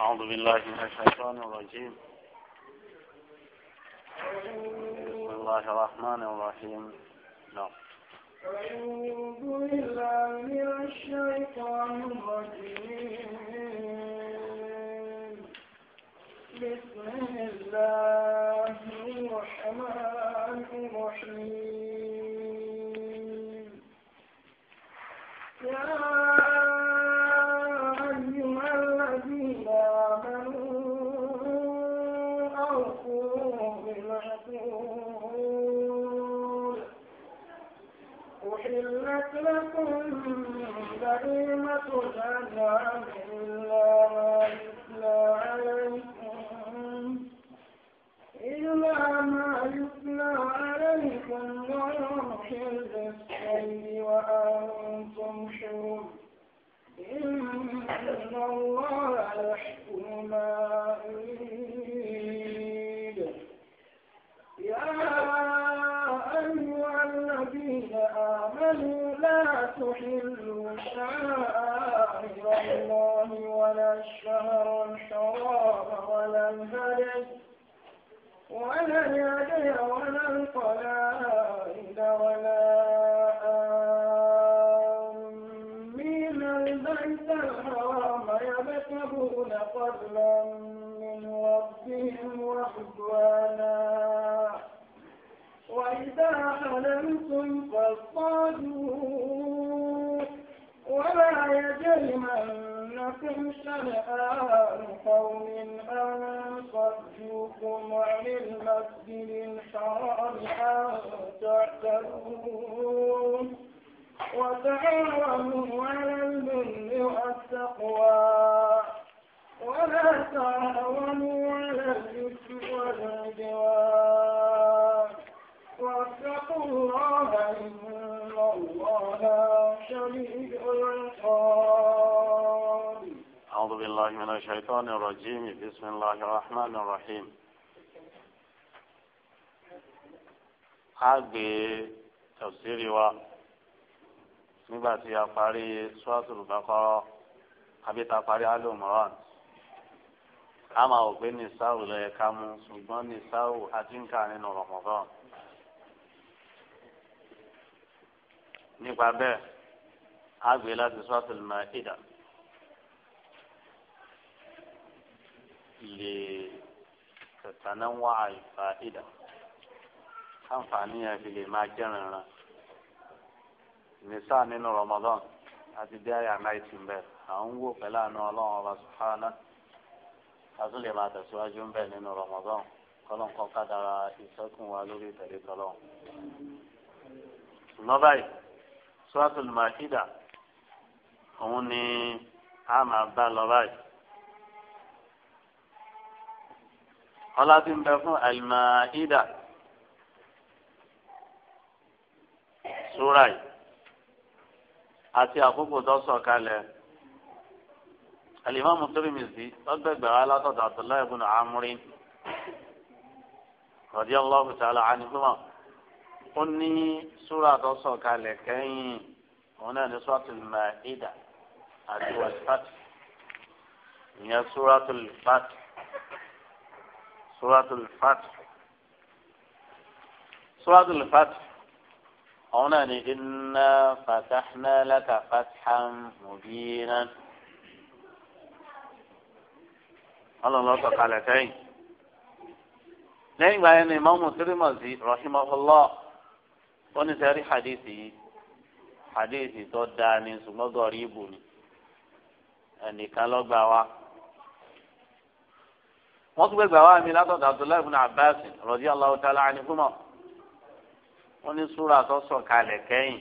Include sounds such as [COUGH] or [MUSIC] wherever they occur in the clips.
أعوذ بالله من الشيطان الرجيم بسم الله الرحمن الرحيم نعم أعوذ بالله من الشيطان الرجيم بسم الله الرحمن الرحيم الأنعام إلا ما يتلى عليكم إلا ما يتلى عليكم غير محل السيد وأنتم حرم إن الله يحكم ما يريد يا أيها الذين آمنوا يحل شعائر الله ولا الشهر الحرام ولا الهدي ولا اليدي ولا القلائد ولا آمين البيت الحرام يبتغون فضلا من ربهم وحبانا وإذا حلمتم فاصطادوا ولا يجرمنكم شنآن قوم أن صدوكم عن المسجد الحرام أن تعتدون وتعاونوا على البر والتقوى ولا تعاونوا على الإثم والعدوان واتقوا الله إن الله شديد العقاب أعوذ بالله من الشيطان الرجيم بسم الله الرحمن الرحيم àgbè tafsiri wa nígbà tí a parí suratul Baqara àbí tá a parí Al-Imran a máa wò pé nìsáwù ló Ramadan. nípa bẹ́ẹ̀ á gbé e láti suratul Maida lè tẹ̀tàná wá àìfà ìdá káǹfààní ẹ̀ fi lè máa jẹ́rìn ran nìsá nínú Ramadan àti bí àyà náà ti bẹ́ẹ̀ à ń wò pẹ̀lú àánú ọlọ́run ọba sùhánà a tún lè máa tẹ̀síwájú ń bẹ̀ nínú Ramadan kọ́lọ́n kan ká dára ìṣẹ́kùn wa lórí ìtẹ̀lé tọ́lọ́run. ṣùgbọ́n báyìí suratul maida òun ni a máa bá lọ báyìí. ọlá tí ń bẹ fún alimaida sura yìí àti àkókò tó sọ̀ kalẹ̀ alimami tirimizi ọgbẹgbẹ alátọ̀tọ̀ àtọ̀lá ibùn rọ̀díọ́lọ́hùn tààlà ánìkúmọ̀. ó ní súrà tó sọ̀kalẹ̀ kẹ́yìn òun náà ní suratul Maida àti wàsípàtì ìyẹn suratul Fath suratul Fath suratul fàtì òun náà ní inna fatahna laka fathan mubina ọlọ́lọ́ sọ̀kalẹ̀ kẹ́yìn lẹ́yìn ìgbà yẹn ni mọ́mú sírímọ̀sì rahimahullah. wọ́n ní sẹ́rí hadith yìí hadith tó dáa ní ṣùgbọ́n gọ̀ọ́rí ibù ni ẹnìkan ló gbà wá. wọ́n tún gbẹ̀gbà wá mi látọ̀dọ̀ abdullahi ibn abbas radiyallahu ta'ala anhuma wọ́n ní súra tó sọ̀kalẹ̀ kẹ́yìn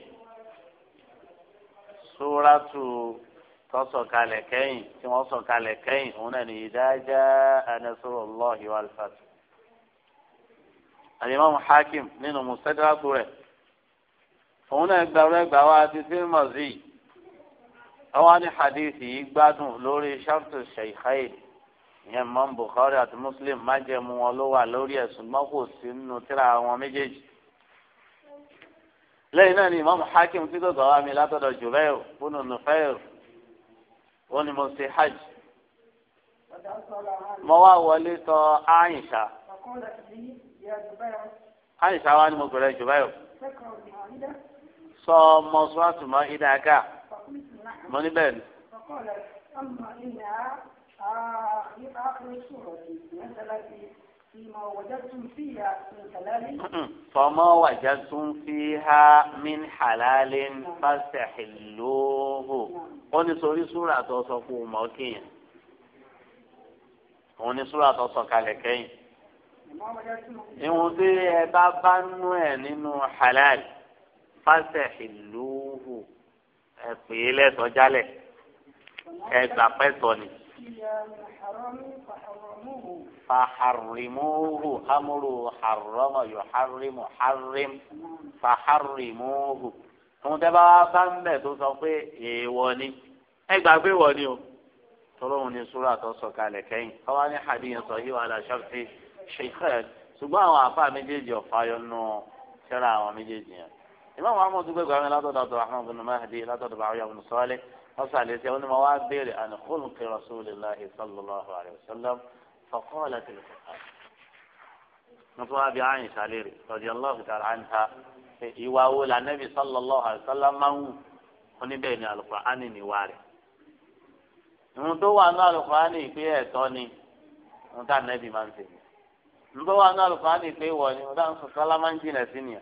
súra tù tó sọ̀kalẹ̀ kẹ́yìn tí wọ́n sọ̀kalẹ̀ kẹ́yìn òun náà ní ìdájá anasurullahi wal fath. al-imam hakim nínú mùsẹ́dá rẹ̀ òun náà gbàgbọ́ gbà wá ti fi mọ̀ sí i àwọn ní hadithi yìí gbádùn lórí shartu shaykhayn ìyẹn mọ́ Bukhari àti Muslim májẹ̀mú wọn ló wà lórí ẹ̀sùn mọ́kò sí nínú tíra àwọn méjèèjì lẹ́yìn náà ni Imam Hakim tí kò gbà wá mi látọ̀dọ̀ Jubayr bùnú Nufayr ó ní mo ṣe hajj mo wá wọlé tọ̀ Aisha Aisha wa ni mo gbẹ̀rẹ̀ Jubayr sọ ọmọ sọ́ọ̀tù mọ́ ìdá ká mọ́ níbẹ̀ ni. فما وجدتم فيها من حلال فاستحلوه wọ́n ní sórí súrà tó sọ fún un mọ́ kéèyàn òun ní súrà tó sọ kalẹ̀ kẹ́yìn ìwọ̀n tí ẹ bá bá nú ẹ̀ nínú halal fásẹ̀ ìlúhù ẹ pè é lẹ́sọ̀ jálẹ̀ ẹ gbà pẹ́sọ̀ ni. فحرموه أمر حرم يحرم حرم فحرموه tòun tẹ́ bá wá bá ń bẹ̀ tó sọ pé èèwọ̀ ni ẹ gbà pé wọ̀ ni o tọ́lọ́hún ni súrà tó sọ kalẹ̀ kẹ́yìn káwá ní hadith sọ yìí wàhálà ṣọ́ọ̀tì ṣèkẹ́ ṣùgbọ́n àwọn àfa méjèèjì ọ̀fà yọ nù sẹ́ra àwọn méjèèjì yẹn ìmáàmù ahmed gbẹgbẹ àwọn látọ̀dọ̀ abdulrahman bin mahdi látọ̀dọ̀ bàáyà bin sọ́ọ́lẹ̀ wọ́n sàlẹ̀ sí ọ́nà wàá béèrè àni kólùkì rasulillahi sallallahu alayhi wa sallam fọkànlá ti lè fọkàn. wọ́n tún wá bí àyìn sàlẹ̀ ta'ala ń ta la nẹ́bi sallallahu alayhi wa sallam máa ń wù wọ́n ni alukur'ani ni wà rẹ̀. tó wà ní alukur'ani pé ẹ̀tọ́ ni wọ́n tá nẹ́bi máa ń tẹ̀lé. ìwọ̀n tó wà ní alukur'ani pé wọ̀ ni wọ́n tá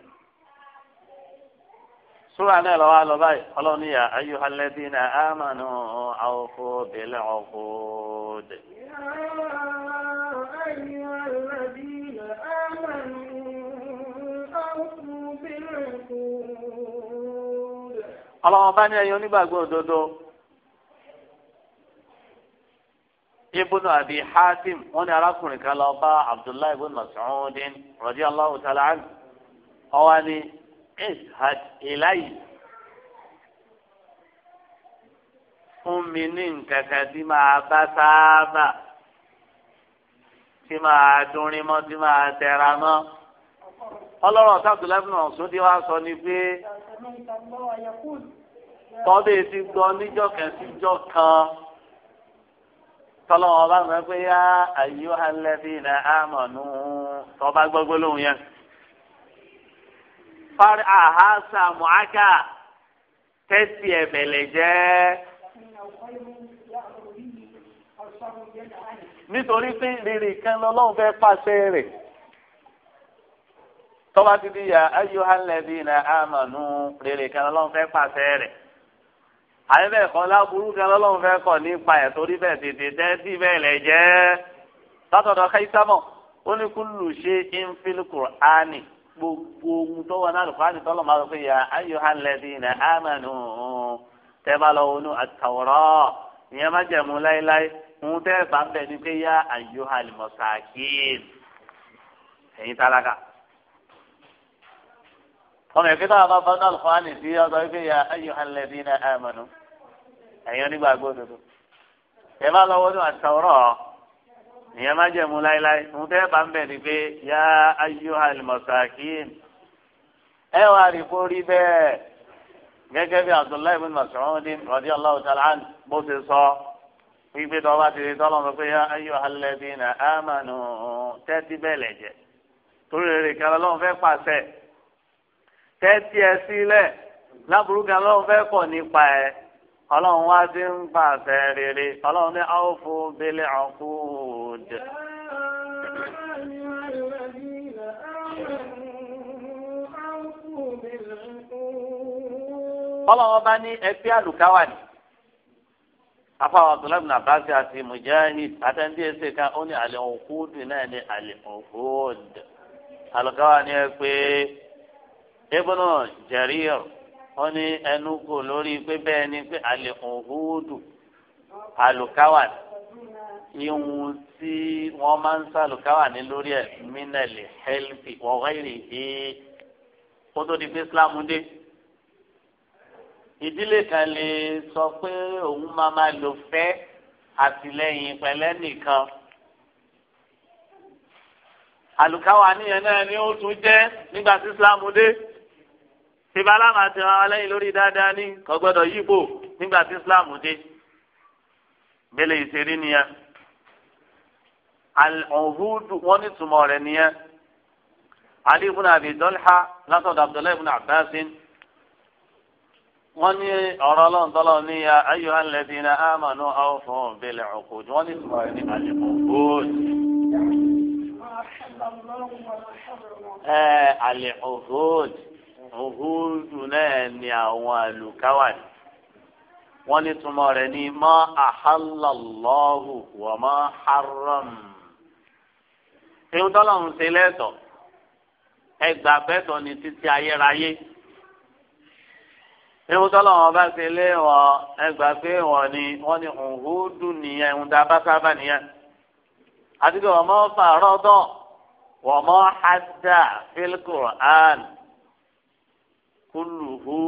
súrà náà lọ́wọ́ àlọ́ báyìí ọlọ́run yà ayé alẹ́bí náà àmànù àwòfó bẹ̀lẹ̀ ọ̀fó dẹ̀. ọlọ́run bá ní ẹyin onígbàgbọ́ òdodo ibùdó àbí hatim wọn ni arákùnrin kan lọ bá abdullahi ibùdó mas'udin radiyallahu ta'ala anhu ọwọ́ ni ishad ilayi fún mi ní nǹkan kan tí máa bá sáábà tí máa dúnrín mọ́ tí máa tẹra mọ́ ọlọ́run sábdùlá ibùdó ọ̀sùn tí wàá sọ ni pé tọ́lé ti gbọ́ níjọ́ kan síjọ́ kan bá mọ̀ pé yá ayyuhal ladina amanu tọ́ bá gbọ́ gbólóhùn yẹn fari ahasa muaka tẹsí ẹbẹlẹ jẹ. nítorí pé rírì kan lọ́lọ́run fẹ́ pàṣẹ rẹ̀ tọ́ba ti di ya ayyuhalladhina na amanu rírì kan lọ́lọ́run fẹ́ pàṣẹ rẹ̀ àyè bẹ́ẹ̀ kọ́ láburú kan lọ́lọ́run fẹ́ kọ́ nípa ẹ̀ torí bẹ́ẹ̀ tètè tẹ́tí bẹ́ẹ̀ lẹ̀ jẹ́ látọ̀dọ̀ káyísámọ̀ ó ní kullu shay'in fil Qur'ani gbogbo ohun tó wà náà lùfáàní tọ́lọ̀ máa sọ pé yà ayò hàn lẹ́dí nà ámànù tẹ́ bá lọ wọnú àtàwọ̀rọ̀ ìyẹn má jẹ̀mú láéláé ohun tẹ́ bá ń bẹ̀ ni pé yà ayò hàn ẹ̀yin tálákà. ọmọ ẹ̀fí tó wà bá bá náà sí ọ̀sọ̀ pé yà ayò hàn lẹ́dí nà ẹ̀yin onígbàgbọ́ òdodo tẹ́ bá lọ wọnú àtàwọ̀rọ̀ ìyẹn má jẹ̀mú láéláé mo fẹ́ bá ń bẹ̀ ni pé yá ayyuhal masakin ẹ wá rí bẹ́ẹ̀ gẹ́gẹ́ bí abdullahi bin mas'udin radiyallahu ta'ala anhu bó ṣe sọ wípé tó bá ti pé yá bẹ́ẹ̀ lẹ́jẹ̀, torí rere kan lọ́wọ́ fẹ́ pàṣẹ ẹ sílẹ̀ láburú kan lọ́wọ́ fẹ́ nípa ọ يا bá ní آمنوا أوفوا بالعقود قال وبني أبي الكواني afaw abdullahi àti mujahid kan ó ní alẹ òkúdù náà ní òkúdù ẹ pé ibùnà jarir ó ní ẹnu kò lórí pé bẹ́ẹ̀ ni pé òkúdù alukawa ihun tí wọ́n máa ń sàlùkáwà ní lórí ẹ̀ mínẹ́lì hẹ́lìfì wọ́ọ̀rẹ́lì hìí kó tó di pé Islam dé. ìdílé kan lè sọ pé òun máa máa lò fẹ́ àtìlẹ́yìn pẹ̀lẹ́ nìkan. àlùkáwà níyẹn náà ni ó tún jẹ́ nígbà tí Islam dé. tìbálà máa ti ra wa lẹ́yìn lórí dáadáa ní kò gbọ́dọ̀ yípo nígbà tí Islam dé. bẹ́lẹ̀ ìṣeré nìyẹn. al-ubudu wọ́n ni túmọ̀ rẹ̀ nìyẹn ali ibn abi dolha abdullahi ibn abbasin wọ́n ní ọ̀rọ̀ lọ́ntọ́lọ́ ní ya ayyuha alladhina amanu awfu bil-uqud wọ́n ni túmọ̀ rẹ̀ ní al-ubud. ẹ al-ubud ubudu náà ni àwọn àlùkáwàdì wọ́n ní túmọ̀ rẹ̀ ma ma haram. ẹ̀hún tọ́lọ́run ṣe lẹ́tọ̀ ẹgbà bẹ́tọ̀ ní títí ayérayé ẹ̀hún tọ́lọ́run ọba ṣe léwọ̀ ẹgbà pé wọ́n ni wọ́n ni òhúdù nìyẹn ẹ̀hún tá a bá sábà nìyẹn àti pé wọ́n mọ́ fàárọ̀dọ̀ wọ́n mọ́ hádà fílkùrán kúlùhù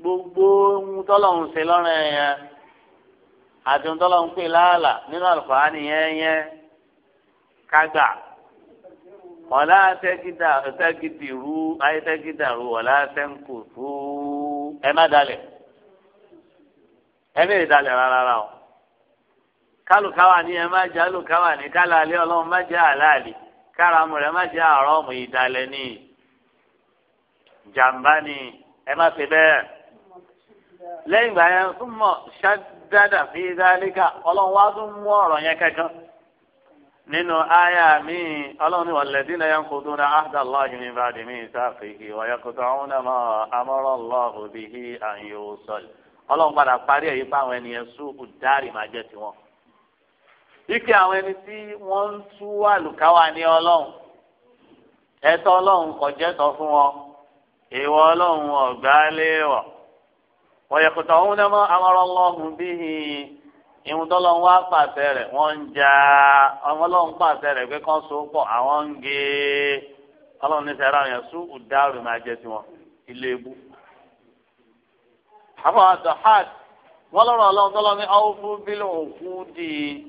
gbogbo ohun tọ́lọ́run ṣe lọ́rùn ẹ̀yẹn àti ohun tọ́lọ́run pè láàlà nínú àlùfáà nìyẹn yẹn. kagba ọ̀la tẹ́gídà tẹ́gídì rú ayé ẹ má dalẹ̀ ẹ má lè dalẹ̀ rárá o ni ẹ má jẹ́ alùkáwà ni kálàlẹ́ ọlọ́run má jẹ àlàlì káramu rẹ̀ má jẹ́ ni jàǹbá ni ẹ má ṣe bẹ́ẹ̀ ìgbà yẹn fún fi dálíkà ọlọ́run wá tún mú ọrọ yẹn kankan. Ninu aya mi ọlọ́run ní walladhina na ahda Allahi min ba'di mithaqihi wa yaqta'una ma amara Allahu bihi an yusal ọlọ́run padà parí ẹ̀yí fún àwọn ènìyàn sùn kùdárì máa jẹ́ tiwọn. ike àwọn ẹni tí wọ́n ń tú àlùkáwà ní ọlọ́run ẹ̀tọ́ ìhun tó lọ́n wá pàṣẹ rẹ̀ wọ́n ń jà ọmọ lọ́n pàṣẹ rẹ̀ pé kán so pọ̀ àwọn ń gé ọlọ́run níṣẹ́ ara yẹn sún ìdáàrú máa jẹ tiwọn ilé ebú. àbọ̀ àdọ̀hàd wọ́n lọ́rọ̀ ọlọ́run tó lọ́n ní ọ́fù bílẹ̀ òkú di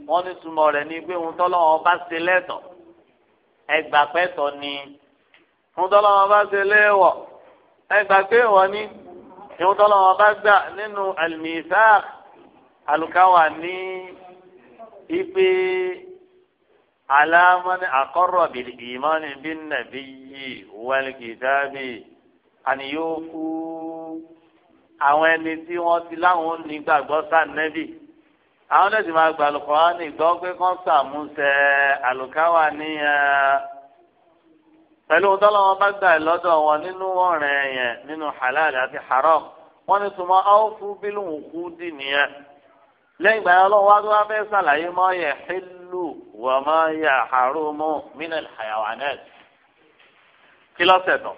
wọ́n ní túmọ̀ rẹ̀ ní pé ìhun tó lọ́n bá ṣe lẹ́tọ̀ ẹgbàpẹ́tọ̀ ni ìhun tó lọ́n bá ṣe léèwọ̀ ẹgbàpẹ́ ni ìhun tó lọ́n bá gbà nínú àlùmíṣáà alukawa ní ipe alamani akọrọ bil imani bin nabiyyi wal kitabi àni yóò fú àwọn ẹni tí wọ́n ti láwọn nígbàgbọ́ sànẹ́bì àwọn náà ti máa gba Al-Qur'ani gbọ́ pé kán sàmúsẹ àlùkáwà níyàn pẹ̀lú tọ́lọ́wọ́n bá gbà lọ́dọ̀ wọn nínú ọ̀rẹ́ yẹn nínú halal àti haram wọ́n ní sùnmọ́ áwòfú bílùwù kú dì nìyẹn lẹ́yìn ìgbà yẹn lọ́wọ́ wá fẹ́ sàlàyé mọ́ yẹ hílù wà mọ́ yẹ àrùmọ́ mínàlì hayawanet kí ló ṣẹ̀tọ́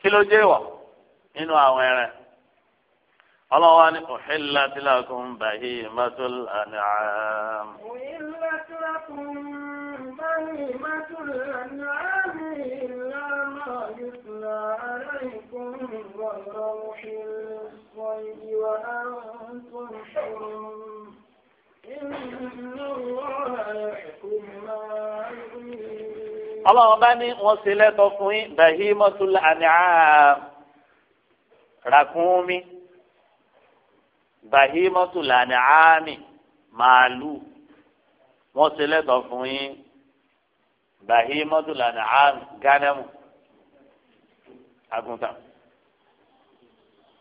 kí ló jẹ́ wọ̀ nínú àwọn ẹran ọlọ́wọ́ ni òhìlá tí lakum bàyí mọ́tòl ànàám. òhìlá tí lakum bàyí mọ́tòl ànàám ìlànà ìfúnra aláìkún wọ̀rọ̀ òhìlá. الصيد وأنتم حرم إن الله يحكم ما يريد الله بني وسيلة فين بهيمة الأنعام ràkúnmí bahimatu lànàámi màálù wọn ti lẹtọ fún yín bahimatu lànàámi gánàmù àgùntàn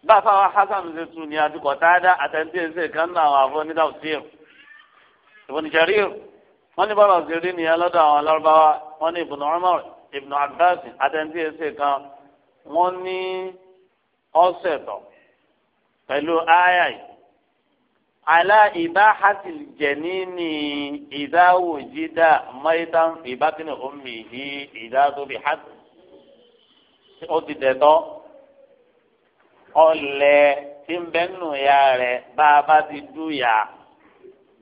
báfa wa hasan ṣe tún ní adúgbò táadá àtẹ̀ntì ẹ̀ṣẹ̀ kan náà àwọn àfọ ní dàwùtíìr ìbùn jarir wọn ní bọ́lá òṣèré ní ẹlọ́dọ̀ àwọn alárúbáwá wọn ní ibùn umar ibùn abbas àtẹ̀ntì ẹ̀ṣẹ̀ kan wọn ní ọ̀sẹ̀ tọ̀ pẹ̀lú àyà yìí ala ibahati jẹnini idawo jida maitan ibatini omihi idatobi hati o ti dẹtọ ọlẹ tí ń bẹ nù ya rẹ bá a bá ti dú ya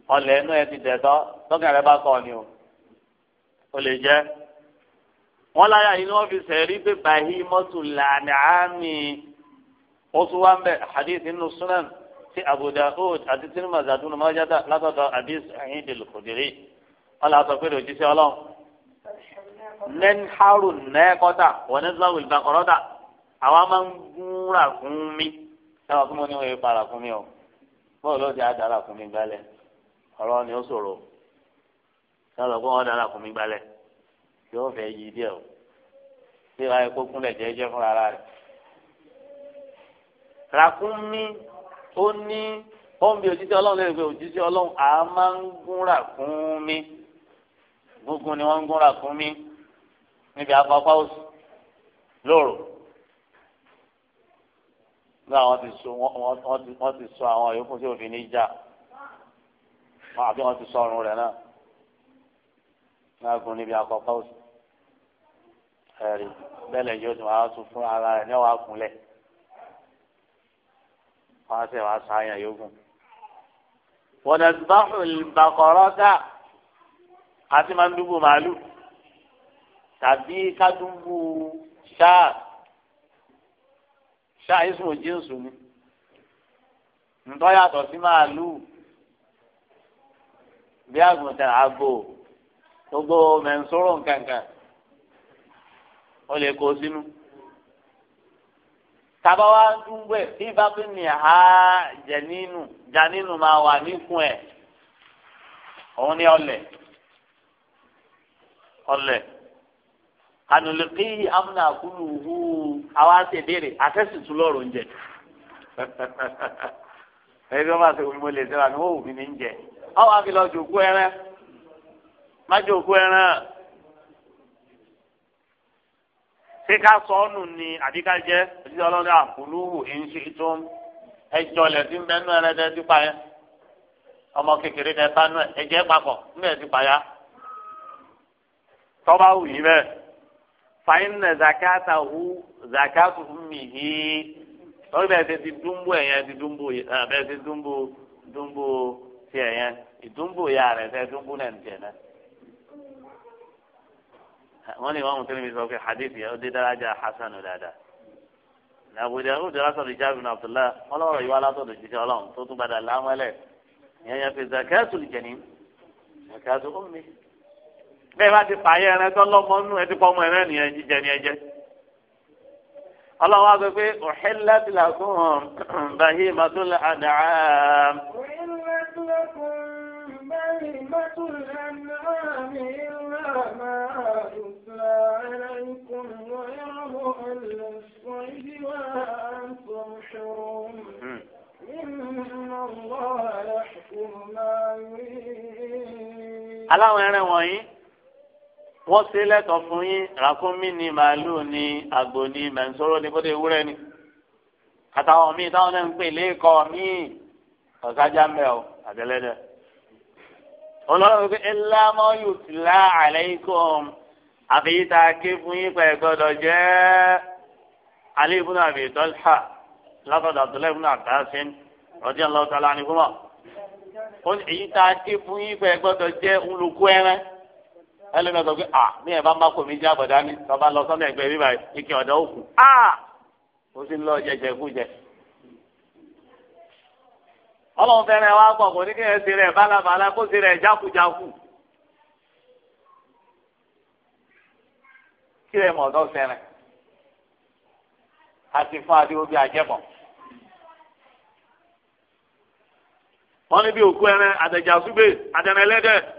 ọlẹ nù ẹ ti dẹtọ lọkàn rẹ bá kọ ni o o lè jẹ wọn láyà yìí ni wọn fi sẹrí pé bàyí mọtò làánì àmì ó tún wá ń bẹ hadith nínú sunan ti Abu Daud àti tinubu zadunu mọjata látọ̀dọ̀ hadith ẹyin dèlù kòdìrí wọn là pé lòdì sí Ọlọ́run nẹnharun nẹẹkọta wọn ní sọwọ ìgbà kọrọta àwa máa ń gúnra fún mi táwọn fún mi ní wọ́n yẹ para fún mi o bọ́ọ̀lù ó ti á fún mi gbálẹ̀ ọ̀rọ̀ ni ó ṣòro sọ̀rọ̀ pé wọ́n dára fún mi gbálẹ̀ yóò fẹ́ yí díẹ̀ o bí wàá yẹ kó kúnlẹ̀ jẹ́jẹ́ fún ara rẹ̀ ràkúnmí ó ní pọ́ǹbì òjíṣẹ́ ọlọ́run lè pe òjíṣẹ́ ọlọ́run a máa ń gún ràkúnmí gúngún ni wọ́n ń gún ràkúnmí níbi afọ́fọ́ òsì lóòrò náà wọ́n ti so wọ́n ti so àwọn yòókù tí òfin ní jà wọ́n àbí wọ́n ti sọ ọrùn rẹ̀ náà náà gùn níbi àkọ́kọ́ òsì ẹ̀rí bẹ́ẹ̀ lẹ́yìn oṣù wàá tún fún ara rẹ̀ níwàá kúnlẹ̀ wọ́n á wàá sàáyàn yòókù. wọ́n ti bá ìbàkọ̀rọ̀ dà àti máa ń dúgbò màálù tàbí ká dúgbò ṣáà. ṣáà ismu jíǹsù ni ntọ́ yàtọ̀ sí màálùú bí àgùntàn àgbò gbogbo mẹ̀nsóró nkankan ó lè kó sínú. tábà wá dúró bí bá fi ní ha jẹ̀nínú ma máa wà níkùn ẹ̀ òun ni ọlẹ̀ anuliki amuna kuluhu awa se béèrè akẹ́sìtú lọ́rọ̀ ń jẹ [LAUGHS] ẹgbẹ́ bá ṣe wọlé se sẹ́wà ni wọ́n ò fi ní jẹ ọwọ́ àfi lọ jòkó ẹran má ma ẹran ṣé ká sọ ọ́ nù ni àbí ká jẹ́ ẹ̀sìn ọlọ́dún àkùlùhù tó ti yɛ. Ɔmɔ kekere fàyínà zakata hu zakatu ummihi lórí bẹ́ẹ̀ ṣe ti dúnbò ẹ̀yẹn ti dúnbò bẹ́ẹ̀ ṣe dúnbò dúnbò ti ẹ̀yẹn ìdúnbò ya rẹ̀ ṣe dúnbò náà ti ẹ̀yẹn. wọ́n ní ìwọ́n tẹ́lẹ̀ mi sọ pé hadith yẹn ó dé daraja hasan dáadáa. àbújá ó dé lásọ̀rọ̀ ìjábìn abdullahi wọ́n lọ́rọ̀ yìí wá lásọ̀rọ̀ ìjíṣẹ́ ọlọ́run tó tún padà lámọ́lẹ̀ ìyẹn yẹn fi zakatu jẹ̀ni zakatu ummihi bẹ́ẹ̀ bá ti pààyẹ ẹran tó lọ́mọ nù ẹ ti pọ́ ọmọ ẹran nìyẹn jíjẹ ni ẹ jẹ. ọlọ́wọ́ àgbẹ̀ pé uhillat lakum bahimatul an'am. uhillat lakum bahimatul an'am illa ma yutla alaykum wa mu'allaf saydi wa antum hurum. Hmm. inna Allaha yahkum ma yurid. aláwọn ẹran wọ̀nyí wọ́n ṣe lẹ́tọ̀ọ́ fún yín ràkúnmí ni màálùú ni àgbò ni mẹ̀nsóró ni bóde ewúrẹ́ ni àtàwọn míì táwọn náà ń pè lẹ́ẹ̀kọ́ míì ọ̀sájà mẹ́ ọ àtẹlẹ́dẹ. olórí pé ńlá mọ́ yóò ti lá àlẹ́kùn àfẹ́yí tá a ké fún yín pẹ̀ gbọ́dọ̀ jẹ́ alẹ́ ibùdó àbí tọ́lá látọ̀dọ̀ àtọ́lẹ́ ibùdó àtàṣin rọ́jà lọ́tàlá ni fún wọn. èyí tá ké fún yín pẹ̀ gbọ́dọ̀ jẹ́ olùkú ẹran. ẹlẹ́mi ọ̀sán pé à ní ẹ̀ bá má kò mí jẹ́ àbọ̀dá ni tọ́ba lọ sọ́nà ẹ̀gbẹ́ bíbá ike ọ̀dọ́ òkú à ó sì ń lọ jẹjẹ jẹ. ọlọ́run fẹ́rẹ̀ wá pọ̀ kò ní kí ẹ ṣe rẹ̀ bálabàlá kó ṣe rẹ̀ jákujáku. kí ẹ mọ̀ ọ̀dọ́ a ti fún adé obi àjẹmọ̀. wọ́n ní bí òkú ẹran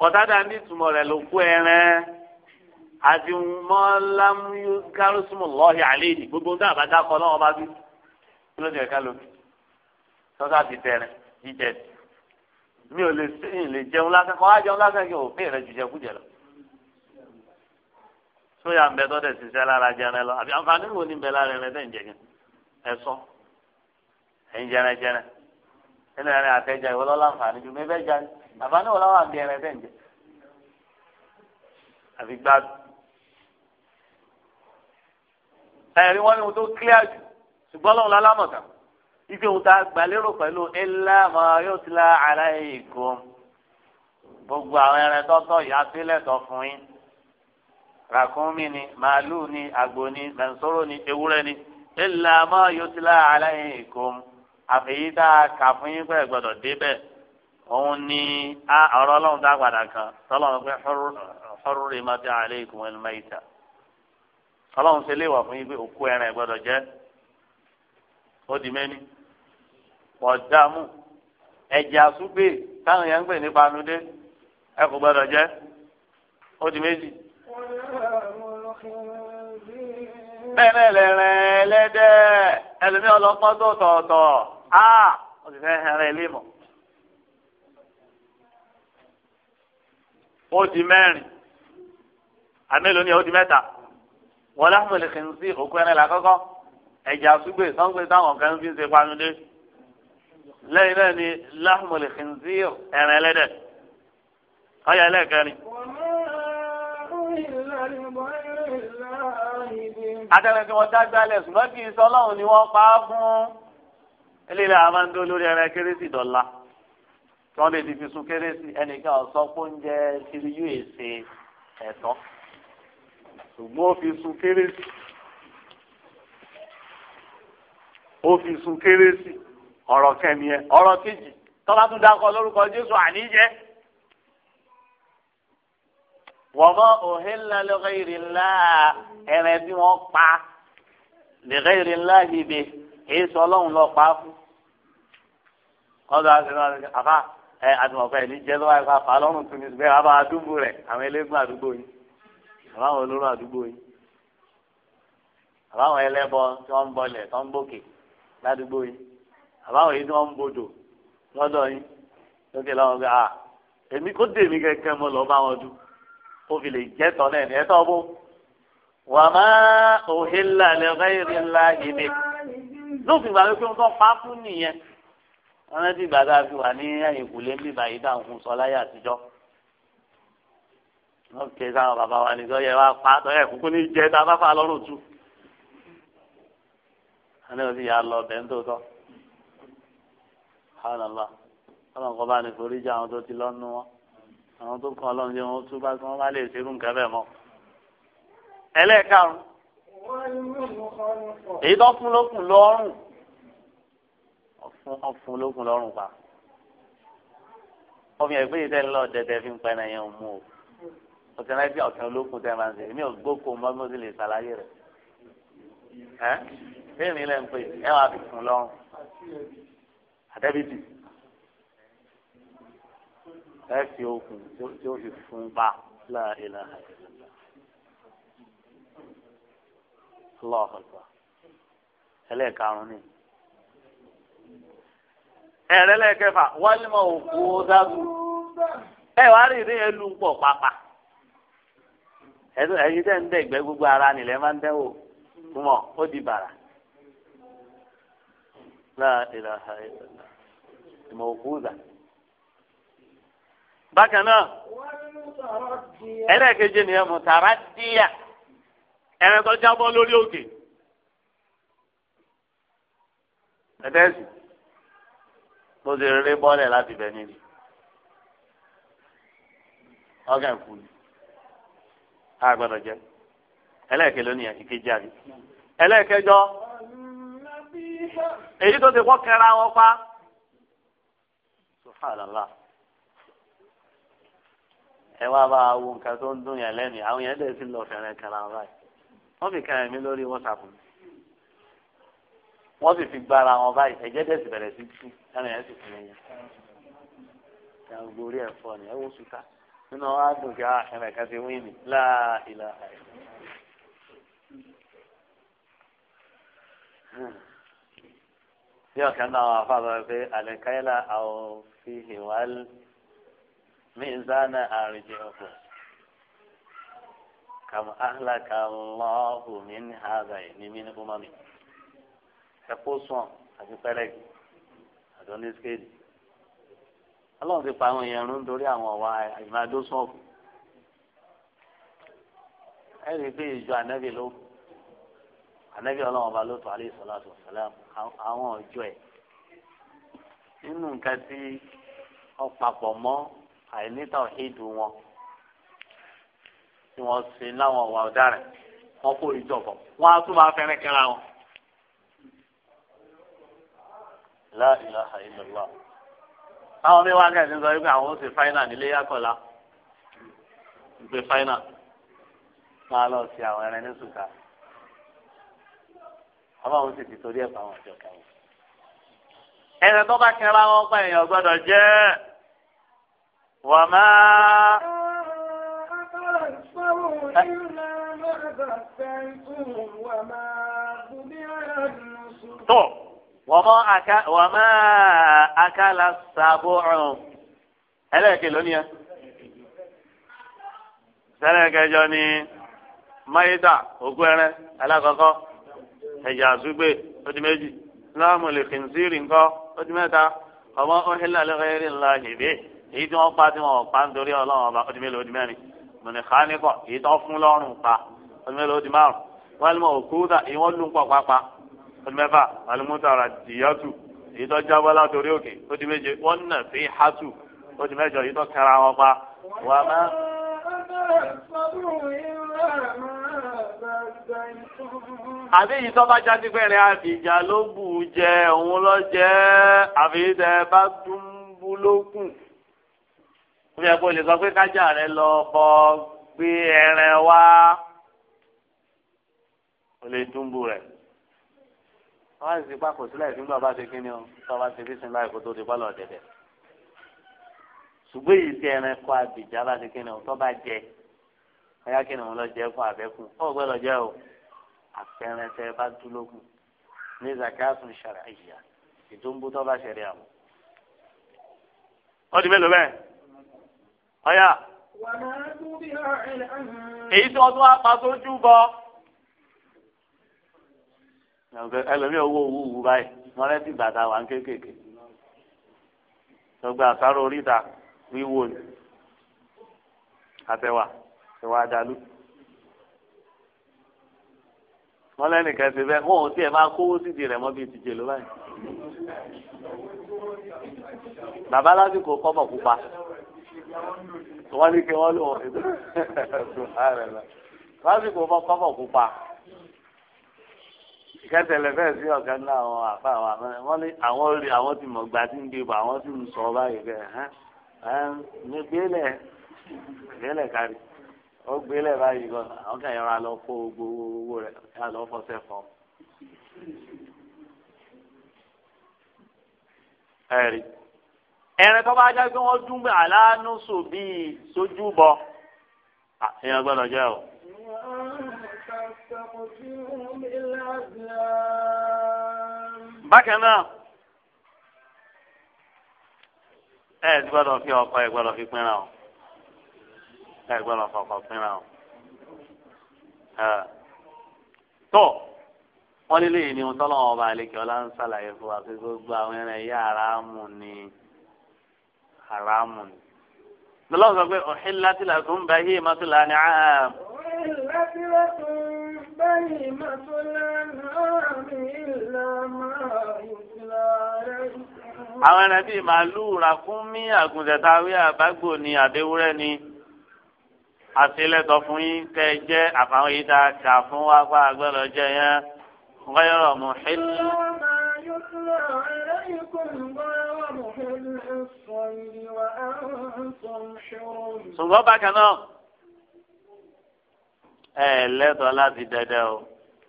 kọ̀tàdà ní ìtumọ̀ rẹ̀ ló kú ẹran àti mọ́lámúyú kárọ́sùmù lọ́ọ̀hì àléèdì gbogbo ní àbájá kọ́ náà ọba bí kí ló ń jẹ́ ká lómi tọ́ka ti tẹ̀rẹ̀ jíjẹ mi ò lè sẹ́yìn lè jẹun lásán kọ́ wá jẹun lásán kí òfin rẹ̀ jùjẹ kújẹ lọ. sóyà ń bẹ tó dẹ̀ ṣiṣẹ́ lára jẹrẹ lọ àbí àǹfààní wo ni ń bẹ lára rẹ tẹ̀ ń jẹ ẹ sọ ẹ̀yin jẹrẹ jẹrẹ ẹ̀ lẹ́yìn àtẹ̀jẹ ìwọlọ́lá àǹfààní ju mi fẹ́ jáde bàbá náà wọ́n láwọn àgbẹ̀rẹ̀ bẹ́ẹ̀ ń jẹ àfi gbádùn. ẹ̀rí wọn ni wọn tó clear jù ṣùgbọ́n lọ́wọ́ lálámọ̀tà ibi òun ta gbàlérò pẹ̀lú ẹ̀là máa yóò ti la ara èkó gbogbo àwọn ẹran tọ́tọ̀ ìyá sílẹ̀ tọ́ fún yín ràkúnmí ni màálùú ni àgbò ni mẹ̀nsóró ni ewúrẹ́ ni ẹ̀là máa yóò ti la ara èkó àfẹ́yí tá a kà fún yín pẹ́ gbọ́dọ̀ débẹ̀. òun ni ọ̀rọ̀ ọlọ́run tá a padà kan tọ́lọ́run pé hurri mati aleikum el maita ọlọ́run ṣe léwà fún yín pé òkú ẹran ẹ̀ gbọ́dọ̀ jẹ́ ó di mẹ́ni pọ̀jámù ẹ̀jẹ̀ àsúgbè táwọn yẹn ń pè ní panudé ẹ kò gbọ́dọ̀ jẹ́ ó di méjì. bẹ́ẹ̀ lẹ́rìn ẹlòmíọ́ tó tọ̀ọ̀tọ̀ á ó fẹ́ ilé ó di mẹ́rin àmẹ́lò ni ó di mẹ́ta wọ́n láwọn lè kí n sí òkú ẹni là kọ́kọ́ ẹ̀jẹ̀ àsúgbè sọ́ngbè táwọn kan fi ń ṣe panudé lẹ́yìn náà ni láwọn lè kí n sí ẹ̀rìn ẹlẹ́dẹ̀ ọ̀yà ẹlẹ́kẹrin. atẹ́rẹ́ tí wọ́n dágbá lẹ̀ ṣùgbọ́n kì í sọ ni wọ́n pa á fún eléyìí àwọn máa ń dó lórí ẹran kérésì dọ́là tí wọ́n lè fi sun kérésì ẹnìkan ọ̀sán kó ń jẹ kiri yóò ṣe ẹ̀tọ́ ṣùgbọ́n ó fi sun kérésì ó fi sun kérésì ọ̀rọ̀ kẹ́mi ẹ̀ ọ̀rọ̀ kejì tọ́lá tún dákọ̀ lórúkọ jésù àníjẹ́ wọ́n mọ òhìnlá lọ́kọ̀ ìrìnlá ẹ̀rẹ̀ bí wọ́n pa lẹ́kọ̀ ìrìnlá ibè èyí sọ ọlọ́run lọ́ọ́ pa fún. wọ́n sọ àti náà ẹ àtìmọ̀fẹ́ ní jẹ́ lọ́wọ́ ẹ̀ka fà lọ́rùn tún ní bẹ́ẹ̀ wàá bá àdúgbò rẹ̀ àwọn eléégún àdúgbò yìí àbáwọn olóró àdúgbò yìí àbáwọn ẹlẹ́bọ tí wọ́n ń bọlẹ̀ tí wọ́n ń gbòkè ládùúgbò yìí àbáwọn yìí tí wọ́n ń bodò lọ́dọ̀ yìí lókè láwọn gbé à èmi kó dèmi kẹ̀kẹ́ mo lọ bá wọn dù ó fi lè jẹ́ tọ́ náà ẹ̀ tọ́ bó wà má òhìnlá lẹ́gbẹ́ wọn rántí ìgbà tá a fi wà ní ìkùlé ń bíbá yìí dáhùn sọ láyé àtijọ́ wọn kì í sáwọn bàbá wa nìkan yẹ wá pa àtọ ẹ kúkú ní jẹ tá a bá fà lọ́rùn tú wọn ní wọn sì yà lọ bẹ́ẹ̀ ń tó tọ́ hàlọ́lá ọlọ́run kọ́ bá ní forí jẹ́ àwọn tó ti lọ́nu wọn àwọn tó kàn ọlọ́run jẹ́ wọn tún bá kí wọ́n bá lè ṣerú nǹkan bẹ́ẹ̀ mọ́ ẹlẹ́ẹ̀karùn èyí tó fún lókùn lọ́rùn wọn fún lókun lọ́rùn pa ọmọ yẹn gbéyìí lọ dẹ́dẹ́ fi ń pẹ́ náà yẹn mú o ọ̀tẹ̀ náà bí ọ̀tẹ̀ olókun tẹ́ máa ń sè èmi ò gbóko mọ́ bí mo ti lè ṣàlàyé rẹ̀ ẹ́ bẹ́ẹ̀ ni lẹ́ ń pè ẹ wàá fi kún lọ́rùn àtẹ́bìtì ẹ fi okùn tí ó fi fún pa láàrínà lọ́ọ̀kọ̀ọ̀kọ̀ ẹlẹ́ẹ̀karùn-ún nìyí. ẹ̀rẹ́ lẹ́ẹ̀kẹfà wọ́n mọ̀ òkú dágùn ẹ wàá rí ìdí ẹlú pọ̀ pàpà ẹ̀yin tẹ́ ń dẹ̀ gbẹ́ gbogbo ara nílẹ̀ máa ń dẹ́wò mọ̀ ó di bàrà ìmọ̀ òkú dà bákan náà ẹlẹ́ẹ̀kejì nìyẹn mùtàrà díyà ẹ̀rẹ́ tó jábọ́ lórí òkè ẹ̀dẹ́sì. tó ti rere bọ́lẹ̀ láti bẹ̀ níbi ọ̀gá ìkú ni a gbọ́dọ̀ jẹ́ ẹlẹ́ẹ̀kẹ́ lónìí ìkejì àbí ẹlẹ́ẹ̀kẹjọ èyí tó ti kọ́ kẹra wọn pa ẹ wá bá wo nǹkan tó ń dún yẹn lẹ́nu àwọn yẹn lọ kẹra wọn báyìí wọ́n fi mi lórí wọ́sàpù wọ́n sì fi gbára wọn báyìí ẹ̀jẹ̀ dẹ̀ sì bẹ̀rẹ̀ sí tú ẹ̀rìn ẹ̀ sì fi yẹn yẹn gbórí ẹ̀ fọ́ ni ẹ̀ wò sùtà nínú wa dùn kí ah, ẹ̀rẹ̀ kan ti wí ni láàlá bí ọ̀kan náà wà fáwọn ẹ̀ pé àlẹ́káyẹ́lá àwọn fi ìwálé ميزان أرجعكم كم أهلك الله من هذين من أمم ẹ̀kọ́ sùn àti pẹ́lẹ́gì àti oníṣkéèdì ọlọ́run ti pa àwọn èèyàn rún nítorí àwọn ọ̀wà ìmàdósùn ọ̀kù ẹ rí i pé ìjọ ànábì ló ànábì ọlọ́run ọba ló tọ́ alẹ́ ìsọ̀lá àti ọ̀sẹ̀lá àwọn ọjọ́ ẹ̀ nínú nǹkan tí ọ̀pàpọ̀ mọ́ àìníta ìdù wọn tí wọ́n sin láwọn ọ̀wà ọ̀daràn wọn kó ìjọ̀bọ̀ wọn á tún máa fẹ́rẹ́ kẹ́ra wọn. la ilaha táwọn bí wákàtí ti ń sọ wípé àwọn ó ṣe fáínà nílé yàkọ̀lá ìpè fáínà máa lọ sí àwọn ẹran ní sùkà àwọn sì ti torí ẹ̀ fáwọn ọjọ́ kan yìí. ẹ̀rẹ̀ tó bá kẹ́ra wọn pa èèyàn gbọ́dọ̀ jẹ́ wà má. tó wọ́n máa akálà sàbọ̀rùn ẹlẹ́ẹ̀kẹ́ lónìí ẹ. sẹ́lẹ̀ kẹjọ ni mayita òkú ẹrẹ́ alákọ̀ọ́kọ́ ẹ̀jẹ̀ àsúgbè ó di méjì láàmú lè fi nsírì ńkọ́ ó di mẹ́ta ọmọ ọ̀hìnlá lẹ́kọ̀ọ́ yẹn ńlá yìí dé èyí tí wọ́n pa tí wọ́n pa nítorí ọlọ́run ọba ó di mélòó ó di mẹ́rin mọ̀nìkánìkọ̀ èyí tó fún lọ́rùn pa ó di mélòó di márùn wọ́n lé mọ́ òkúta èyí wọ́n lù ń pọ̀ pápá mẹ́fà alimutara dìyàtù èyí tó jábọ́ látòrí òkè ó di méje wọ́n nà sí hátù ó di mẹ́jọ èyí tó kẹra wọn pa wà má. àbí èyí tó bá jáde pẹ̀lẹ́ àbíjà ló bù ú jẹ òun lọ jẹ́ àbí tẹ bá dúnbú lókùn. ó yẹ kó lè sọ pé kájà rẹ lọ bọ gbé ẹran wá ó lè dúnbú rẹ̀ wọ́n á sì pa kò sílẹ̀ fún bàbá ṣe kíni o bàbá ṣe fi sin láì kó tó di bọ́ọ̀lù ọ̀dẹ̀dẹ̀ ṣùgbọ́n èyí tí ẹran kọ àbìjà bá ṣe kíni o tó bá jẹ ẹyá kíni òun lọ jẹ fún àbẹ́kùn ó gbọ́dọ̀ jẹ́ o àfẹrẹsẹ bá dúlógún ní zakatun ṣàràyà ètò ń bú tó bá ṣẹlẹ̀ àwọn. wọ́n ti mélòó bẹ́ẹ̀ ọ̀yà èyí tí wọ́n tún wá pa sójú bọ́. ẹlòmíì owó wúwú báyìí wọn rẹ́tì bàtà wà ń kéékèèké gbogbo àsáró oríta wíwò ni àtẹwà ìwà àdàlú wọn ndị ti bẹ́ẹ̀ wọn ò tiẹ̀ máa kówó sídìí rẹ̀ mọ́ bíi ló báyìí bàbá lásìkò kọ́bọ̀ pupa wọ́n ní [LAUGHS] ìkẹtẹlẹ fẹẹ sí ọ̀kan náà àwọn àfa àwọn àfẹnẹ wọn ní àwọn rí àwọn ti mọ gba tí ń gbé bọ àwọn sì ń sọ báyìí bẹ́ẹ̀ hàn ẹn ní gbélé gbélé kárí ó gbélé báyìí gan àwọn kan yẹra lọ kó gbogbo owó rẹ̀ yà lọ fọṣẹ fọ. ẹ̀rí ẹ̀rẹ̀ tó bá jẹ́ pé wọ́n dún bẹ́ àlánú bíi sójú bọ èèyàn gbọ́dọ̀ jẹ́ o. bákan náà ẹ ẹ gbọ́dọ̀ fi ọkọ ẹ gbọ́dọ̀ fi o ẹ gbọ́dọ̀ fọkọ o tó wọn nílé yìí ni wọn tọ́lọ́ ọba àlekè ọlá ń ṣàlàyé fún wa pé gbogbo ni aráàmù ni pé ọ̀hìn látìlá tó ń bá lánàá. بهيمة الأنعام إلا ما يتلى àwọn ẹlẹ́bí màálùú ràkúnmí àgùntẹ̀tàwé àbágbò ni àdéwúrẹ́ ni àtìlẹ́tọ̀ fún yín kẹ́ jẹ́ àfàwọn yìí tá kà fún wa pa àgbẹ̀rọ̀ jẹ́ yẹn غير محل ما يتلى عليكم غير محل ẹ lẹ́tọ̀ọ́ láti dẹdẹ o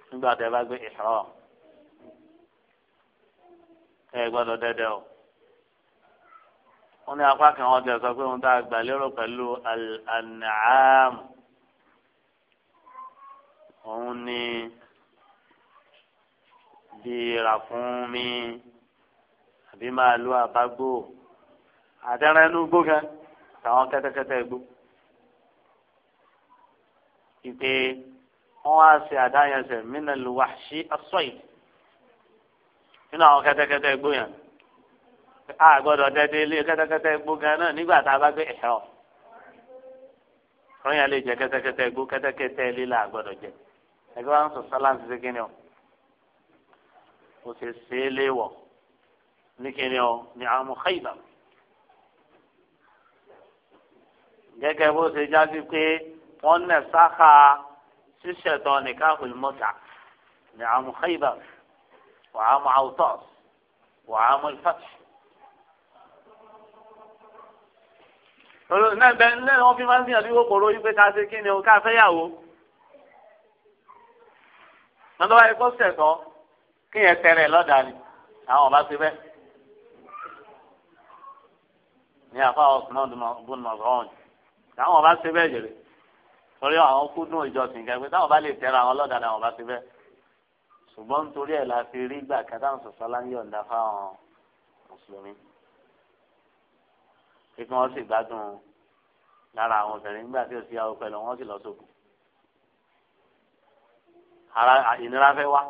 nígbà tẹ bá gbé ihram ẹ gbọ́dọ̀ dẹdẹ o wọ́n ní apá kan wọ́n tẹ sọ pé wọ́n tá a gbà lérò pẹ̀lú al-an'am òun ni bíi ràkúnmí àbí màálù àbágbò àtẹrẹnú gbó kan tàwọn kẹ́tẹ́kẹ́tẹ́ gbó ìpè wọn wá ṣe àdáyẹsẹ minal wahshi as-sayd nínú àwọn kẹ́tẹ́kẹ́tẹ́ gbó yẹn a gbọ́dọ̀ dẹdẹ ilé kẹ́tẹ́kẹ́tẹ́ gbó gan náà nígbà tá a bá gbé ẹhẹ ọ kọyìn alẹ jẹ kẹ́tẹ́kẹ́tẹ́ gbó kẹ́tẹ́kẹ́tẹ́ ilé là gbọ́dọ̀ jẹ ẹgbẹ́ wa ń sọ sálàǹsì sí kíni o kò sì sí ilé wọ ní kíni o ní àmú Khaybar gẹ́gẹ́ bó ṣe já pé wọ́n nẹ̀ sáka ṣíṣẹ̀tọ̀ nìkahul mọ́tà ní àmú Khaybar wà á mú Awtas wà á mú Fath. nẹ́ẹ̀bẹ̀ nẹ́ẹ̀ wọ́n fi máa ń gbìyànjú kòkòrò yìí pé ká ṣe kí ni o ká fẹ́yàwó. wọ́n lọ́wọ́ ẹ̀kọ́ ṣẹ̀tọ́ kí yẹn tẹ̀rẹ̀ lọ́dà ni àwọn ọba ti bẹ́ẹ̀. ní àfáà ọ̀sán náà dùn mọ́ bùn ọ̀hún àwọn ọba ti bẹ́ẹ̀ jẹ̀rẹ̀ torí àwọn kúndùn ìjọsìn kẹgbẹ táwọn bá lè tẹra àwọn ọlọ́dà náà wọn bá ti bẹ́ ṣùgbọ́n nítorí ẹ̀ la fi rí gbà kẹta ń sọ̀sọ́ láńyọ̀ ǹda fáwọn mùsùlùmí kí wọ́n sì gbádùn lára àwọn obìnrin nígbà tí òsì àwọn pẹ̀lú wọn sì lọ sókù ara ìnira fẹ́ wá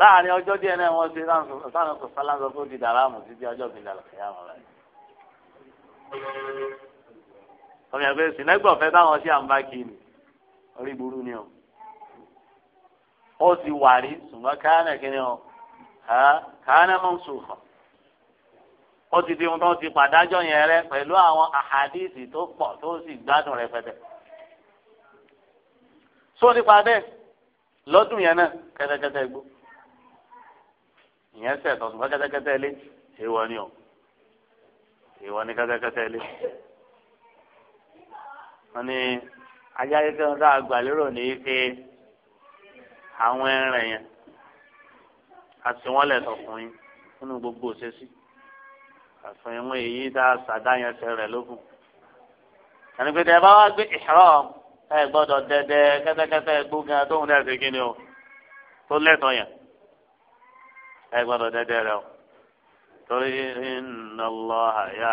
láàrin ọjọ́ díẹ̀ náà wọ́n ṣe táwọn sọ̀sọ́ láńsọ tó di dàrámù títí ọjọ́ gbìndàlọ́ kẹ́yàmù rẹ̀ ọmọ yẹn fẹ́ sìnẹ́gbọ̀fẹ́ táwọn ṣe àǹbá kì í ni orí burú ni o ó ti wà rí ṣùgbọ́n káánà kí ni o káánà mọ̀ ń sùnfọ̀ ó ti di ohun tó ti pàdájọ́ yẹn rẹ pẹ̀lú àwọn àhádìsì tó pọ̀ tó sì gbádùn rẹpẹtẹ só nípa bẹ́ẹ̀ lọ́dún yẹn náà kẹ́tẹ́kẹ́tẹ́ gbó ìyẹn sẹ̀ tọ̀sùn kẹ́tẹ́kẹ́tẹ́ lé èèwọ̀ ni o èèwọ̀ ni kẹ́tẹ́kẹ́tẹ́ lé. wọn ni ajá tí wọn sáà gbà lérò ní pé àwọn ẹran yẹn àsìwọ́lẹ̀ tọkùnrin nínú gbogbo òṣèṣì àfihàn èyí dá sàdá yẹn fẹrẹ lókun ànigbèdè bá wá gbé ìṣòro ẹ dẹdẹ kẹtẹkẹtẹ gbógun kíni o tó lẹtọ yẹn ẹ dẹdẹ rẹ o torí àyà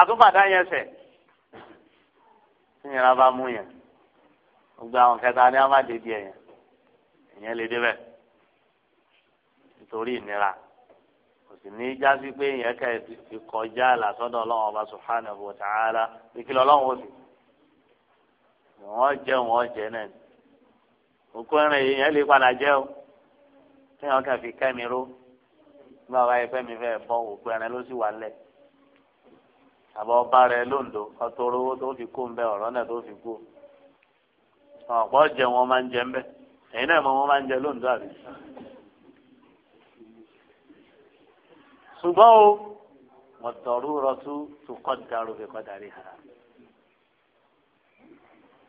àtúbàdá yẹn sẹ̀ tíyẹn bá mú yẹn gbogbo àwọn kẹta ni a má dé díẹ̀ yẹn ìyẹn lè débẹ̀ nítorí ìnira kò sì ní í jásí pé ìyẹn kẹ ti kọjá làsọ́dọ̀ ọlọ́run ọba subhanahu wa ta'ala ìkìlọ̀ ọlọ́run ó sì wọ́n jẹ́ wọ́n jẹ́ náà òkú ẹran èèyàn lè padà jẹ́ o téèyàn kàn fi kẹ́mi ró nígbà wáyé fẹ́mi fẹ́ bọ́ òkú ẹran ló sì wà lẹ̀ àbọ̀ ọba rẹ̀ lóńdó ọtọrọ owó tó fi kó ń bẹ ọ̀rọ̀ náà tó fi kó ọ̀pọ̀ jẹ wọn máa ń jẹ ń bẹ ẹ̀yin náà mọ wọn máa ń jẹ lóńdó àbí. ṣùgbọ́n o mọ̀tọ́rú rọtú tó kọ́ dàrú fi kọ́ darí ha.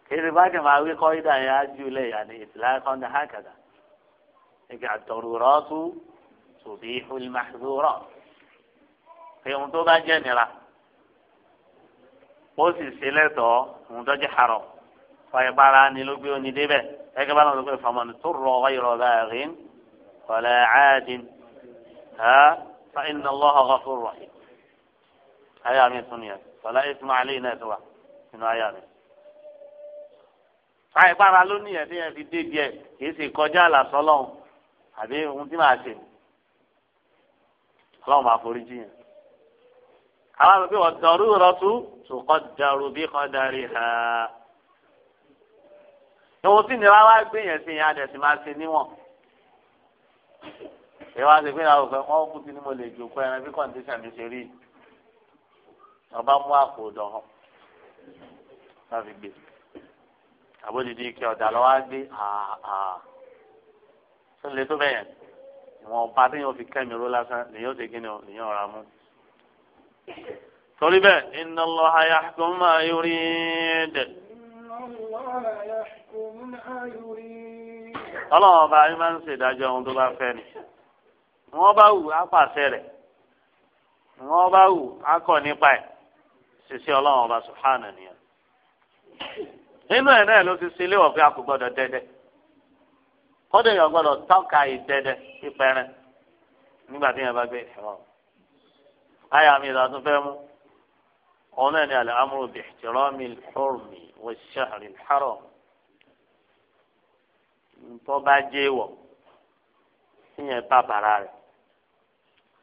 kiri bá jẹ̀ máa wí kọ́ ìdá yẹn á jù lẹ̀ yà ní ìtìlá kan ní hákàdá. ìgbà tọ̀rù rọtú tòbí ìhùlmáhùrọ̀. èèyàn tó bá jẹ́ nira ó sì ṣe lẹ́tọ̀ọ́ òun tọ́jú àrọ̀ fàyẹ̀bára ni ló gbé oní débẹ̀ ẹgbẹ́ bá lọ́nà pé famani tó rọ ọ̀yọ̀rọ̀ báyìí kọ̀lẹ̀ àádín fa iná lọ́hà ọ̀gáfóró rọ̀hìn. ayé àmì ìtúnìyàn kọ̀lẹ̀ ìtumọ̀ àlẹ́ iná ẹ̀tọ́ wa nínú ayé àmì. fàyẹ̀bára ló ní ẹ̀ fi dé díẹ̀ kì ṣe kọjá àlàsọ́lọ́hùn àbí ohun tí màá ṣe ọlọ́run máa forí jiyàn àwọn àgbẹ̀ wọ́n dọ̀rú rọ́tú tùkọ́ dàrú bí kò darí ha. ìwọ̀n tí nira wá gbé yẹn sí yẹn adẹ̀sí máa ṣe níwọ̀n. ìwà àti ìpínlẹ̀ àwòfẹ́ wọ́n kú sí ni mo lè jòkó ẹran bí kọ́ńtíṣàn mi ṣe rí i. ọba mú àpò ọ̀dọ̀ hàn láti gbé àbódìdí ike ọ̀dà lọ́wọ́ á gbé àà lè tó bẹ́yẹn ìwọ̀n ọba tí yóò fi kẹ́mi ró lásán lèyìn ti gíní o lèyìn ọ̀rá mú. torí bẹ́ẹ̀ inna Allaha yahkum ma yurid. ọlọ́run ọba máa ń ṣèdájọ́ ohun tó bá fẹ́ ni wọ́n bá wù á pàṣẹ rẹ̀ wọ́n bá wù á kọ̀ nípa ẹ̀ ṣiṣẹ́ ọlọ́run ọba nìyẹn. nínú ẹ̀ náà ló ti ṣe ilé ọ̀fẹ́ gbọ́dọ̀ dẹ́dẹ́ kọ́dọ̀ gbọ́dọ̀ aya mi la tún fẹ́ mú òun náà ni al-amru bi ihtirami al-hurmi wa ash-shahri al-haram tó bá jẹ́ wọ̀ kíyẹn bá bàrà rẹ̀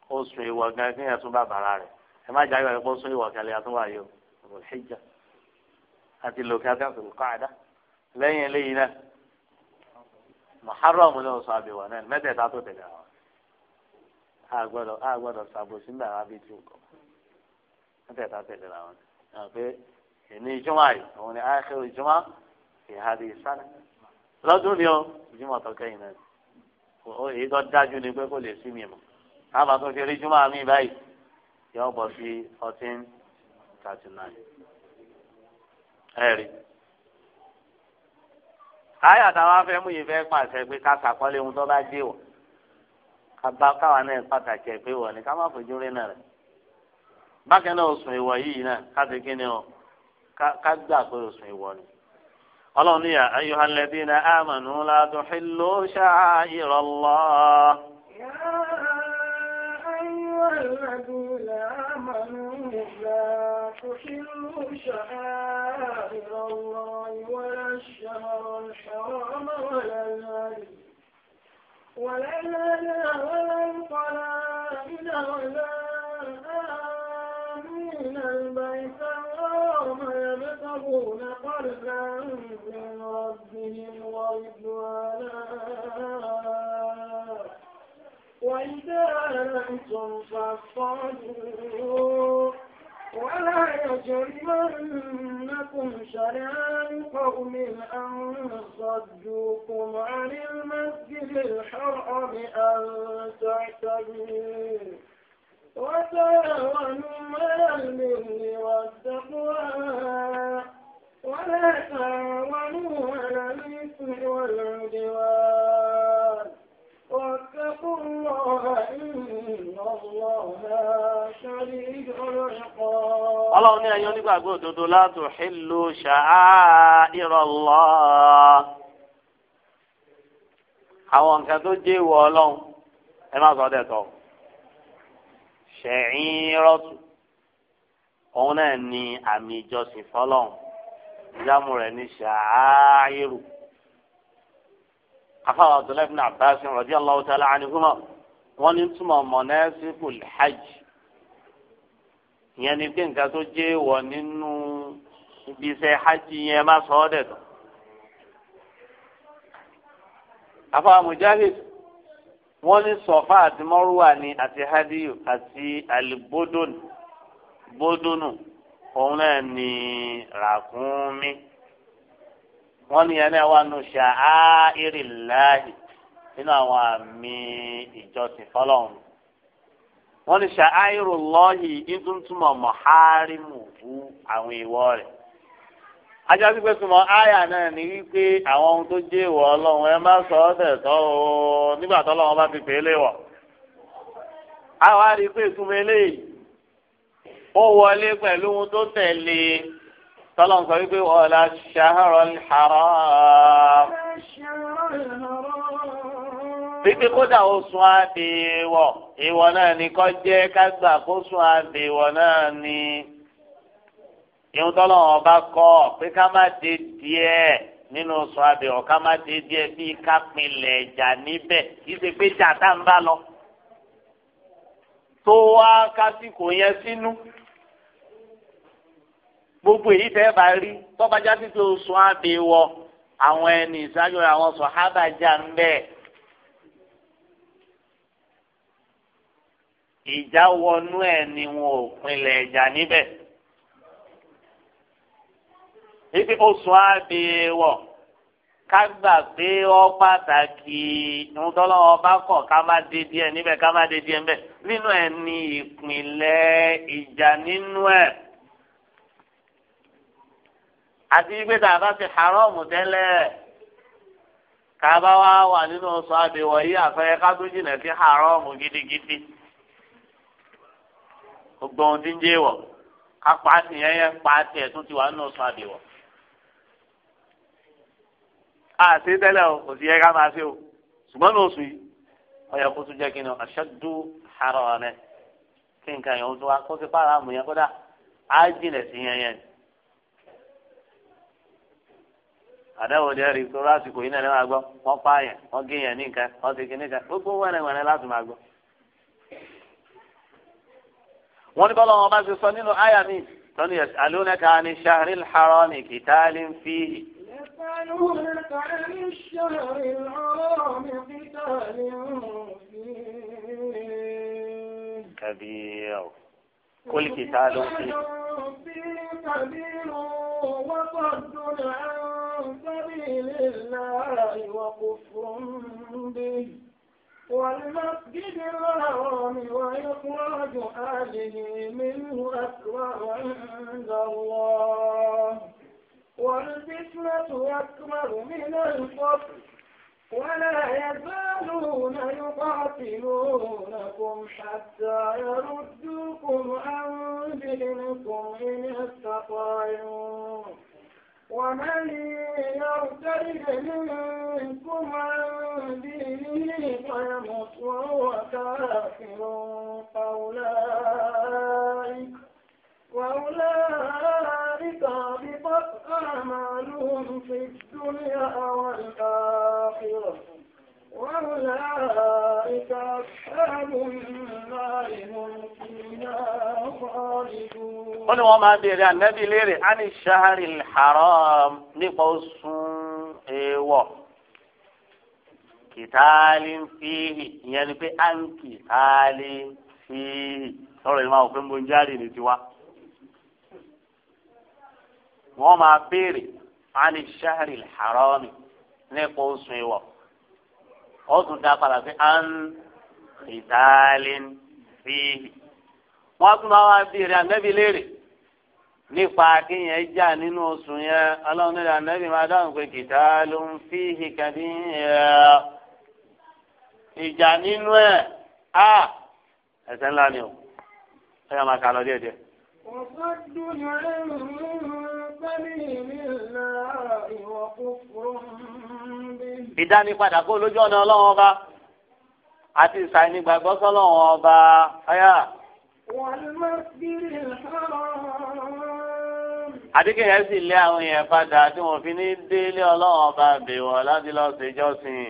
oṣù ìwọ̀ gan kíyẹn tún bá bàrà rẹ̀ ẹ má jáde wáyé kóso ìwọ̀ kẹlẹ́ àtúwà yìí o Dhul-Hijja àti lòkàtà Dhul-Qa'da lẹ́yìn eléyìí náà Muharram ní oṣù àbẹ̀wò náà mẹ́tẹ̀ẹ̀ta tó tẹ̀lé àwọn àgbọ̀dọ̀ àgbọ̀dọ̀ ṣàbòsí ń bàrà bíi ti òkò wọ́n tẹ̀ tàtẹ̀lẹ̀ làwọn ẹ̀ pé ìjọba yìí òun ni àyàkẹ́rù ìjọba ìhàdí ìsálẹ̀ lọ́dún ni ó ìjọba tó kẹ́yìn náà èyí tó dájú ni pé kò lè sí mi mọ́ àbá tó fi rí ìjọba mi báyìí yọ bọ̀ sí fourteen thirty nine ẹ̀rí. àyà táwọn afẹ́ mú yìí fẹ́ pàṣẹ pé ká sàkọ́lé ohun tó bá dé wọ̀ kaba káwa náà pàtàkì ẹ̀ pé wọ̀ ni ká má fojú rí náà rẹ̀ bákan náà oṣù ìwọ̀ yìí náà káti kí ni ọ ká gbà pé oṣù ìwọ̀ ni. ọlọ́run ní ayyuhal ladina amanu la tuhillu sha'irallah. Ya ayyuhal ladina amanu la tuhillu sha'irallah wala ash-shahra al-harama wala al-hadi وليالي ولا القلائل ولا آمين البيت ويوم يبتغون قربا من ربهم ورضوانا وإذا أنتم فاصطادوا ولا يجرمنكم شنان قوم أن صدوكم عن المسجد الحرام أن تعتدوا وتعاونوا على البر والتقوى ولا تعاونوا على الإثم والعدوان واتقوا الله إن الله لا شريك العقاب الله ní ẹ̀yin onígbàgbọ́ òdodo لا تحلوا شعائر الله àwọn nǹkan tó jẹ́ ìwọ ọlọ́run ẹ má sọ dẹ̀ tọ́ ṣẹ̀yìn rọ́tù òun náà ni àmì ìjọsìn fọlọ́run ìjámu rẹ̀ ní ṣàáyérù afáwọn abdullahi bin abbas radiyallahu ta'ala anhuma wọn ní túmọ̀ mọ̀nẹ́sìkùl hajj ìyẹn ni pé nǹkan tó jẹ́ wọ̀ nínú ibi iṣẹ́ hajj yẹn má sọ ọ́ dẹ̀tọ̀. afáwọn mujahid wọn ní sọfà àti mọ́rúwà ni àti hadiyu àti alibodonu bodonu òun náà ní ràkúnmí. wọn ní ẹni àwọn àánú ṣe àáìrì láàyè nínú àwọn àmì ìjọsìn fọlọ́run wọn ní ṣe àáìrù lọ́ọ̀hì ìdúntúmọ̀ mọ̀hárìmù fún àwọn ìwọ rẹ̀ ajá pípé súnmọ́ àyà náà ní wípé àwọn ohun tó jẹ́ ìwọ ọlọ́run ẹ sọ ọ́ tẹ̀tọ́ o nígbà tó lọ́wọ́ bá fi pè é léwọ̀ àwa rí i pé ìtumọ̀ eléyìí ó wọlé pẹ̀lú ohun tó tẹ̀lé e. tọ́lọ̀ ń sọ wípé ọ̀la ṣahọ́rọ̀ ṣàrọ̀. wípé kódà ó sun àbẹ̀wọ̀ ìwọ náà ni kọ́ jẹ́ kágbà kó sun àbẹ̀wọ̀ náà ni. ìhun tọ́lọ̀ wọn kọ́ pé ká má dé díẹ̀ nínú sun àbẹ̀wọ̀ ká má dé díẹ̀ bíi ká pinlẹ̀ ìjà níbẹ̀ kì í ṣe pé jà tá ń bá lọ. tó wá kásìkò yẹn sínú. Si gbogbo èyí tẹ́ bá rí tọ́bajá títí oṣù àbẹ̀ wọ àwọn ẹni ìsájú àwọn sọ̀hábà jà ń bẹ̀. ìjà wọnú ẹ̀ ni wọn ò pinlẹ̀ ẹ̀jà níbẹ̀. ọ pàtàkì bá kọ̀ ká má níbẹ̀ ká má àti wípé tá a bá ti haram tẹ́lẹ̀ bá wá wà nínú sọ yìí àfẹ́yẹ ká tó jìnà sí gidigidi gbogbo ohun tí ń jẹ́ wọ̀ ká pa á sì yẹn pa á tiẹ̀ tó ti wà nínú sọ àti tẹ́lẹ̀ o kò sí yẹ ká máa ṣe o ṣùgbọ́n ní oṣù yìí ọyọ kó tún jẹ́ kí ni aṣáájú haram rẹ kí nǹkan yẹn ó tún wá kó á jìnà àdáwò ni ẹ̀rí tó lásìkò yìí náà máa gbọ́ wọ́n pààyàn wọ́n géèyàn ní nǹkan wọ́n ti kíní kan gbogbo wẹ́rẹ́wẹ́rẹ́ láti máa gbọ́. wọ́n ní bọ́lá wọn bá ti sọ nínú àyà mi lọ́nà yẹn alónẹ́ka ni shahril harami kìtàlí ń fi. kàbíyàwó kólì kìtàlí ń fi. سبيل الله وكفر به والمسجد الحرام وإخراج أهله منه أكبر عند الله والفتنة أكبر من القتل ولا يزالون يقاتلونكم حتى يردوكم عن دينكم إن استطاعوا ومن يرتد منكم عن دينه فيمت وهو كافر فأولئك وأولئك هبطت أعمالهم في الدنيا والآخرة وأولئك أصحاب النار هم فيها خالدون قل وما بير النبي ليري عن الشهر الحرام نقص إيوه kìtàlì fìhì ìyẹn ni pé à ń kìtàlì fìhì sọ̀rọ̀ ìmọ̀ òfin bonjari ni tiwa. wọ́n máa béèrè wọn ni sahari harami nípa oṣù ìwọ̀. ọtún dá padà sí an ìdálẹ́ni fíhì wọ́n tún máa wá bí rẹ̀ ànábì léèrè nípa jà nínú oṣù yẹn ọlọ́run nílẹ̀ ànábì máa dáhùn pé kìtà ló ń fíhì ìjà nínú ẹ̀ á ńlá ni o ẹ yà máa kà lọ díẹ̀ díẹ̀. وصد عن ìdánipadà kó lójú ọ̀nà ọlọ́run ọba àti ìsàìní gbàgbọ́ sọ́lọ́run ọba ayá. àdékè yẹn sì lé àwọn èèyàn padà tí wọn fi ní délé ọlọ́run ọba bèwọ̀ láti lọ sí ìjọsìn.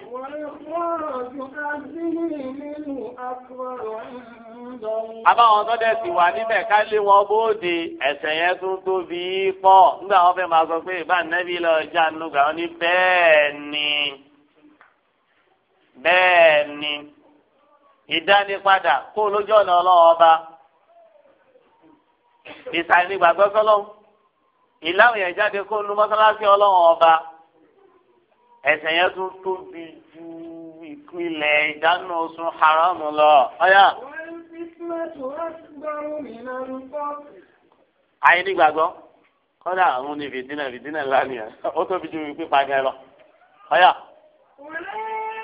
àbáwọn tó dẹ̀ sì wà níbẹ̀ ká lé wọn bóde ẹ̀sẹ̀ yẹn tún tóbi pọ̀ nígbà wọn fẹ́ máa sọ pé ìbá nẹ́bí lọ jáde nígbà wọn ní bẹ́ẹ̀ ni. bẹ́ẹ̀ ni ìdánipadà kó lójú ọ̀nà ọlọ́wọ́ ọba ìsàlìgbàgbọ́ sọ́lọ́ ìlànà yẹn jáde kó lu mọ́sálásí ọlọ́wọ́ ọba ẹ̀sẹ̀ yẹn tún tóbi ju ìpìlẹ̀ ìdáná oṣù haram lọ. ayé gbàgbọ́, kọ́dà àwọn ní fìdínà fìdínà lánìí ó tóbi ju lọ.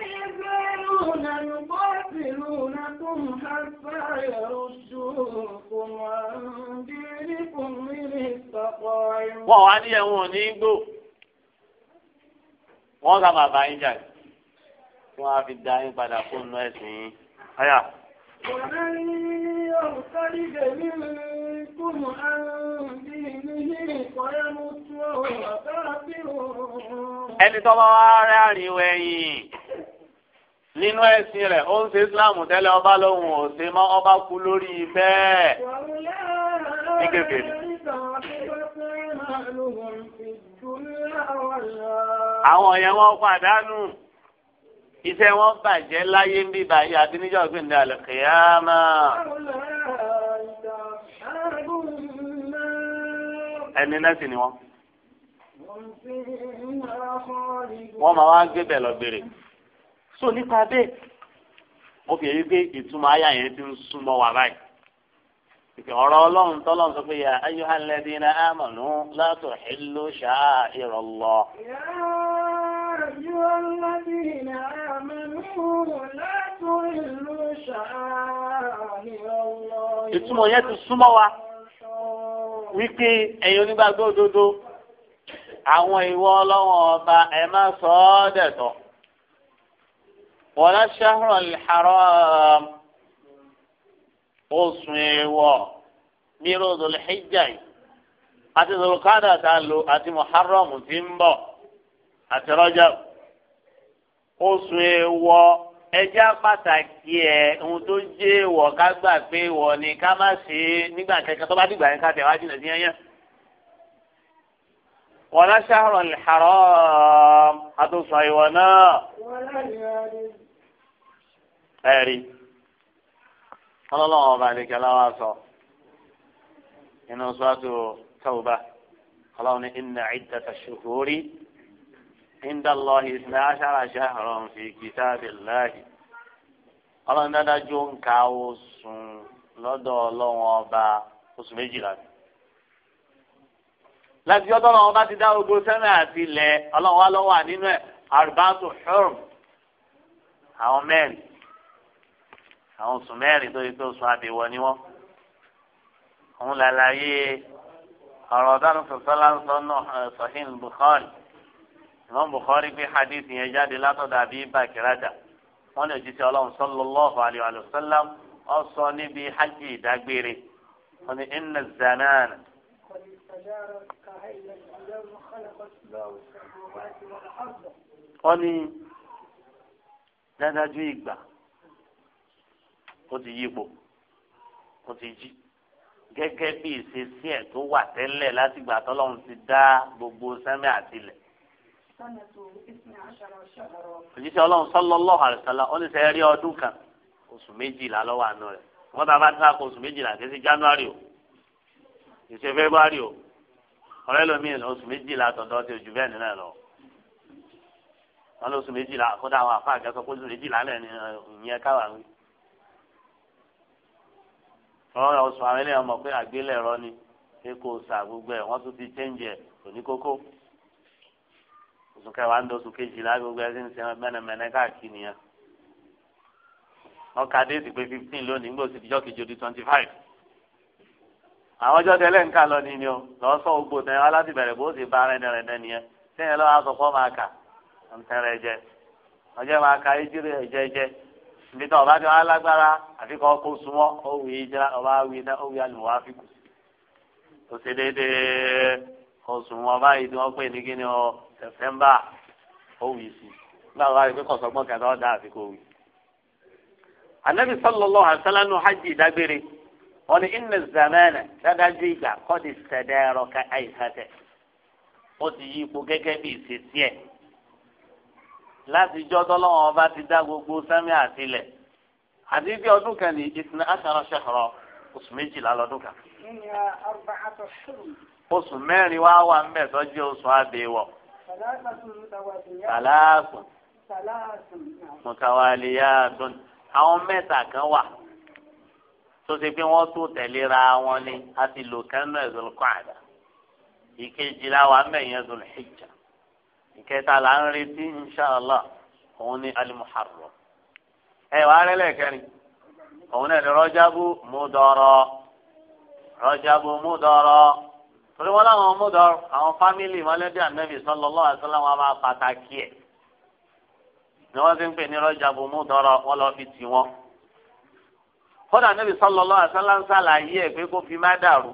يزالون يقاتلونكم حتى يردوكم عن دينكم إن استطاعوا wọ́n á ní ẹ̀wọ̀n ní gbò wọ́n sábà bá yín jà kí ومن يرتد منكم عن دينه فيمت وهو كافر ẹni tó bá wá rẹ́rìn wẹ̀yìn nínú ẹ̀sìn rẹ̀ ó ń ṣe islam tẹ́lẹ̀ ọba lòun ò ṣe mọ́ ọba kú lórí bẹ́ẹ̀ ní kékeré. àwọn yẹn wọ́n pàdánù. iṣẹ́ wọn bàjẹ́ láyé ń bí báyìí àbí níjọ́ ní alẹ́ ẹni náà sì ni wọn. wọ́n máa wá gbé bẹ́ẹ̀ lọ so nípa bẹ́ẹ̀ mo fi èyí pé ìtumọ̀ ayá yẹn ti ń súnmọ́ wa báyìí. ọ̀rọ̀ ọlọ́run tọ́lọ́run sọ pé yà na ladina amanu Helo, tuhillu sha'ira أيها الذين آمنوا لا تهلوا شعائر الله ìtumọ̀ yẹn ti súnmọ́ wa wípé ẹ̀yin onígbàgbọ́ òdodo àwọn ìwọ ọlọ́wọ́n ọba ẹ̀ má sọ ọ́ dẹ̀tọ̀ wala shahral haram oṣù èèwọ̀ míròdùlẹ̀ hijjai àti zolkada tá a lò àti muharram ti ń bọ̀ àti rọ́jà oṣù èèwọ̀ ẹja pàtàkì ẹ̀ ohun tó jẹ́ èèwọ̀ ká gbà pé èèwọ̀ ni ká má ṣe é nígbà kẹkẹ tó bá dìgbà yẹn ká tẹ̀wájú nà sí yẹn wọ́n aṣáhùrọ̀ lè xarọ́ àtúnṣe ìwọ náà. ẹ̀rí ọlọ́lọ́wọ́ ọba àdìgẹ́ láwa sọ inú sọ́ọ́tù tàwùbá ọlọ́run ní ìnà ìdàtà ṣùgbọ́n عند الله اثنا عشر شهرا في كتاب الله ọlọ́run dáadáa jó ń ka oṣù lọ́dọ̀ ọlọ́run ọba oṣù méjìlá ni láti ọdọ́ ọlọ́run ọba ti dá gbogbo sẹ́mẹ̀ àti ilẹ̀ ọlọ́run wa lọ́wọ́ nínú ẹ̀ arbatu hurum àwọn mẹ́rin àwọn oṣù mẹ́rin tó yẹ pé oṣù àbẹ̀wọ̀ ni wọ́n òun làlàyé ọ̀rọ̀ ọ̀dánù sọ̀tọ́lá ń sọ náà sọ̀hìn Bukhari. Imam Bukhari gbé hadith yẹn jáde látọ̀dọ̀ àbí bàkìrádà wọn lè jíṣẹ́ ọlọ́run sallallahu alayhi wa sallam ó sọ níbi hajj ìdágbére wọn ni inna zanana. wọ́n ní dájú ìgbà ó ti yípo ó ti jí gẹ́gẹ́ bí ìṣesí ẹ̀ tó wà tẹ́lẹ̀ látìgbà tọ́lọ́run ti dá gbogbo sẹ́mi àtilẹ̀ òjíṣẹ́ ọlọ́run sallallahu alaihi wasallam ó ní sẹ́ rí ọdún kan oṣù méjìlá lọ́wọ́ àánú rẹ̀ wọ́n bá bá tíráàkì oṣù méjìlá kí sí january o kì í ṣe february o ọ̀rẹ́ lomi oṣù méjìlá tọ̀dọ̀ ti ojú bẹ́ẹ̀ nílẹ̀ lọ wọn lọ sùn méjìlá kódà àwọn àfa àgẹsọ kó sùn méjìlá náà ni eh, ìyẹn káwà wí. wọn lọ sùn àwọn eléyàn mọ̀ pé àgbélẹ̀rọ ni pé kò sà gbogbo ẹ̀ wọ́n tún ti chẹ́ǹjì ẹ̀ kò kókó oṣù kẹwàá ń do oṣù kejìlá gbogbo ẹsẹ̀ ń ṣe mẹ́nẹmẹ́nẹ káàkiri nìyẹn ọkà déètì pé fifteen lónìí nígbà òsì ìjọ kejì odi twenty five àwọn ọjọ́ tẹ́lẹ̀ ń kà lọ ní ni o lọ́ọ́ sọ gbogbo tẹ̀yìn wá láti bẹ̀rẹ̀ bó ṣe bá rẹ́dẹ̀rẹ́dẹ́ nìyẹn tẹ́yìn lọ́wọ́ aṣọ fọ́ máa kà ń tẹ́rẹ̀ jẹ ọjọ́ máa ka ìjírí ẹ̀jẹ̀ jẹ ibi tí ọba ti wá lágbára àfi kọ́ kó súnmọ́ ó wù í jẹ́ ọba wù í ó wù í àlùwà fi kù ó ṣe déédéé oṣù wọn báyìí tí wọ́n pè ní kíni o. sẹ̀tẹ̀mbà ó wì sí nígbà wà kẹta ọ̀dà anabi sallallahu wọn inna zamana ti yí ipò gẹ́gẹ́ bí láti jọ́ ọba ti dá gbogbo sẹ́mi àtìlẹ̀ àti bí ọdún kan ní sàlásùn mùtàwálìyàtún àwọn mẹ́ta kan wà tó ṣe pé wọ́n tó tẹ̀léra wọn ni a ti lò kánú ẹ̀sùn kọ́àdà ìkejì láwa mẹ́yìn ẹ̀sùn hijja ìkẹta là ń retí inṣàlá òun ni alimuharram ẹ wàá rẹ lẹ́ẹ̀kẹrin òun náà ni rọ́jábù múdọ̀rọ̀ rọ́jábù múdọ̀rọ̀ torí wọn láwọn ọmọdọ àwọn fámìlì mọlẹbí ànábì sallallahu alaihi wasallam wọn máa pàtàkì ẹ ni wọn ti ń pè ní rọjàbù mọdọrọ wọn lọ fi tì wọn. kódà ànábì sallallahu alaihi wasallam ń sàlàyé ẹ pé kó fi má dàrú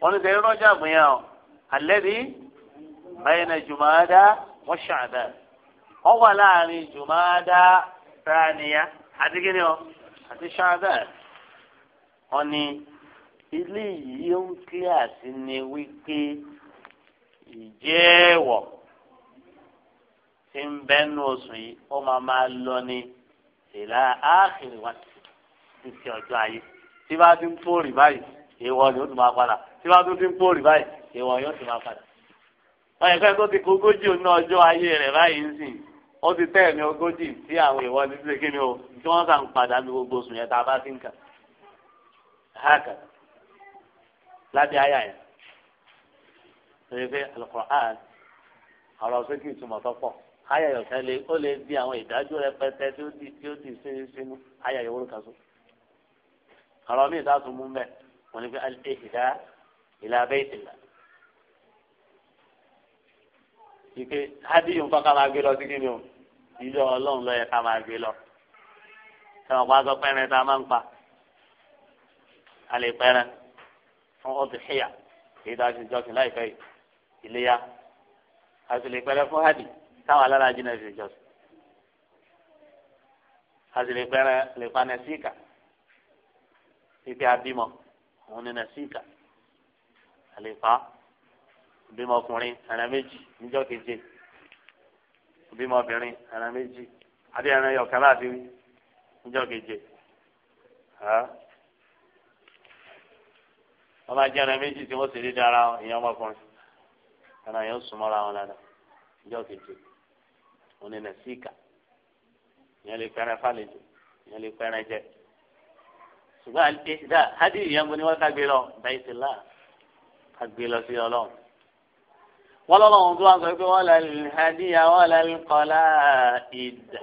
wọn ní sẹyìn rọjàbù yẹn o alladhi bayna jùmọ̀ádá wa sha'ban wọn wà láàrin jùmọ̀ádá ràníyà àti kíni o àti sha'ban wọn ni eléyìí ó ń kílẹ̀ àti ni wípé ìjẹ́wọ̀ tí ń bẹ́nu oṣù yìí ó máa máa lọ ní ìlà áàkiri wá títí ọjọ́ ayé tí bá ti ń pòrì báyìí èèwọ̀ ni ó ti máa padà tí bá tún ti ń pòrì báyìí èèwọ̀ yóò ti máa padà. wọ́n yẹ kẹ́kọ̀ọ́ ti kogójì ní ọjọ́ ayé rẹ̀ báyìí ń sìn ó ti tẹ̀ ní ogójì tí àwọn èèwọ̀ ní ti ṣe kí ni o tí wọ́n sàn padà ní gbogbo oṣù yẹn tá a bá ti ń kà lábẹ́ àyà yẹn lórí pé alukur'an ọ̀rọ̀ sókè ìtumọ̀ tó pọ̀ àyà yọ̀ kẹ́lẹ́ ó lè di àwọn ìdájọ́ rẹpẹtẹ tí ó di tí ó di sínú àyà yọ̀ wọ́n kàṣọ. ọ̀rọ̀ mi ìdá tún mú mẹ́ wọ́n ní pé alẹ́ ìdá ìlà abẹ́ ìtìlá. ike hádìyù nǹkan ká máa gbé lọ sí kí o ilé ọlọ́run ló ká máa gbé lọ. sọ̀rọ̀ pa sọ pẹ́rẹ́ tá máa ń pa. a pẹ́rẹ́ fún ọdúnṣíà èyí tá a ti jọ́sìn láìpẹ́ yìí iléyà a sì lè pẹ́rẹ́ fún hadi táwọn alára jìnnà fi jọ́sìn a sì lè pẹ́rẹ́ lè pa nẹ́síkà pípé abímọ òun ni nẹ́síkà a lè pa bímọ ọkùnrin ẹ̀rọ méjì níjọ́ keje bímọ obìnrin ẹ̀rọ méjì àbí ẹ̀rọ yọ̀ọ̀kan láti níjọ́ keje wọ́n máa jẹ́ ẹran méjì tí wọ́n sì rí dára ìyẹn ọmọkùnrin ẹran yẹn ó súnmọ́ra wọn dáadáa ìjọ kejì òun ni nàṣíkà ìyẹn lè pẹ́ran fàlejò ìyẹn lè pẹ́ran jẹ ṣùgbọ́n àti dá hádì ìyẹn mo ní wọ́n kágbé lọ báyìí ti là kágbé lọ sí ọlọ́run wọ́n lọ́nà ohun tó wà sọ pé wọ́n lè hádì àwọn lè kọ́ láà ìdá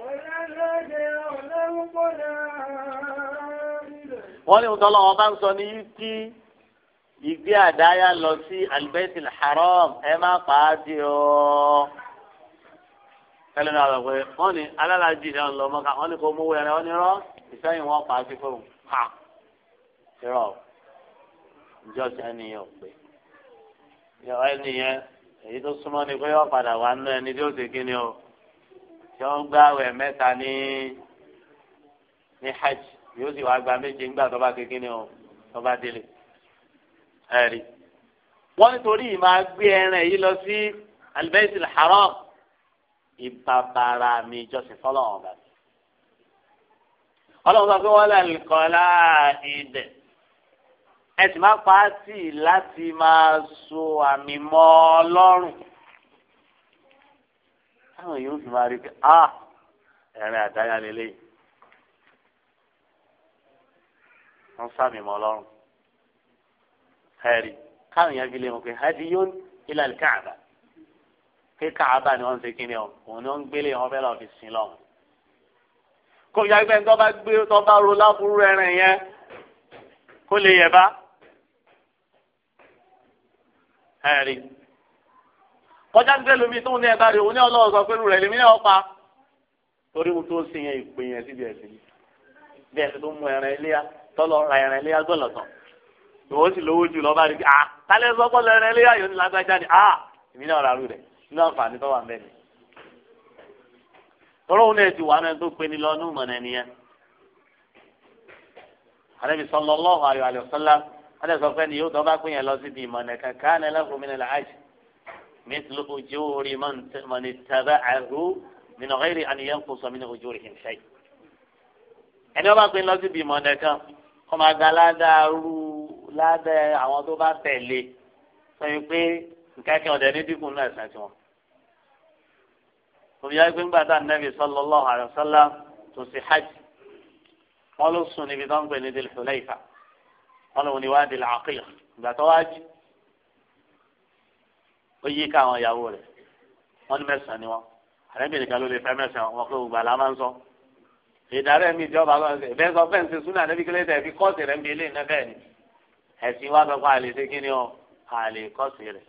wọ́n ní ohun bá ń sọ ní kí ìgbé àdáyà lọ sí alibẹ́tì haram ẹ má pa á di o. ẹlẹ́nu àlọ́ pé wọ́n ní alálàájì náà lọ mọ́ka wọ́n ní kó mú wẹ̀rẹ̀ wọ́n ní rọ́ ìfẹ́yìn wọn pa á sí fóun. ha irọ́ ìjọsìn ẹnìyẹn ò pé ẹnìyẹn èyí tó súnmọ́ ni pé wọ́n padà wà nínú ẹni tí ó ti kíni o tí wọ́n gbá àwẹ̀ mẹ́ta ní ní hajj yóò sì wá gba méje ńgbà tó bá ti kíni o tó bá délé ẹ̀rí wọ́n nítorí ìmọ̀ agbé ẹran yìí lọ sí alibẹ́sì haram ìbàbàrà mi jọ́sìn fọlọ́run ọba mi ọlọ́run sọ pé wọ́n lè kọ́ láàdẹ̀ ẹ sì máa pa á tì láti máa so àmì mọ́ ọlọ́run táwọn yóò fi máa rí pé a ah, ẹ̀rín àdáyà lélẹ́yìn wọ́n sàmì mọ́ ọlọ́run ẹ̀rí káwọn yẹn fi lè mọ̀ pé hadiyun ilà káàbà pé káàbà ni wọ́n ń ṣe kíni ọ̀ òun ni wọ́n ń gbélé wọn fẹ́ lọ́ọ́ fi sin lọ́wọ́ kó ìyá gbẹ́ tó bá gbé tó bá ro láburú ẹran yẹn kó lè yẹ̀ bá ẹ̀rí kọjá ní tẹ́lómi tó ń ní ẹ̀ka rẹ̀ òun ní ọlọ́wọ́ sọ pé rẹ̀ lèmi náà pa torí mo tó sin yẹn ìpè yẹn síbi ẹ̀sìn bí ẹ̀sìn tó mú ẹran iléyà tọ́lọ ra ẹran iléyà gbọ́lọ̀tàn ìwọ sì lówó jù lọ́ba rí ah kálẹ̀ sọ́kọ́ lẹ́rẹ́ lé ayò ní lágbájá ni ah èmi náà ràrú rẹ̀ nínú àǹfààní tó ń bẹ̀ ni. tọ́lọ́ òun náà ti wà náà tó pe ni lọ́nù mọ̀nà nìyẹn. àlẹ́bí sallallahu alaihi wasallam alẹ́ sọ pé ni yóò dọ́gba pé yẹn lọ síbi ìmọ̀nà kankan náà lẹ́fọ̀ mi nílẹ̀ àjì mi ti jẹ́ orí mọ̀nì tàbí àrú min ghairi ẹni wọ́n bá pè lábẹ́ àwọn tó bá tẹ̀lé sọ yìí pé nǹkan kí ọ̀dẹ̀ ní dínkù náà ẹ̀sìn tiwọn. òbíyá gbé ńgbà tá nẹ́bí sallallahu alaihi wasallam tó sì hajj wọn ló sùn níbi tó ń gbé ní Dil Hulayfa wọn lòun ní wàá di làákìyà ìgbà tó wá jí ó yí ká àwọn ìyàwó rẹ̀ wọn ní mẹ́sàn-án ni wọn àrẹ́bìnrin kan ló lè fẹ́ mẹ́sàn-án wọn kó gbàlá máa ń sọ ìdárẹ́ mi ìjọba lọ́sẹ̀ ìbẹ́sọ̀ fẹ́ǹsì súnà níbi kílẹ̀ tẹ̀ fi kọ́ọ̀tì rẹ̀ ń bi eléyìí náà bẹ́ẹ̀ ni ẹ̀sìn wa sọ pé àlè ṣe kí ni ọ àlè kọ́sì rẹ̀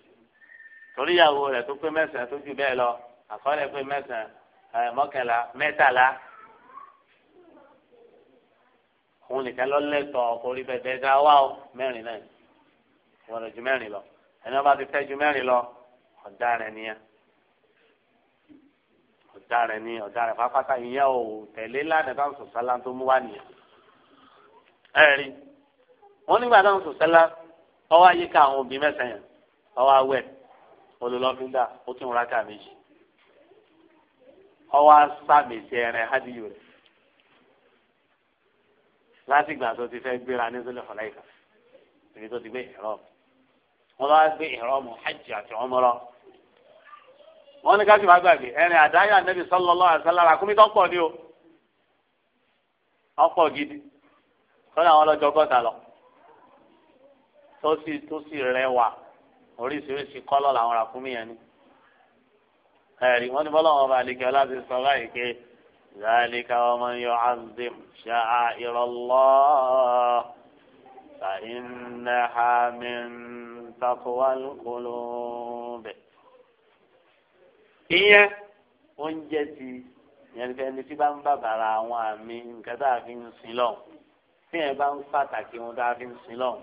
torí ìyàwó rẹ̀ tó pé mẹ́sàn-án tó jù bẹ́ẹ̀ lọ àkọọ́lẹ̀ pé mẹ́sàn-án mọ́kànlá mẹ́tàlá òun nìkan lọ lẹ́tọ̀ọ́ orí bẹ̀bẹ̀ ga wá o mẹ́rin náà wọ́n lọ ju mẹ́rin lọ ẹni wọ́n bá ti fẹ́ ju mẹ́rin lọ ọ̀daràn nìyẹn ọ̀daràn ni ọ̀daràn pápátá ìyẹn ò tẹ̀lé lánàá bá ń sọ̀sálà tó mú wá nìyẹn ẹ̀rí. wọn nígbà táwọn sòsẹ́lá ọwọ́ àyíká àwọn òbí mẹ́sàn-án yẹn ọwọ́ awẹ́ olùlọ́fíńdà ó tún rákà méjì ọwọ́ asàmìsì ẹ̀rẹ̀ hádìyò rẹ̀ láti ìgbà tó ti fẹ́ gbéra ní sílẹ̀ fọláìkà èyí tó ti gbé ìrọ́m wọn bá gbé ìrọ́m hajj àti ọmọrọ wọn ní ká sì má gbàgbé ẹ̀rìn àdáyà nẹ́bí sallallahu alaihi wasallam àkúmítọ́ pọ̀ n'i o ọ̀pọ̀ gidi tó sì tó sì rẹwà oríṣiríṣi kọ́lọ̀ làwọn ràkúnmí yẹn ni. ẹ̀rí wọ́n ní bọ́lá wọn bá àlekẹ́ láti sọ báyìí pé zàlíkà ọmọ yọ azim ṣáà ìrọ̀lọ́ ṣàìnà hàmì takuwalukolo bẹ̀. ìyẹn oúnjẹ ti ìyẹn nípa ẹni tí bá ń bàbàrà àwọn àmì nǹkan tá a fi ń sin lọ́hùn tí yẹn bá ń pàtàkì wọn tá a fi ń sin lọ́hùn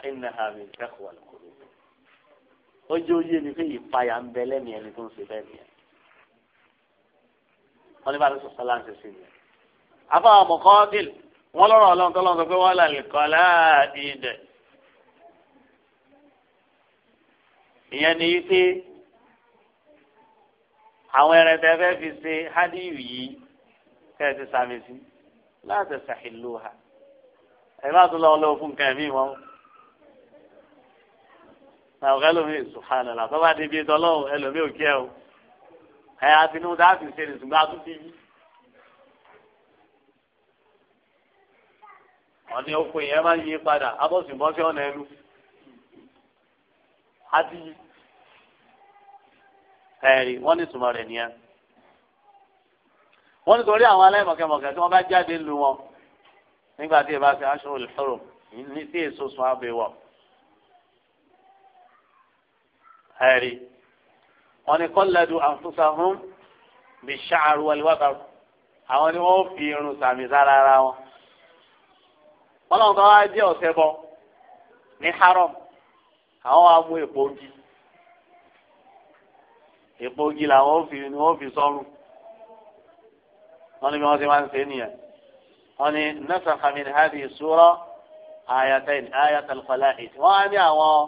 fa innaha min taqwa al-qulub ojú oyé ni pé ìpayà ń bẹ lẹ́mìí ẹni tó ń ṣe bẹ́ẹ̀ nìyẹn wọ́n ní bá lọ sọ sọ́lá ń ṣe sí nìyẹn. afáwọn mọ̀kọ́dìl wọ́n lọ́rọ̀ ọlọ́run tó lọ́n sọ pé wọ́n là lè kọ́ láàdìdẹ̀. ìyẹn ni pé àwọn ẹran tẹ fẹ́ fi ṣe hádìí yìí kẹ́ ẹ ti sàmì sí láti ṣàhìlú ha ẹ bá tún lọ́wọ́ lọ́wọ́ fún nǹkan ẹ̀mí wọn ọ̀gá ẹlòmíì sùhánà là bàbá débi ìdọ́lọ́wọ́ ẹlòmíì ò jẹ́ o ẹ àtinúdá àti ṣe nìṣùgbọ́n a tún ti yí. wọ́n ní oko yẹn máa ń yí padà abọ́sùnbọ́sí ọ̀nà ẹnu á ti yí. ẹ̀rí wọ́n ní ìtumọ̀ rẹ̀ nìyẹn. wọ́n nítorí àwọn aláìmọ̀kẹ́mọ̀kẹ́ tí wọ́n bá jáde lu wọn nígbà tí ì aṣọ òlùfọ́rọ̀ ní sí èso sun abẹ́wọ̀. هاري. wọn ni kọ́lẹ́dù àǹfùsàhún bí ṣáàrù wàlúwàbà àwọn ni wọ́n fi irun sàmì sára ara wọn. wọn làwọn kan wá jẹ́ ọ̀sẹ̀ bọ ní haram àwọn wa mú èpo ogi èpo ogi làwọn fi ni wọ́n fi sọ́run wọn ni bí wọ́n ti máa ń ṣe nìyẹn wọn ni nasaha min hadhihi sura ayatayn ayatal khala'id á ní àwọn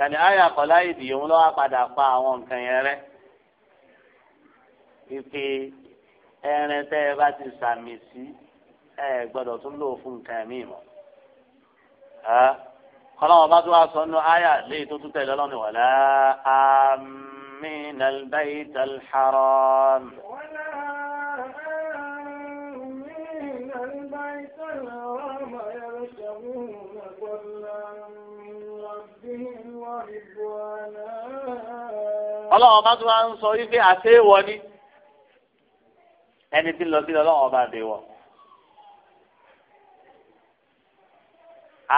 yàní àyà kọ́lá ìdì òun lọ́wọ́ padà pa àwọn nǹkan yẹn rẹ́ wípé ẹrin tẹ́ ẹ bá ti sàmì sí ẹ gbọ́dọ̀ tún lò fún nǹkan míì mọ́ kọ́láwọn bá tún wá sọ nínú àyà léyìí tó tún tẹ̀lé ọlọ́run wàlá àmì nàlbáyìí tàlhárọ́ọ̀mù. ọlọ́wọ́n bá tún wá ń sọ wípé àtẹ́wọ́ ni ẹni tí ń lọ sí ọlọ́wọ́n bá dé wọ.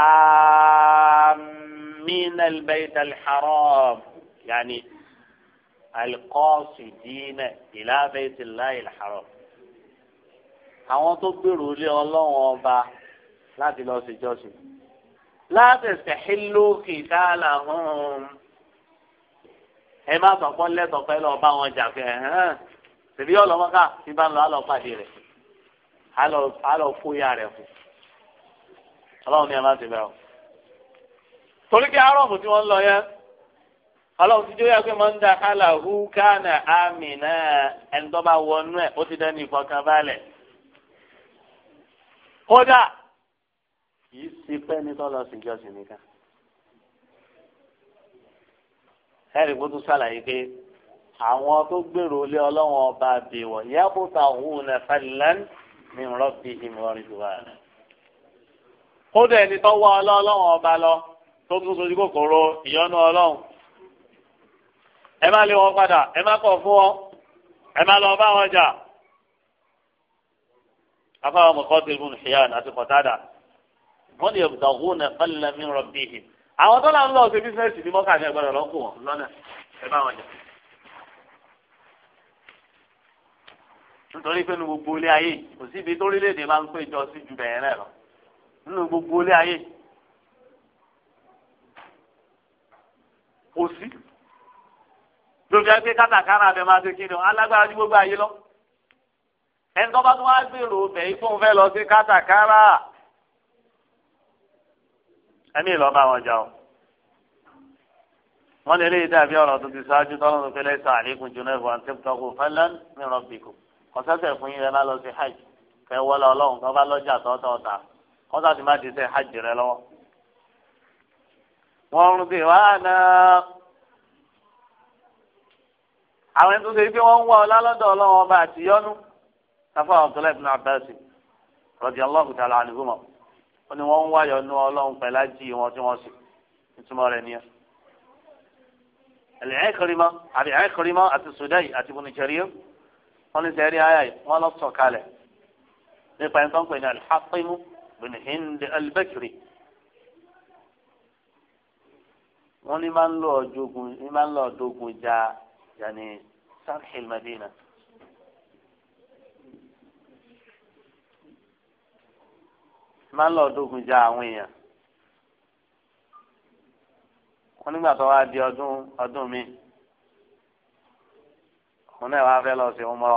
آمين البيت الحرام يعني القاصدين إلى بيت الله الحرام àwọn tó gbèrò lé ọlọ́wọ́n ọba láti lọ sí jọ́sìn láti ṣèhìlú kìtàlà hàn ẹ má sọ pọ́n lẹ́tọ̀ fẹ́ lọ bá wọn jà fẹ́ hàn tèmi yọ lọ́mọ ká tí bá ń lọ àlọ́ pàdé rẹ̀ àlọ́ fóyà rẹ̀ fún ọlọ́run ní ẹ má ti bẹ̀rẹ̀ o. torí kí arọ́ọ̀mù tí wọ́n ń lọ yẹn ọlọ́run ti jóyà pé máa ń da kálà hu kánà àmì náà ẹni tó bá wọnú ẹ̀ ó ti dẹ́ni ìfọkànbalẹ̀. kódà kì í sí pẹ́ni tó lọ sí nìkan. ẹ̀rí kó tún sàlàyé pé àwọn tó gbèrò lé ọlọ́wọ́n ọba àbẹ̀wọ̀ yàgòtà òun nà fẹ́lẹ́n ní rọ́bì ìmọ̀rin tó wà rẹ̀. kódà ẹni tó wá ọlọ́wọ́n ọba lọ tó tún sojú kòkòrò ìyọ́nú ọlọ́run. ẹ má lé wọn padà ẹ má kọ̀ fún wọn ẹ má lọ bá wọn jà. afáwọn mọ̀kọ́ tẹ̀lé fún ṣìyàn àti kọ̀tádà wọ́n lè yàgòtà òun nà fẹ́lẹ́n ní rọ́bì ìmọ̀rin àwọn tó là ń lọ ṣe bísíǹsì ní mọ́kà ní ẹgbẹ́rún lọ́kù wọn lọ́nà ẹ bá wọn jà. nítorí pé nu gbogbo ilé ayé kò sí ibi tórílẹ̀-èdè máa ń pè jọ sí ju bẹ̀rẹ̀ rẹ̀ lọ nínú gbogbo ilé ayé kò sí. lóbi ẹgbẹ́ kátàkárà abẹ máa ṣe kíni alágbára ní gbogbo ayé lọ. ẹni tó bá tún wá gbèrò bẹ̀ẹ́ fóun fẹ́ lọ sí kátàkárà ẹmí lọ bá wọn jà o wọn lè léyìí dàbí ọ̀rọ̀ tó ti ṣáájú tọ́lọ́ tó fẹ́lẹ́ sàn àlékún jùlọ ìwà tí kò kò fẹ́lẹ́ mìíràn bìkù kọ́sẹ́sẹ̀ fún yín rẹ má lọ sí hajj fẹ́ wọlé ọlọ́run tó bá lọ́jà tọ́tọ̀ ọ̀tà kọ́sà ti má di hajj rẹ lọ́wọ́. wọ́n ń bè wá náà àwọn ẹni tó ṣe pé wọ́n ń wá ọlá lọ́dọ̀ ọlọ́run ọba àtìyọ́nú sáfà ọ̀tọ́lẹ̀ ó ní wọ́n ń wáyọ̀ nu ọlọ́run pẹ̀lá jí wọn tí wọ́n sì ìtumọ̀ rẹ̀ nìyẹn. ẹ̀lẹ́ ẹ̀kọ́rìmọ́ àbí ẹ̀kọ́rìmọ́ àti sùdáì àti bùnìjẹ̀rìyẹ́ wọ́n ní sẹ́rí ayá yìí wọ́n lọ sọ kalẹ̀ nípa ẹni tó ń pè ní alḥaqimu bin hind albakiri. wọ́n ní máa ń lọ dogun ní máa ń lọ dogun ja yanni sarhil madina máa lọ dógun ja àwọn èèyàn wọn nígbà tó wá di ọdún ọdún mi òun náà wá fẹ́ lọ sí ọmọ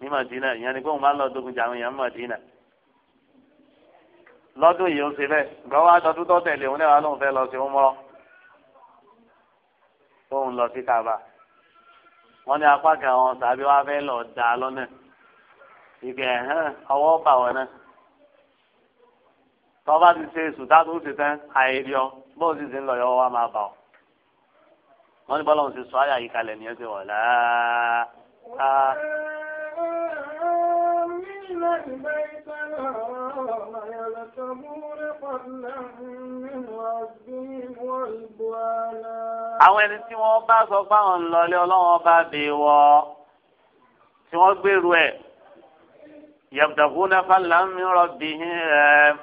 ní Madina ìyẹn ni pé òun máa lọ dógun ja àwọn èèyàn ní Madina lọ́dún yìí ó ṣe bẹ́ẹ̀ gbọ́n wá tọdún tó tẹ̀lé òun náà wá lóun fẹ́ lọ sí ọmọ tóun lọ sí Kaaba wọn ní apá kan àwọn sàbí wá fẹ́ lọ dá lọ́nà ìgbẹ́ ẹ̀hán ọwọ́ bà wọ́n náà tọ́ba ti ṣe sùtá tó ti tán àìrí ọ bó o sì ti ń lọ yọwọ́ wa máa bà ọ́ wọ́n ní bọ́lá ti sọ ayé àyíkalẹ̀ ní ẹsẹ̀ wọ̀ àwọn ẹni tí wọ́n bá sọ fáwọn ńlọlé ọlọ́wọ́n bá bè wọ́ tí wọ́n gbèrú ẹ̀ yabdaguna fadlan min rabbihim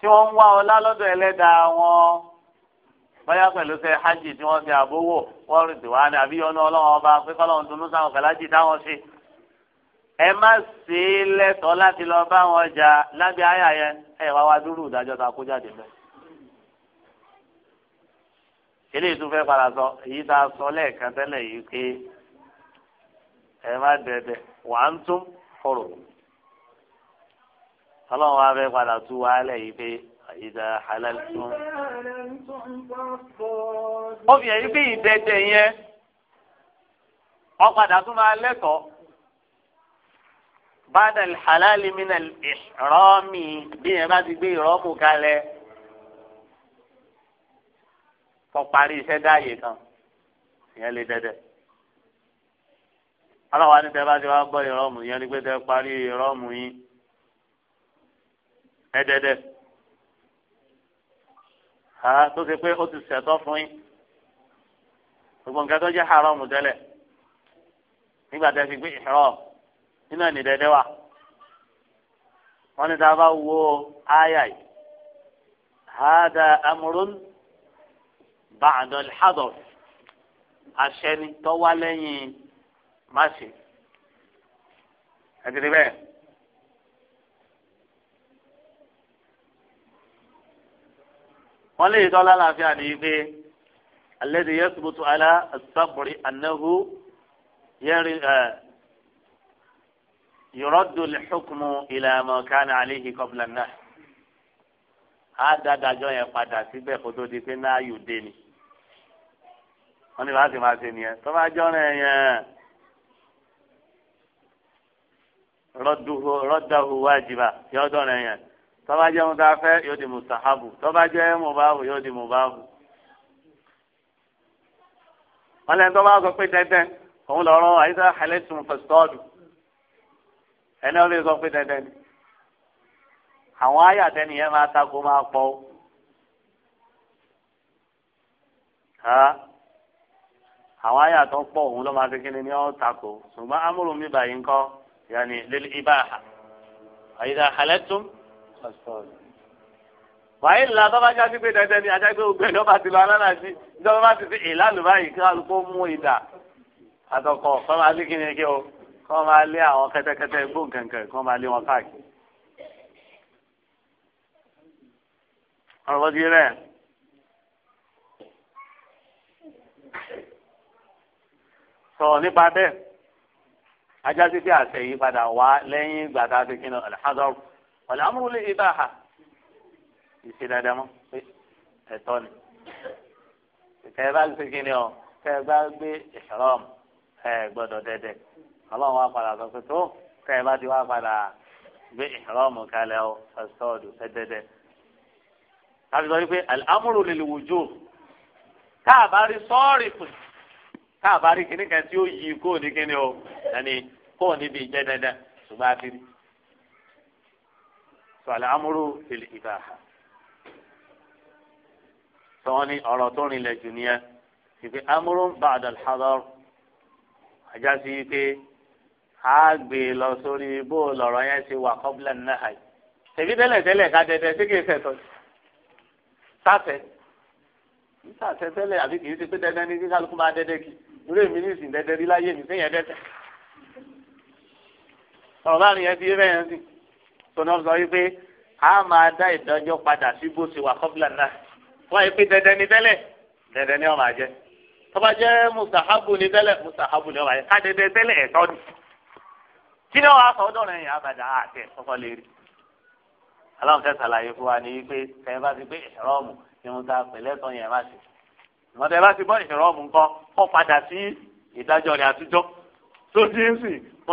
tí wọ́n ń wá ọlá lọ́dọ̀ ẹlẹ́dàá wọn báyà pẹ̀lú ṣe hajj tí wọ́n ṣe àbówò wọ́n rìn tí wàá ní àbíyọ́nú ọlọ́run ọba pé kọ́lọ́run tó ń sáwọn kẹlájì táwọn ṣe. ẹ má ṣe é lẹ́tọ̀ọ́ láti lọ bá wọn jà lábẹ́ àyà yẹn ẹ wá wá dúró ìdájọ́ ta kó jáde mẹ́. eléyìí tún fẹ́ padà sọ èyí tá a sọ lẹ́ẹ̀kan tẹ́lẹ̀ yìí pé ẹ má dẹ̀dẹ̀ wà á ń tún fọ́rọ̀ ọlọ́run wa fẹ́ padà tú wa lẹ̀ yìí pé ìdá halal tún. ó fi èyí pé ìdẹ́dẹ́ yẹn ọ̀padà tún máa lẹ́tọ̀ọ́ bada halali mina ìrọ́mì bí yẹn bá ti gbé ìrọ́mù kalẹ̀ kọ́ parí iṣẹ́ dáàyè kan ìyẹn lè dẹ́dẹ́ ọlọ́wà ní tẹ́ bá ti wá gbọ́ ìrọ́mù yẹn ni pé tẹ́ parí ìrọ́mù yín ẹ̀dẹ̀dẹ̀ tó ṣe pé ó ti ṣẹ̀tọ́ fún yín gbogbo nǹkan tó jẹ́ haramu tẹ́lẹ̀ nígbà tẹ́ fi gbé ìrọ́ nínú ẹ̀nì dẹ́dẹ́ wà wọ́n ní tá wo áyà yìí hada amurun ba'dal hadar aṣẹ́ni tó má ṣe ẹtìrì bẹ́ẹ̀. wọ́n lè tọ́ lálàáfíà ní ife alẹ́dì yẹ́sùbùtù alá sábùrì ànáhu yẹ́rì yọ̀rọ̀dù lẹ́xùkùmù ìlànà kan àlehi kọ́bùlà náà á dáadájọ́ yẹn padà síbẹ̀ kó tó di pé náà yóò dé ni wọ́n ní bá ti máa ṣe nìyẹn tó bá jọ́ràn yẹn. rọ́dàhù wájibà yóò dọ̀rọ̀ yẹn tọ́ba jẹ́ mo ta fẹ́ yóò di mustahabu tọ́ba jẹ́ mo bá wù yóò di mo bá wù. wọ́n lẹ́nu tọ́ba sọ pé tẹ́tẹ́ òun lọ́rọ́ àyíká hẹlẹ́tùn fẹ̀sítọ́ọ̀dù ẹni ó lè sọ pé tẹ́tẹ́ ni. àwọn àyà tẹ́ni yẹn máa tako máa pọ̀ ó. àwọn àyà tó pọ̀ òun ló máa fi kíni ní ọ́ tako ṣùgbọ́n amúrùmí báyìí ń kọ́. يعني للإباحة فإذا حللتم فاستوزنوا wàhálà tó bá jáde pé dandan ni ajá pé ògbẹ́ ni wọ́n bá ti lọ alára sí ìjọba bá ti fi ìlànà báyìí kí alùpùpù mú ìdà àtọkọ kọ́ máa lé kíni kí o kọ́ máa lé àwọn kẹ́tẹ́kẹ́tẹ́ gbóǹkankan kọ́ máa lé wọn káàkiri. ọ̀rọ̀ di rẹ̀ sọ̀rọ̀ nípa bẹ́ẹ̀ ajásí pé àṣẹ yìí padà wá lẹ́yìn ìgbà tá a ti kí ni alḥadaru ọ̀lẹ́ amúrúlé ibáha ìṣe dáadáa mọ́ pé ẹ̀tọ́ ni kẹ́ ẹ bá ti kí ni ọ kẹ́ ẹ bá gbé ìṣòrọ́m ẹ gbọ́dọ̀ dẹ́dẹ́ ọlọ́run wá padà sọ pé tó kẹ́ bá ti wá padà gbé ìṣòrọ́m kalẹ̀ ọ ẹ̀sọ́ọ̀dù ẹ̀dẹ́dẹ́ tàbí sọ wípé alhamdulilayi wùjú káàbárí sọ́ọ̀rì pè tá a bá rí kíní kan tí ó yí kó ní kíní o ẹni kó níbi ìjẹ dandan ṣùgbọ́n a ti rí. sọ̀lá amúrú ìlú ìbá sọ́wọ́n ní ọ̀rọ̀ tó rìnlẹ̀ jù nìyẹn ìpè amúrú bàdà al-hadar ajá sí pé a gbé e lọ sórí bó lọ̀rọ̀ yẹn ṣe wà qabla an-nahy tẹ̀bí tẹ́lẹ̀ tẹ́lẹ̀ ká tẹ̀tẹ̀ sí kì í fẹ̀ tọ́ sáfẹ̀ nígbà tẹ́tẹ́lẹ̀ àbí kì í ṣe pé dandan ní kí kálukú máa dẹ́dẹ́ kì í irú èmi ní ìsìn dẹdẹ rí láyé mi sẹ́yìn ẹ̀dẹ́tẹ̀ ọ̀rọ̀ láàrin yẹn ti rẹ̀ yẹn sì tọ́nà sọ wípé a máa dá ìdájọ́ padà sí bó ṣe wà kọ́bílà náà wọ́n yẹ pé dẹdẹ ni tẹ́lẹ̀ dẹdẹ ni ó máa jẹ́ tọ́ba jẹ́ musahabu ni tẹ́lẹ̀ musahabu ni ó máa jẹ́ ká dẹdẹ tẹ́lẹ̀ ẹ̀tọ́ ni kí ni wàá sọ ọdọ̀ rẹ̀ yẹn àbàdà àti ẹ̀kọ́kọ́ lè rí aláwọn fẹ́ sàlàyé fún wa ní pé tẹ́ bá ti pé ẹ̀rọ ọ̀mù irun ta yẹn má ṣe ìwọ́n tẹ bá ti bọ́ ìṣòro nǹkan kọ́ padà sí ìdájọ́ rẹ̀ àtijọ́ tó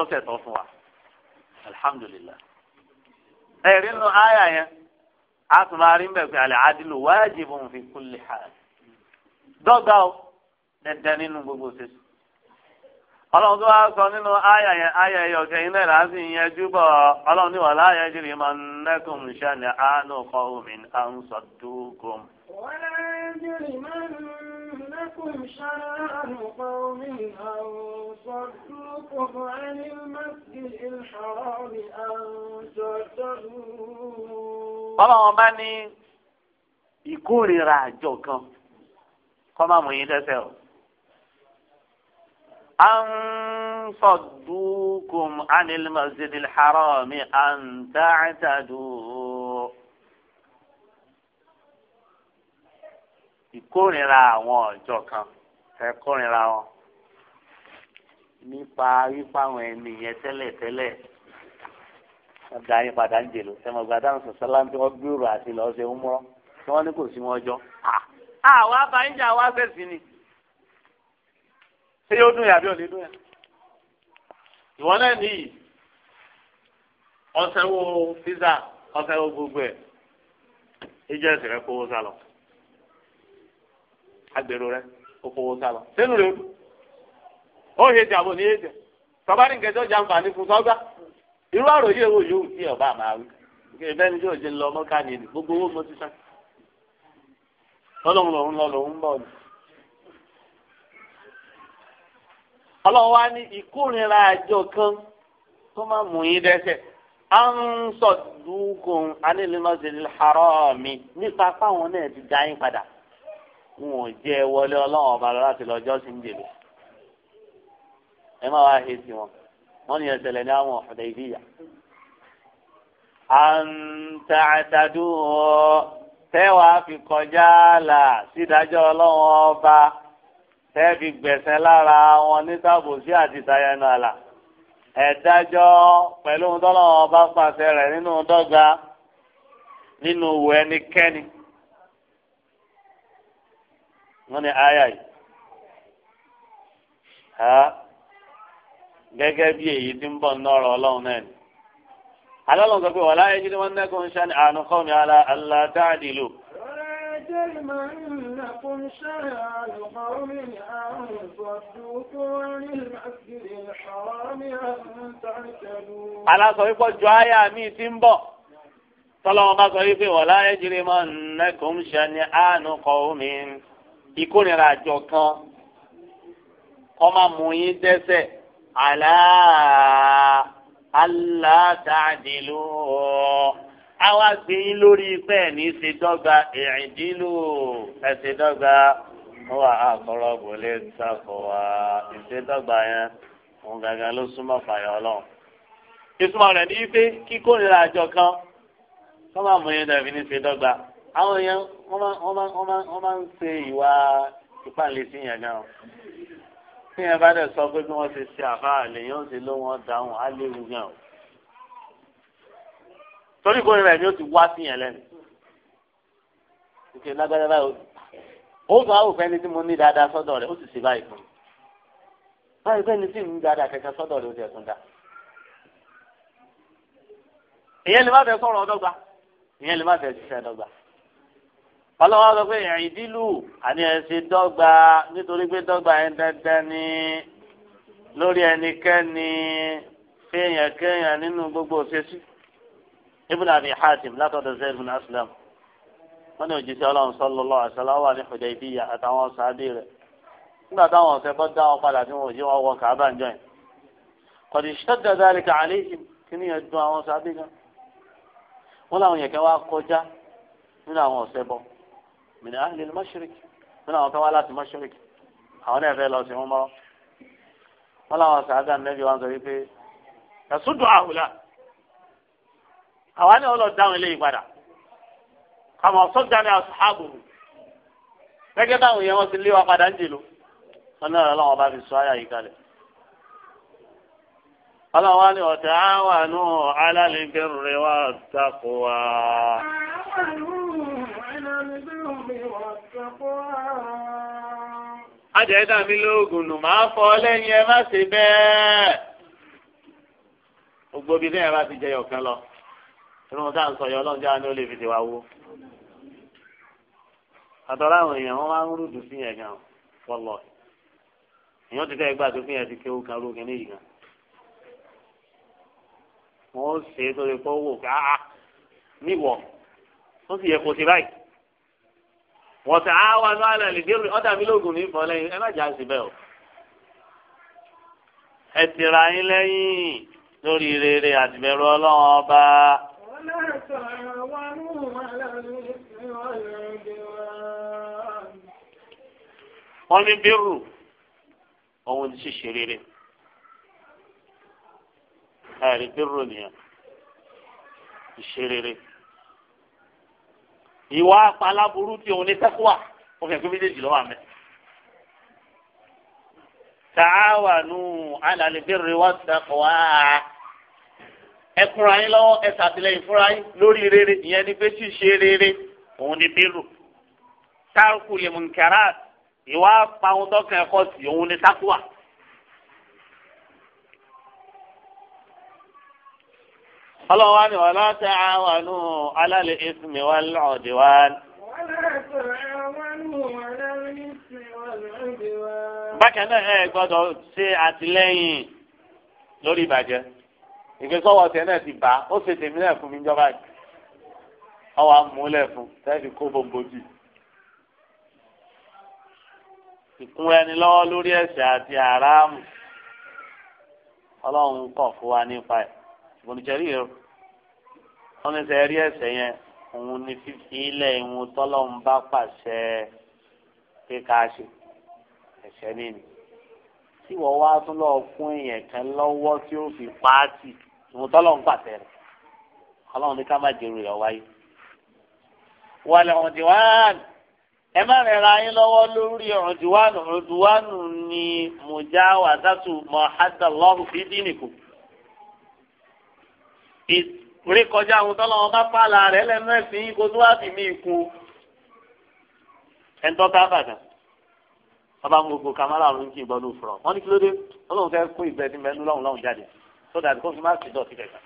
ṣẹ̀tọ́ fún wa alhamdulillah. ẹ̀rí nínú áyà yẹn a tún máa rí mbẹ̀ pé fi kulli hal dọ́gba o dandan nínú gbogbo ṣẹṣẹ. ọlọ́run tó sọ nínú yẹn yẹn ọ̀kẹ́ لكم شنآن قوم أن صدوكم عن المسجد الحرام أن تعتدوا ọlọ́run bá àjọ kan kọ́ máa mọ̀ yín dẹ́ṣẹ̀ o. أن صدوكم عن المسجد الحرام أن تعتدوا. ìkórìíra àwọn ọ̀jọ̀ kan ẹ kórìíra wọn nípa wípé àwọn ẹni yẹn tẹ́lẹ̀ tẹ́lẹ̀ wọ́n darí padà ń jèlò ẹ̀mọ̀ gbàdá ń sọ sọ́lá tí wọ́n gbúrò àti lọ́ọ́ ṣe ń mọ́ tí wọ́n ní kò sí wọn jọ. àwọn abáyíjà wá fẹ̀sìn ni ṣé yóò dùn yàbí òní dùn yà. ìwọ náà nìyí ọ̀sẹ̀ wo fíza ọ̀sẹ̀ wo gbogbo ẹ̀ ìjẹ́ ìsìnkú owó sálọ. agbèrò rẹ ó fowó sá lọ sínú rẹ ó he jẹ ní he jẹ tọ́bárì nkẹjọ jẹ ní fún sọ́gbà irú àròyé wo tí ọba àmà wí ìbẹ́ni yóò jẹ lọ mọ́ká gbogbo owó mo ti sá lọ́lọ́run bọ̀ ni. ọlọ́run ní ìkórìíra àjọ kan tó máa mú yín dẹ́sẹ̀ nípa fáwọn náà ti dá yín padà wọn ò jẹ́ wọlé ọlọ́run ọba láti lọ jọ́sìn jèlè ẹ má wá he sí wọn wọn ni ẹsẹ̀lẹ̀ ní àwọn ọ̀dẹ̀ ìdíyà. àǹtà àtàdúró tẹ́wàá fi kọjá là sídájọ́ ọlọ́run ọba tẹ́ fi gbẹ̀sẹ̀ lára wọn ní sábòsí àti tayẹnu àlà ẹ̀dájọ́ pẹ̀lú ohun tọ́lọ́run ọba pàṣẹ rẹ̀ nínú dọ́gba nínú wù ẹnikẹ́ni wọ́n ní àyà yìí ha gẹ́gẹ́ bí èyí tí ń bọ̀ nọ́ọ̀rọ̀ ọlọ́run náà ni alọ́lọ́run sọ pé wàlá ẹjí ni wọ́n nẹ́kùn ṣá ni àánú kọ́ mi ala ala táàdì lò. alásọ wípé ju àyà mi ti ń bọ̀ tọ́lọ́wọ́n bá sọ wípé wàlá ẹjí ni wọ́n nẹ́kùn ṣá ni àánú kọ́ mi ìkórìíra àjọ kan kọ́ máa mú yín dẹ́sẹ̀ àlá aládàdìlú àwa gbé yín lórí pẹ́ ní ṣèdọ́gba ìrìndínlù ẹ̀ṣẹ̀dọ́gba wà á kọ́rọ́ bòlé ṣàkó wa ìṣèdọ́gba yẹn òun gàgà ló súnmọ́ fàyọ̀ ọlọ́run. ìtumọ̀ rẹ̀ ní pé kíkórìíra àjọ kan kọ́ máa mú ní ṣèdọ́gba àwọn èèyàn wọ́n máa wọ́n máa wọ́n máa wọ́n máa ń ṣe ìwà ìpàlẹ̀ sí yẹn gan-an tí yẹn bá dẹ̀ sọ pé bí wọ́n ti ṣe àfáà lèyàn ti ló wọn dáhùn á léwu gan-an torí kò rẹ̀ ni ó ti wá sí yẹn lẹ́nu ìṣe lágbára báyìí ó tún àwòfẹ́ ni tí mo ní dáadáa sọ́dọ̀ rẹ̀ ó sì ṣe báyìí fún mi báyìí fẹ́ni tí mi dáadáa kẹ̀kẹ́ sọ́dọ̀ rẹ̀ ó ti ẹ̀sùn dá ìyẹn lè má fẹ́ sọ̀rọ̀ ọ̀dọ́gba ìyẹn lè má fẹ́ ṣiṣẹ́ ọ̀dọ́gba ọlọ́wọ́ sọ pé ìrìn dílù àní ẹ̀sìn dọ́gba nítorí pé dọ́gba yẹn dandan ni lórí ẹnikẹ́ni kéèyàn kéèyàn nínú gbogbo òṣèṣì ibùn àbí hatim látọ̀dọ̀ zayd bin aslam wọn ni òjíṣẹ́ ọlọ́run sallallahu alaihi wasallam wà ní Hudaybiyah àtàwọn sàádé rẹ̀ nígbà táwọn ọ̀sẹ̀ kọ́ dá wọn padà tí wọn yí wọn wọ kàábà ń jọyìn qad ishtadda dhalika alayhim kí ni yẹn àwọn sàádé kan wọn làwọn yẹn wá kọjá nínú àwọn ọ̀sẹ̀ bọ́ min ahli al-mashriq nínú àwọn tó wá láti mashriq àwọn náà fẹ́ lọ sí wọn mọ́ wọn làwọn sàádà nẹ́bí wọn sọ wípé ẹ̀sùn dùn àwùlà àwa náà lọ dáhùn eléyìí padà àmọ́ sọ́jà ni àṣàbù gẹ́gẹ́ báwọn yẹn wọ́n ti lé wa padà ń jèlò wọn náà lọ́wọ́ bá fi sọ àyà yìí kalẹ̀ ọlọ́wọ́ ni ọ̀tẹ̀ àwọn àánú alálẹ́gẹ́rẹ́ wa takò wá. Ajẹ́dá mi lóògùn nù máa fọ lẹ́yìn ẹ má ṣe bẹ́ẹ̀. Gbogbo ibi lẹ́yìn bá ti jẹ ọ̀kan lọ. Irun tá à sọ yọ ọlọ́run jáde ó lè fi tiwa wo. Àtọ́lá àwọn èèyàn wọ́n máa ń rúdù sí yẹn gan-an fọlọ́. Èèyàn ti fẹ́ gbà tó yẹn ti kéwú kan lóògùn ní ìgbà. Wọ́n ṣe é tó lè kọ́ níwọ̀. Wọ́n sì yẹ kó ṣe báyìí wọ́n ti ah, àwọn àánú àlẹ́ lìdírí ọ̀dà mi lóògùn ní ìbọn lẹ́yìn ẹ má jà sí bẹ́ẹ̀ o. ẹ ti ra yín lẹ́yìn lórí rere àtìbẹ̀rù ọlọ́run ọba. wọ́n ní bírù ọ̀hún ti ṣe rere ẹ̀rí bírù nìyẹn ìṣe rere ìwà apaláburú tí òun ní sẹ́kùwà ó fẹ́ pé méjèèjì lọ́wọ́ àmẹ́. tààwánù alàlẹ́bẹ̀rẹ̀ wá sàkọ́wá ẹkùnrin ayé lọ́wọ́ ẹ ṣàtìlẹ́yìn fúnra yín lórí rere ìyẹn ni pé ṣíṣe rere òun ni bírù tààkù lè mú nkẹ́rà ìwà apáwọn tọkàn ẹ̀kọ́ sí òun ní sẹ́kùwà. ọlọ́run wa ni wọ́n lọ́ tẹ àwọn àánú alálẹ̀ ìsinmi wọn lọ́ọ̀dì wa. bákan náà ẹ gbọ́dọ̀ ṣe àtìlẹ́yìn lórí ìbàjẹ́ ìgbésọ́wọ́ tẹ náà ti bá ó ṣe tèmi náà fún mi jọba ọwọ́ amúlẹ̀ fún tẹ́lifí kó gbogbo jù ìkún ẹni lọ́wọ́ lórí ẹ̀ṣẹ̀ àti àràmù ọlọ́run kọ̀ fún wa nípa ẹ̀ ìbòlùjẹ́rì rẹ̀ wọ́n ní sẹ́ẹ̀rí ẹ̀sẹ̀ yẹn òun ni fífi ilẹ̀ ìhun tọ́lọ́hún bá pàṣẹ kíkà ṣe ẹ̀sẹ̀ nínú tí wọ́n wá tún lọ fún èèyàn kan lọ́wọ́ tí ó fi pààtì ìhun tọ́lọ́hún pàṣẹ rẹ̀ ọlọ́run ní ká má jèrò rẹ̀ wáyé. wàlẹ̀ ọ̀dìwán ẹ má rẹ̀ ra yín lọ́wọ́ lórí ọ̀dìwán ọ̀dìwán ni mùjá wàdàtù mọ̀hádà lọ́rùn fídínìkù rí kọjá àwọn tọ́lọ́wọ́n bá pààlà rẹ̀ lẹ́nu ẹ̀sìn kó tó wá sí mí ikú ẹ̀ńtọ́ tá bàtà bàbá ń gbogbo kamara ọ̀run kí ìbọn ló fọ̀rọ̀ wọ́n ní kí ló dé ọlọ́run fẹ́ kó ìgbẹ́ ní mẹ́nu lọ́hùn lọ́hùn jáde sódà kó fi má sí dọ̀tí kẹta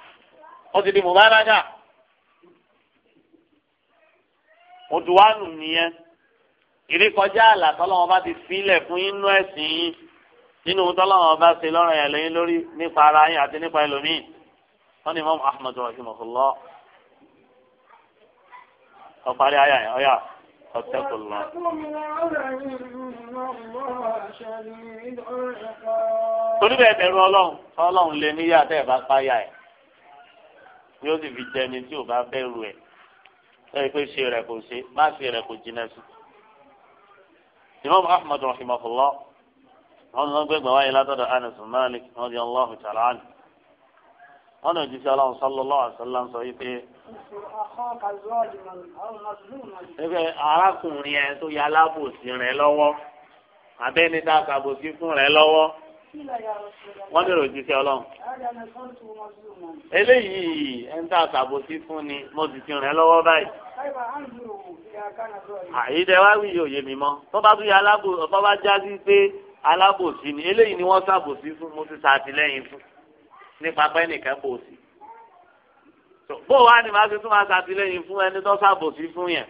ó ti di mùbárájà mùtùwánù nìyẹn ìrékọjá àlà tọ́lọ́wọ́n bá ti sílẹ̀ fún inú ẹ̀sìn yín nínú tọ́lọ́wọ́n bá ṣe lọ́rọ̀ yẹn lórí nípa ara yín àti nípa ẹlòmíín wọ́n ní imam ahmed rahimahullah ọ̀parí ayà yẹn ọ̀yà ọ̀tẹ́kùn lọ. torí bẹ́ẹ̀ bẹ̀rù ọlọ́run ọlọ́run lè níyà tẹ́ ẹ̀ bá páyà ẹ̀ yóò sì fi jẹni tí ò bá bẹ̀rù ẹ̀ ẹ̀ pé ṣe rẹ̀ kò ṣe má ṣe rẹ̀ kò jìnnà sí. imam ahmed rahimahullah wọn lọ gbẹgbẹ wáyé látọ̀dọ̀ anas malik radiyallahu ta'ala wọn ò jíṣẹ́ ọlọ́run sallallahu alaihi wasallam sọ wípé. ẹgbẹ́ arákùnrin ẹ tó yẹ alábòsí rẹ lọ́wọ́ abẹ́ni tá a kàbòsí fún rẹ lọ́wọ́ wọ́n ní òjíṣẹ́ ọlọ́run. eléyìí ẹni tá a kàbòsí fún ni mo sì ti rẹ lọ́wọ́ báyìí. àyídẹ wá wí òye mi mọ́ tó bá tún yẹ alábòsí tó bá já pé alábòsí ni eléyìí ni wọ́n ṣàbòsí fún mo ti ṣàtìlẹ́yìn fún nípa pé nìkan bò sí. bó wàá ni màá fi tún máa ṣàtìlẹ́yìn fún ẹni tó ṣàbòsí fún yẹn.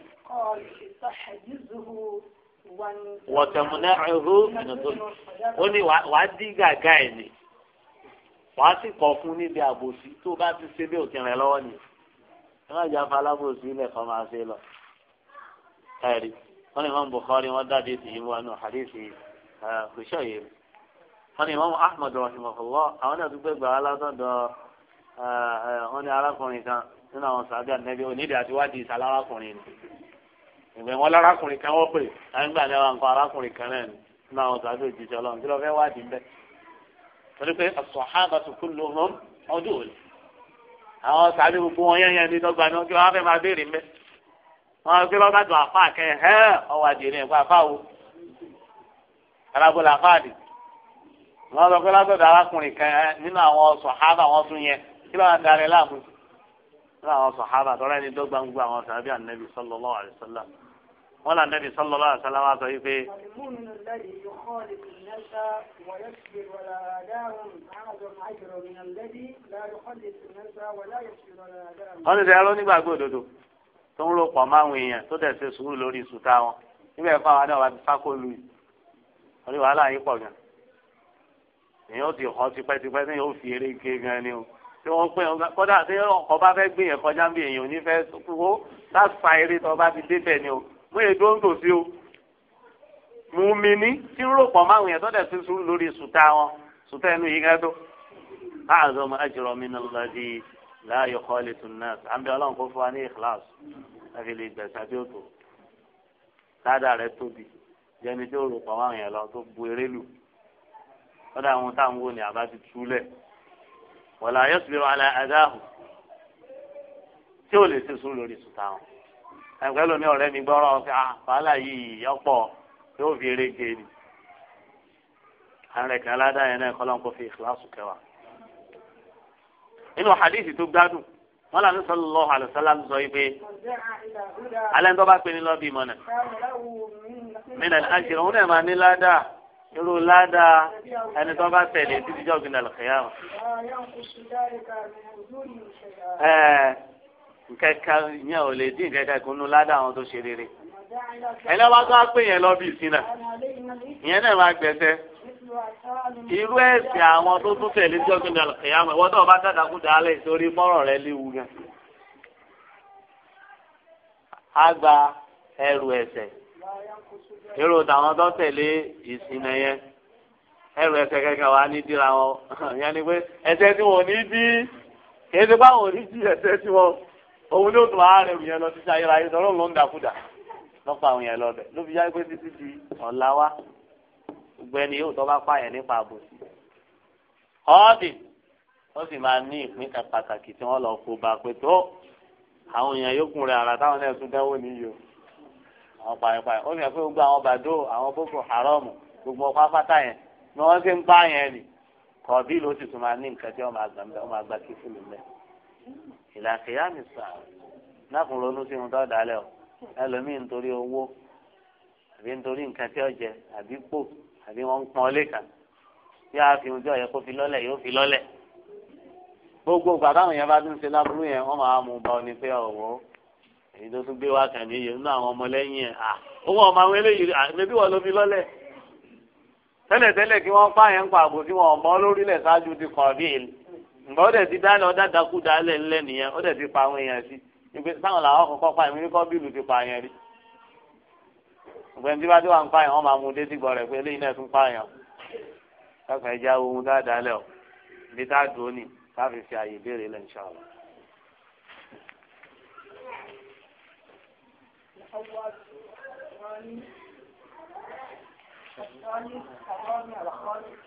wọ̀tẹ̀mùnẹ́ ẹ̀rú ìnàtò ó ní wàá dí gàgá ẹ̀ ni wàá sì kọ̀ fún níbi àbòsí tó bá ti ṣe bí òkè rẹ̀ lọ́wọ́ ni. ẹ má jà fa alábòsí ilẹ̀ kan máa ṣe lọ. ẹ̀rí wọ́n ní Imam Bukhari wọ́n dáadé sí ìwọ inú àdéhùn ìṣòyè rẹ̀ wọn ni imam ahmed rahimahullah àwọn náà dúpẹ́ gbà alásọ̀dọ̀ wọn ni arákùnrin kan nínú àwọn sàbí ànẹ́bí onídìí àti wádìí ìsàlẹ̀ arákùnrin ni ìgbẹ́ wọn lárákùnrin kan wọ́n pè àyìnbá ni wọn kọ arákùnrin kan náà ni nínú àwọn sàbí òjijì ọlọ́run kí ló fẹ́ wádìí ń bẹ́ torí pé as-sahabatu kulluhum udul àwọn sàbí gbogbo wọn yẹn yẹn ní dọ́gba ni wọn kí wọn fẹ́ máa béèrè ń wọn gbé lọ́gàdùn àfa kẹ́ ẹ̀ ọwọ́ wọn lọ pé látọ̀dọ̀ arákùnrin kan nínú àwọn sọ̀hábà wọn tún yẹn kí ló ń darí láàmú nínú àwọn sọ̀hábà tọ́lá ẹni dọ́gba ń gbọ́ àwọn sàbí ànẹ́bí sallallahu alaihi wasallam wọn là nẹ́bí sallallahu alaihi wasallam wá sọ yìí pé. wọ́n ti sẹ́yìn lónígbàgbọ́ òdodo tó ń lò pọ̀ máwùn èèyàn tó dẹ̀ sùúrù lórí ìsúta wọn níbẹ̀ fún àwọn àdáwà ti sákòlù yìí wọ́n èèyàn ti kọ́ tipẹ́tipẹ́ ní yóò fi eré ké gan ni o tí wọ́n pè ọ́n kọ́dà tí ọkọ̀ bá fẹ́ gbé yẹn kọjá bí èèyàn ò ní fẹ́ kúrò láti fa eré tó bá ti débẹ̀ ni o mú èdè ń tòsí o mú mi ní tí ń rò pọ̀ máwùn yẹn tọ́jà ti sùn lórí sùtá wọn sùtá ẹnu yìí gẹ́gẹ́ tó káàzọ́ ọmọ ẹ̀jọ̀rọ̀ mi náà lọ́dọ̀ di láàyò kọ́lé tún náà àbí ọlọ́run kó fún wa ní ìkíláàsì láti lè gbẹ̀sà tí ó tó rẹ tóbi jẹ́ni tí ó rò pọ̀ máwùn yẹn lọ tó bu eré lù kọ́dà àwọn táwọn wò ní àbá ti túlẹ̀ wọ̀lá yọ̀sùlẹ̀ alẹ́ adáhùn tí ò lè ṣe sùn lórí sùn táwọn. ẹ̀gbẹ́ lomi ọ̀rẹ́ mi gbọ́rọ̀ pé ah, wàhálà yìí ọ̀pọ̀ yóò fi eré ge ni. àrẹ̀kẹ́ aládàá yẹn náà kọ́ lọ́n kó fi ìkíláàsù kẹwàá. nínú hadith tó gbádùn wọn lànà sallallahu alaihi wasallam sọ yìí pé alẹ́ ń tọ́ bá pe ní lọ́ọ́ bímọ náà. mí irú ládàá ẹni tó bá tẹ̀lé títí jọ́ gbin àlùkìyà o. nkẹ́kẹ́ yẹn ò lè dín kẹ́kẹ́ kún nú ládàá àwọn tó ṣe rere. ẹni wá tó á pè yẹn lọ bí ìsinà ìyẹn náà máa gbẹ̀sẹ̀ irú ẹ̀sìn àwọn tó tún tẹ̀lé ìwọ́n tó bá kú sórí mọ́rọ̀ rẹ léwu èrò tàwọn tó tẹ̀lé ìsìn yẹn ẹrù ẹsẹ̀ kẹkẹ wa ní dira wọn yẹn ni pé ẹsẹ̀ tí wọn ò ní dí kìí ṣe báwọn ò ní dí ẹsẹ̀ tí wọn òun ló tún ààrẹ òun yẹn lọ sí ayé ayé sọ̀rọ̀ ló ń dàkúdà lọ́pọ̀ àwọn yẹn lọ́bẹ̀ ló fi yá pé títí di ọ̀la wa gbogbo yóò tọ́ bá pààyàn nípa àbòsí. ọ́ọ̀dì ó sì máa ní ìpín pàtàkì tí wọ́n lọ kó bá pé tó àwọn èèyàn yókùn rẹ̀ àrà náà tún dánwò níyì àwọn pààyàn ó yẹ pé gbogbo àwọn bàdó àwọn boko haram gbogbo ọkọ afátá yẹn ni wọ́n ti ń bá yẹn nì kọ̀ọ̀bí ló sì tún máa ní nǹkan tí wọ́n máa gbà ń bẹ́ wọ́n máa gbà kí fún mi mẹ́. ìlànà ìyá mi sà lákùn ronú sí ohun tó dálẹ̀ o ẹlòmíì nítorí owó àbí nítorí nǹkan tí ó jẹ àbí pò àbí wọ́n ń pọn lẹ́kàn bí a fi ojú ọ̀yẹ́ kó fi lọ́lẹ̀ yóò fi lọ́lẹ̀ gbogbo bàbá yẹn bá tún ṣe láburú yẹn wọ́n máa mú un bá ọ ní pé ọ̀wọ́ èyí tó tún gbé wá kàn níyì nínú àwọn ọmọlẹ́yìn ẹ̀ à owó ọmọ àwọn eléyìí àbẹ́bí wọn ló fi lọ́lẹ̀ tẹ́lẹ̀tẹ́lẹ̀ kí wọ́n pààyàn ń pa àbò tí wọn mọ́ lórílẹ̀ ṣáájú ti kàn bí èlé ǹgbà ó dẹ̀ ti dálẹ̀ ọ̀dà dákú dálẹ̀ ńlẹ̀ nìyẹn ó dẹ̀ ti pa àwọn èèyàn sí ìgbé sáwọn làwọn kọ̀ọ̀kan pa ìmú ní kọ́bìlù ti pa àyàn rí ìgbẹ́ni tí bá tí wà ń pa wọ́n máa mú un dé sí gbọ́ rẹ̀ pé eléyìí náà tún pa káfíń ẹja ohun dáadáa lẹ̀ ọ́ bí tá a dùn ó nì káfíń fi àyè béèrè lẹ́ الثاني الرابع الخامس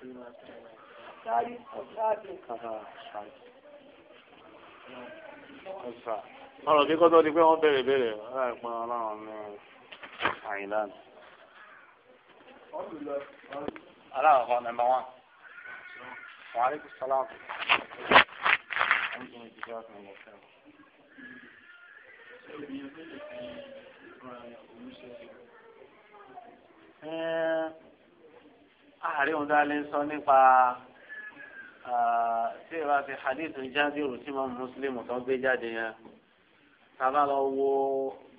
الثالث السابع ọ̀rọ̀ bí kọ́tọ́ ni pé wọ́n bẹ̀rẹ̀ bẹ̀rẹ̀ ẹ̀pọ̀n ọlọ́run ní àyìnlá ni. aláàkọ́ nọ́mbà wán wà á lékún sáláàbù. Thank you fúnra rẹ̀ òun ṣe ààrẹ òun dá lé ń sọ nípa tí ìwà fi hadith jábìrù tí mo muslim tó gbé jáde yẹn tábà lọ wo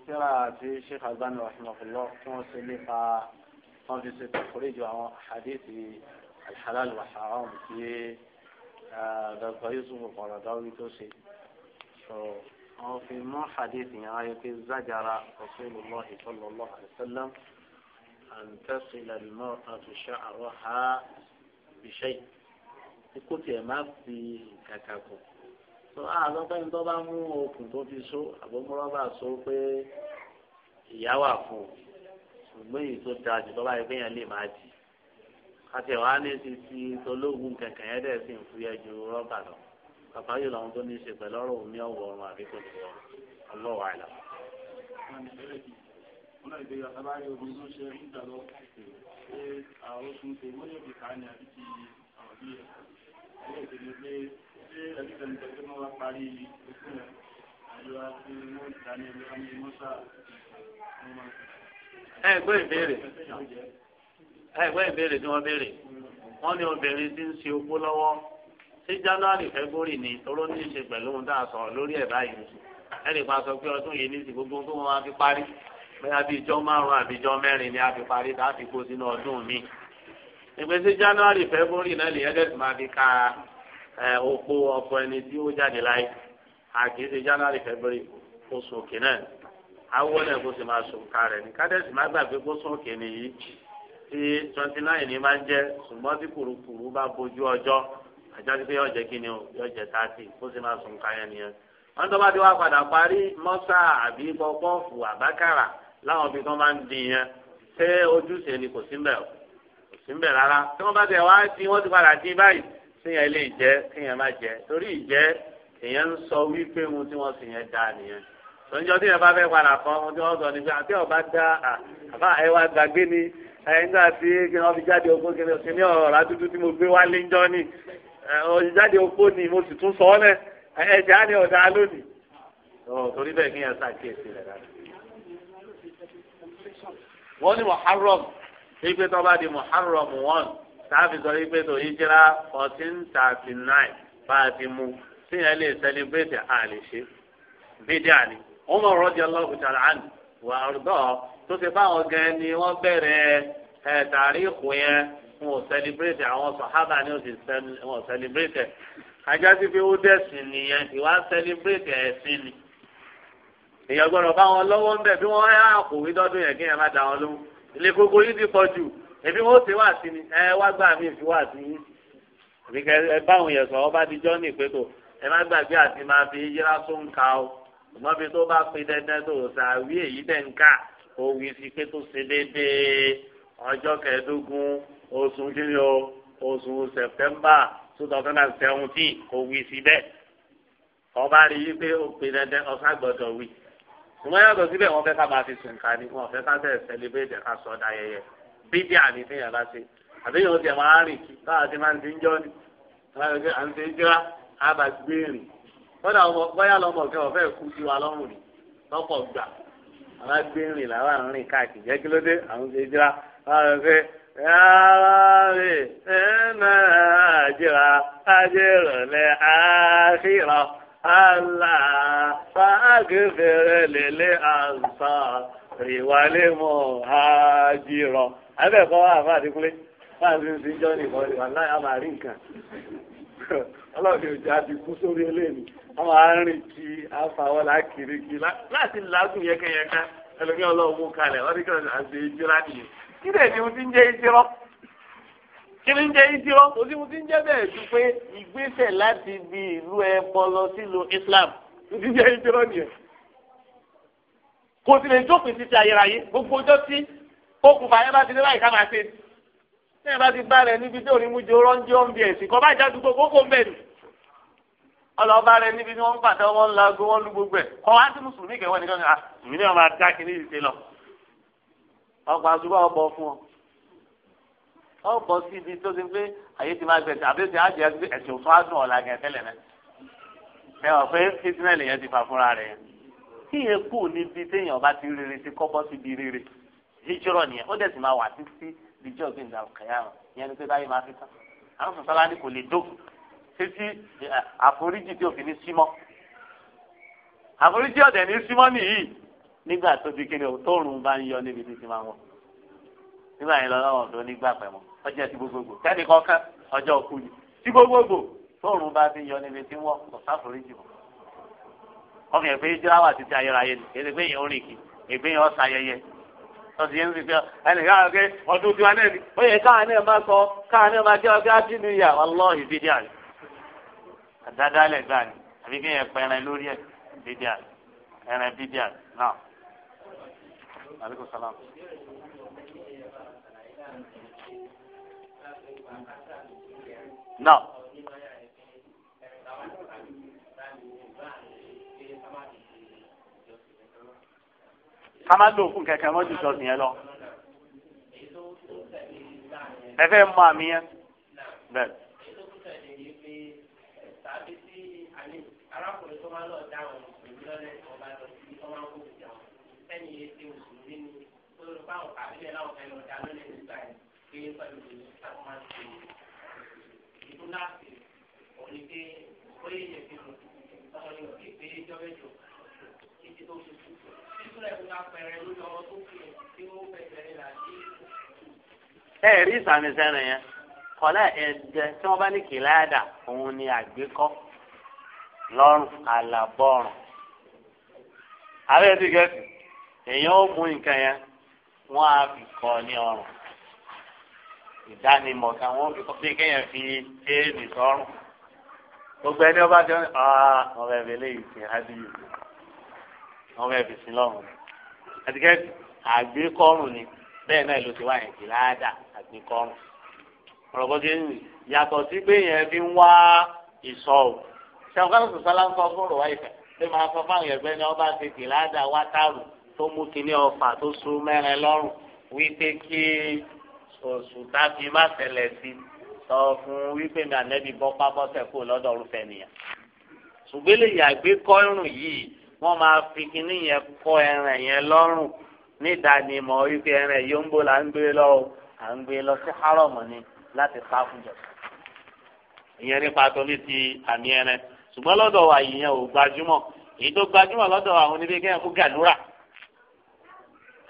tíra àti sheikh albani rahimahullah tí wọ́n ṣe nípa wọ́n fi ṣe tàkùrẹ́jù àwọn hadith alhalal wa haram tí dr yusuf kọ̀ọ̀dọ̀ wí tó ṣe àwọn fi mú hadith yẹn wáyé pé zajara rasulillah sallallahu alayhi wa sallam an tasila al-mar'atu sha'raha bi shay ikú tiẹ̀ má fi kàkà kù tó a lọ pé nítorí bá mú okùn tó fi so àbọ̀mọ́rọ́bà so pé ìyá wà fún ṣùgbọ́n èyí tó da jù lọ́ba ẹgbẹ́ yẹn lè máa jì àti ẹ̀wá ní ti ti tológun kẹ̀kẹ́ yẹn dẹ̀ sì ń fúyẹ́ ju rọ́bà lọ bàbá yìí làwọn tó ní í ṣe pẹ̀lú ọ̀rọ̀ òun ní ọ̀wọ̀ ọ̀run àbí kò ní wọ̀ ọlọ́wà àìlà. ẹ gbọ́ ìbéèrè ẹ gbọ́ ìbéèrè tí wọ́n béèrè wọ́n ní obìnrin tí ń ṣe opó lọ́wọ́ ṣé january february ni toró ní í ṣe pẹ̀lú ohun tá a sọ lórí ẹ̀ báyìí ẹnì kan sọ pé ọdún yìí ní ti gbogbo tó wọn wá fi parí bóyá bíi ijọ́ márùn-ún àbí ijọ́ mẹ́rin ni a fi parí tá a fi kó sínú ọdún mi ìpèsè january february náà lè yẹ́dẹ̀sì máa fi ka òpó ọkọ ẹni tí ó jáde láyé àkíyèsí january february oṣù òkè náà awọ́ náà kó sì máa sùn ká rẹ̀ ní kádẹ́sì má gbàgbé kó sùn òkè nìyí tí twenty nine ni máa ń jẹ́ ṣùgbọ́n tí kùrùkùrù bá bojú ọjọ́ àjáde pé yọjẹ kí ni o yọjẹ tààtì kó sì máa sùn káyọ nìyẹn wọn tó bá ti wá padà parí mọ́sà àbí pọ́pọ́ọ̀fù àbákàrà láwọn ibi tó máa ń dín yẹn ṣé ojúṣe ni kò síbẹ̀ o kò síbẹ̀ rárá tí wọ́n bá tẹ̀ wá dín wọ́n ti padà dín báyìí síyẹn lè jẹ́ kíyẹn má jẹ torí ìjẹ́ èèyàn ń sọ wípé ohun tí wọ́n sì yẹn dá nìyẹn tọ́jọ́ tí yẹn bá fẹ́ padà kan ohun tí wọ́n sọ ni pé àti ọba dá àbá ẹ wá gbàgbé ni ẹ nígbà tí wọ́n fi jáde ogún kiri òsì ní ọ̀rọ̀ àdúdú tí mo gbé wá lé ńjọ́ ni ọ̀jáde opó ni mo sì tún sọ ọ́ lẹ̀ ẹ̀jẹ̀ á ní ọ̀dà lónìí. torí bẹ́ẹ̀ kí n yà sàkíyèsí rẹ̀ rárá. wọ́n ní muharram ipe tó bá di muharram one sáàfì sọ ipe tó hijira fourteen thirty nine bá a ti mu tíyẹn lè celebrate àlè ṣe bídí àní. Umar radiyallahu ta'ala anhu wà ọ̀dọ́ tó ti báwọn gan ni wọ́n bẹ̀rẹ̀ ẹ̀ tàríkù yẹn wọn ò sẹlẹbírẹtì àwọn sọhábà ni wọn ò sẹlẹbírẹtì ajá sí pé ó dẹ̀sìn nìyẹn ìwà sẹlẹbírẹtì ẹ̀sìn ni èèyàn gbọ́dọ̀ bá wọn lọ́wọ́ ń bẹ̀ bí wọ́n á kòwé dọ́dún yẹn kí yẹn má da wọn lóhùn ilé gbogbo yìí ti pọ̀ jù èbí wọn ó ti wá sí ni ẹ wá gbà mí fi wá sí yín àbí kẹ ẹ báwọn yẹn sọ ọ bá di jọ́ ní ìpẹ́tò ẹ má gbàgbé àti máa fi yíra tó ń ka o ṣùgbọ́n bí tó bá pe dandan tó sàwí èyí tẹ̀ ń kà ó wí pé tó ṣe déédéé ọjọ́ kẹẹ̀ẹ́dógún oṣù kìíní o oṣù sẹ̀pẹ́mbà two thousand and seventeen kò wí sí ọba rí i pé ó dandan ọ̀sán gbọ́dọ̀ wí ṣùgbọ́n yàtọ̀ síbẹ̀ wọ́n fẹ́ ká máa fi sùn ká ní wọ́n fẹ́ ká bẹ̀rẹ̀ sẹlẹ̀bẹ̀tì ká sọ ọ́dà ayẹyẹ bíbí àmì fún yàrá sí àbí yóò tiẹ̀ máa rìn kí báwa ti máa ń ti ń jọ́ ni à ń ti ń jẹ́ra á bá gbé rìn kódà bóyá lọ́mọ kẹ́ ọ̀fẹ́ kú sí wa lọ́rùn ni lọ́pọ̀ gbà àbá gbé rìn làwọn àrùn káàkiri jẹ́ kí ló dé à ń ti ń jẹ́ra àgbẹ̀ yàrá rẹ̀ ẹ̀nà àjẹrà àjẹrò lẹ̀ àṣírọ̀ àlà fàágìfẹ̀rẹ̀ lélẹ̀ àǹsà rìwálẹ̀ mọ̀ àjírọ̀. abẹ́ẹ̀kọ́ wà fún àdínkùlé fáàbí ti jọ́ nìkan ni wàhálà yà máa rí nǹkan ọlọ́ọ̀dẹ òjò àti kú sórí eléyìí àwọn arìnrìn kí afáwọ́lá kiri kí láti làágùn yẹkẹyẹkẹ ẹlòmíràn ọlọ́ọ̀mú kalẹ̀ wọ́n ní kí wọ́n àti ìjírá nìyẹn kí lè ní mo ti ń jẹ́ ìṣirọ́ kí ni ń jẹ́ ìṣirọ́ kò sí mo ti ń jẹ́ bẹ́ẹ̀ ju pé ìgbésẹ̀ láti di ìlú ẹbọ lọ sílùú Islam mo ti ń jẹ́ ìṣirọ́ nìyẹn kò sì lè jókòó títí ayérayé gbogbo ọjọ́ tí okùnfà yẹn bá ti dé báyìí ká máa ṣe tẹ́ ẹ bá ti bá rẹ níbi tí òrìmújẹ rọ́ńjẹ́ ọ̀nbí ẹ̀sìn kọ́ bá ìjádùúgbò kókó ń bẹ̀ nù ọlọ́ba rẹ níbi tí wọ́n ń pàtẹ́ wọn ń lago wọn lu gbogbo ẹ̀ kọ́ ọkọ̀ àṣùbà ọ̀bọ̀ fún ọ ọ̀bọ̀ sí ibi tó ti pé àyè ti máa gbẹ̀sẹ̀ àbí ti àjẹ́ ẹ̀sùn fún àdùn ọ̀la gẹ̀ tẹ́lẹ̀ náà ẹ wọ pé fitinẹ́lì yẹn ti fà fúnra rẹ̀ kí yẹn kù níbi téèyàn bá ti rere ti kọ́kọ́ síbi rere hijrọ̀ nìyẹn ó dẹ̀ sì máa wà títí dijọ́ gbẹ̀ngàn kẹyàrún ìyẹn ni pé báyìí máa fi tán àwọn sọ̀tàlá ni kò lè dó títí àforíjì tí òfin ní símọ́ àforíjì ọ̀dẹ̀ ní símọ́ nìyí nígbà tó fi kéde òtóòrùn bá ń yọ níbi títí máa wọ̀ nígbà yẹn lọ́wọ́ tó nígbà pẹ̀ mọ́ ọjọ́ ti gbogbogbò kẹ́ni kọ́kẹ́ ọjọ́ òkú ni ti gbogbogbò tóòrùn bá fi yọ níbi tí wọ́n kò sáforíjì mọ́ ọmọ yẹn pé jíráwà ti ti ayérayé ni èdè pé yẹn orin kì ègbé yẹn ọ̀sà ayẹyẹ tọ́sí yẹn ń fi fẹ́ ẹnì káà ké ọdún tiwa náà ni ó yẹ káà náà máa sọ káà náà máa jẹ́ ọgá tí ní ìyá ọlọ́ọ̀hìn fídíà rẹ̀ àdádálẹ̀ gbà ni àbí kéèyàn pẹ̀rẹ̀ lórí ẹ̀ fídíà rẹ̀ ẹ̀rẹ̀ fídíà rẹ̀ náà aleykum salaam. náà. ká má lò fún kẹ̀kẹ́ mọ́jú jọ̀sìn yẹn lọ. ẹ fẹ́ mọ àmì yẹn. bẹ́ẹ̀. arákùnrin tó máa lọ dáhùn ìlú lọ́lẹ̀ ọba lọ sí ọmọ akókò jà ẹni yẹn ti wù fáwọn kàbílẹ̀ láwọn fẹ́ lọ́jà lónìí nígbà yìí pé pẹ̀lú ìlú táwọn máa ń ṣe ìlú náà ṣe òní pé ó yẹ yẹ fi mú ọmọ ní òkè pé ẹjọ́ títí tó fi kú. títún ẹ̀ fún apẹ̀rẹ̀ lórí ọmọ tó fi tí ó bẹ̀rẹ̀ rẹ̀ láti. ẹ rí ìsàmì sẹ́rin yẹn kọ́lá ẹ̀dẹ tí wọ́n bá ní kìláàdà òun ni àgbékọ́ lọ́rùn àlàbọ̀rùn. àbẹ́ẹ̀dì gẹ̀ẹ́sì èèyàn ó mú nǹkan yẹn wọ́n á fi kọ́ ní ọrùn ìdánimọ̀ kan wọ́n fi kọ́ bí kéèyàn fi éèdì sọ́rùn gbogbo ẹni ọba tí ah, wọ́n ní ọmọ ẹ̀fẹ̀ léyìí ti adìyẹ ọmọ ẹ̀fẹ̀ sí lọ́rùn àtikẹ́ àgbékọ́rùn ni bẹ́ẹ̀ náà ló ti wá yẹn kì láàdà àgbékọ́rùn ọ̀rọ̀gbọ́dé ń yàtọ̀ sí pé yẹn fi ń wá ìsọ̀ o ṣàǹkà lọ́sọ̀ọ́sọ́ láǹkọ́ fún ọ̀rọ̀ wáyé fẹ́ pé máa sọ fáwọn ẹ̀gbẹ́ ni ọba ti kì wá tààrù tó mú kíní ọfà tó sún mẹ́rin lọ́rùn wípé kí oṣù táfi má ṣẹlẹ̀ sí sọ fún wípé mi ànẹ́bí bọ́ pábọ́sẹ̀ kó lọ́dọ̀ ọ̀rùfẹ́ nìyẹn. ṣùgbọ́n eléyìí àgbékọ́ irun yìí wọ́n máa fi kíní yẹn kọ́ ẹran yẹn lọ́rùn ní ìdánimọ̀ wípé ẹran yìí ń bò là ń gbé lọ à ń gbé lọ sí hárọ̀mù ni láti sá fún jọ. ìyẹn nípa tó ní ti àmì ẹran ṣùgbọ́n lọ́dọ̀ wa yìí yẹn ò gbajúmọ̀ èyí tó gbajúmọ̀ lọ́dọ̀ àwọn oníbẹ̀kẹ́ kó gàdúrà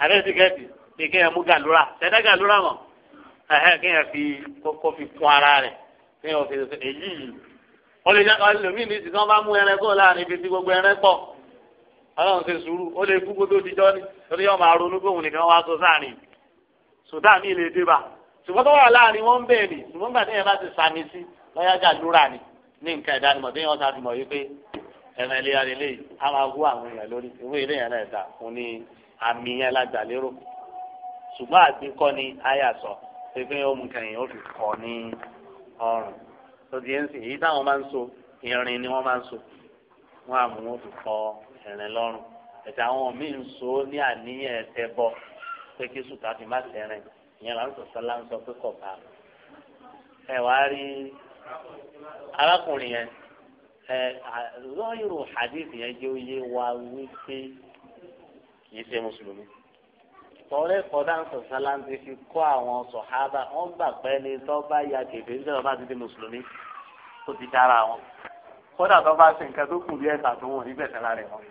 àbẹ sikẹti pé kéèyàn mú gàlúrà tẹdá gàlúrà mọ ẹhẹ kéèyàn fi kókó fi kún ara rẹ kéèyàn fi èyí olùjẹ ọlọmí ní sísan bá mú ẹrẹ kó láàrin ibi tí gbogbo ẹrẹ pọ̀ Ọlọ́run ṣe sùúrù ó lè kú kótó dijọ ni torí yóò máa ronú kóhùn nìkan wá sọ sáàrin sùdá mi lè dé bá ṣùgbọ́n tó wà láàrin wọn ń bẹ̀ ni ṣùgbọ́n gbàdé yẹn bá ti sàmì sí lọ́yà gàlúrà ni ní nǹkan ìdánimọ̀ tí yẹn sàbìmọ̀ yìí pé ẹ̀rẹ̀ ilé yàrá ilé yìí á máa wú àwọn èèyàn lórí ìwé ilé yẹn náà ẹ̀dá òun ni àmì yẹn la gbà lérò ṣùgbọ́n àgbékọ́ ni àyà sọ pé pé ó mú kẹyìn ó fi kọ́ ní ọrùn tó di ẹ̀ ń sìn èyí táwọn máa ń so irin ni wọ́n máa ń so wọ́n á mú wọn fi kọ́ ẹ̀rìn lọ́rùn ẹ̀tẹ̀ àwọn míì ń so ní àníyàn ẹ̀tẹ̀ bọ́ pé kí sùtà fi má tẹ̀rìn ìyẹn là ń sọ sọ́lá ń sọ pé kọ̀ bá ẹ wá rí arákùnrin yẹn ẹ lọ́yìnrò hadith yẹn jẹ́ oyé wa wípé yìí ṣe mùsùlùmí tọ́lẹ̀ kọ́dá ń sọ sáláńtì fi kọ́ àwọn sọ̀hábà wọ́n gbà pé ní tọ́ba ya kẹfẹ́ ń sọ̀rọ̀ bá ti di mùsùlùmí tó ti dára wọn kódà tó bá ṣe nǹkan tó kù bí ẹ̀ka tó wọ̀ níbẹ̀ tẹ́lá rẹ̀ wọn.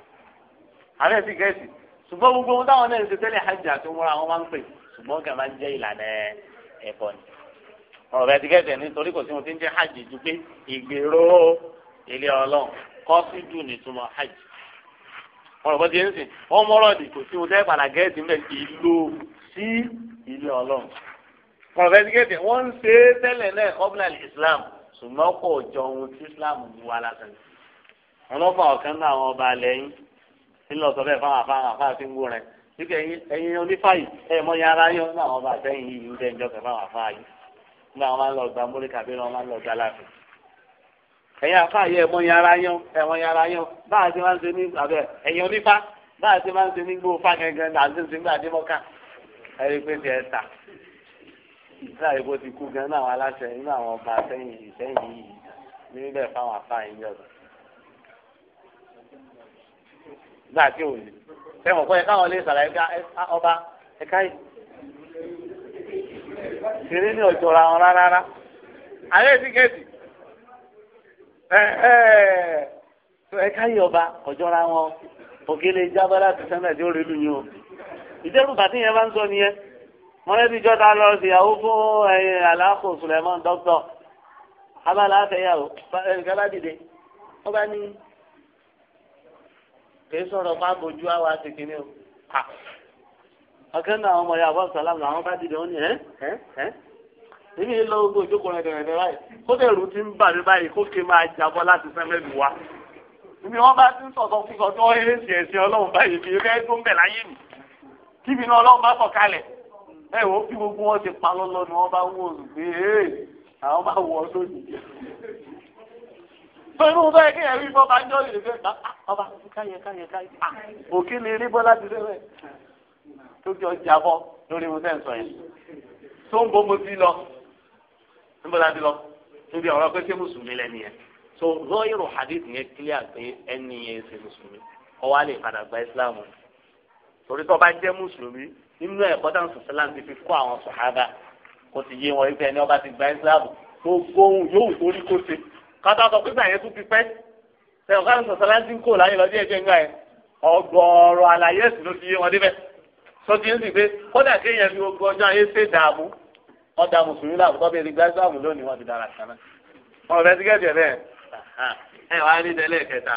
àárẹ̀ sì gẹ̀ẹ́sì ṣùgbọ́n gbogbo ohun táwọn náà ń ṣe tẹ́lẹ̀ hajj àti múra wọn máa ń pè ṣùgbọ́n kà máa ń jẹ́ ìlànà ẹ̀kọ́ ni. ọ̀rọ̀ bẹ́ẹ̀ ti gẹ̀ẹ́sì nítorí kò sí ohun tí ń jẹ́ hajj ju pé ìgbèrò ilé ọlọ́run kọ́sídù nìtumọ̀ hajj ọ̀rọ̀ bọ́sẹ̀ ń sìn ọmọ ọlọ́ọ̀dì kò sí wọn sẹ́yìn padà gẹ́ẹ̀tì mẹ́ ìlò sí ilé ọlọ́run kọ̀ọ̀fẹ́sìkẹ́tì wọ́n ń ṣe tẹ́lẹ̀ náà kọ́bùnà islam ṣùgbọ́n kò jọ ohun tí islam mú wa lásán ọlọ́fà ọ̀kan náà àwọn ọba lẹ́yìn nílò sọ bẹ́ẹ̀ fáwọn afáwọn afáwọn tí ń wó rẹ̀ wípé ẹ̀yin onífàyè ẹ̀ mọ́ yẹn ara yẹn náà àwọn ọba àtẹ́yìn yìí ń dẹ́njọ́ kẹfà àwọn afáwọn yìí nígbà wọn máa ń lọ gba móríkà bí wọn máa ń lọ gba láàfin ẹ̀yin afa yẹ ẹ̀mọ yàrá yán ẹ̀mọ yàrá yán bá a ti máa ń ṣe ní abẹ ẹ̀yin onífá bá a máa ń ṣe ní gbó fa gẹ́gẹ́ náà àti ṣe dé mọ́ká ẹ̀rí pé tiẹ̀ ta nígbà yìí bó ti kú gan náà àwọn aláṣẹ nínú àwọn ọba sẹ́yìn ìsẹ́yìn yìí níbẹ̀ fáwọn afa yìí yọ̀dọ̀ nígbà tí ò ní sẹ́wọ̀n pé káwọn lè sàlàyé ọba ẹ̀ka yìí ṣeré ní ọjọ́ ra wọn rárá rárá àlẹ́ ìdíkẹ́tì ẹ̀ka yìí ọba ọ̀jọ́ra wọn òkèlè jábọ́lá ti sẹ́ńdà tí ó rí lùyìn o ìdẹ́rù bàtí yẹn bá ń sọ nìyẹn mọ́lẹ́bí jọ́ta lọ síyàwó fún ẹ̀yìn aláàkó sùlẹ̀mọ́n dọ́kítọ̀ abala afẹ́yàwó ẹnìkan bá dìde wọ́n bá ní kì í sọ̀rọ̀ bá bojú àwa ti kìíní o ọ̀kẹ́ náà ọmọ yàgbọ́ sàlámù làwọn bá dìde wọ́n ní ẹ́ ẹ́ ẹ́ èmi ń lọ gbogbo ìjókòó rẹ̀ báyìí kó dẹ̀ ti ń bà báyìí kó ké máa jábọ́ láti sẹ́mẹ́lì wa èmi wọ́n bá ti ń sọ̀tọ̀ fún sọ eré sí ẹ̀sìn ọlọ́run báyìí kì í fẹ́ tó ń bẹ̀ láyé mi kí ibi náà ọlọ́run bá sọ̀ kalẹ̀ ẹ wò ó gbogbo wọn ti pa lọ́lọ́ ni wọ́n bá wò ó pé àwọn bá wọ̀ ọ́ lónìí. pẹ̀lú bẹ́ẹ̀ kí ẹ̀rí bọ́ bá ń jọ́ ìrìn bẹ́ẹ̀ ah, ọba káyẹ káyẹ káyẹ ah, òkè lè rí bọ́ láti rẹ̀ tó jọ jábọ́ lórí mo tẹ́ sọ yẹn tó ń bọ́ mo ti lọ níbo la ti lọ níbi ọ̀rọ̀ pé ṣé mùsùlùmí lẹ́ni yẹn so lọ́yìnrò hadith yẹn clear pé ẹni yẹn ṣe mùsùlùmí ó wá lè padà gba islam torí tó bá jẹ́ mùsùlùmí nínú ẹ̀kọ́ dáhùn sọ̀sẹ́lám ti fi kó àwọn sàhábà kò sì yé wọn wípé ẹni ọba ti gba islam tó gbóhùn yóò torí kó ṣe kátó àtọ̀ pípa yẹn tún ti pẹ́ sẹ́yìn ọ̀gá sọ̀sẹ́lám ti ń kó láyé lọ díẹ̀ díẹ̀ ńgbà yẹn ọgọ́ọ̀rọ̀ àlàyé ẹ̀sìn ló ti yé wọn débẹ̀ sọ ti ń sì pé kódà kéèyàn fi gbogbo ọjọ́ ayé ṣèdààmú wọ́n da mùsùlùmí làbùkọ́ bí ẹni gba ìsìlámù lónìí wọ́n ti dára kan wọn ò fẹ́ tíkẹ́ẹ̀tì ẹ̀ bẹ́ẹ̀ ẹ wàá ní tẹ́lẹ̀ kẹta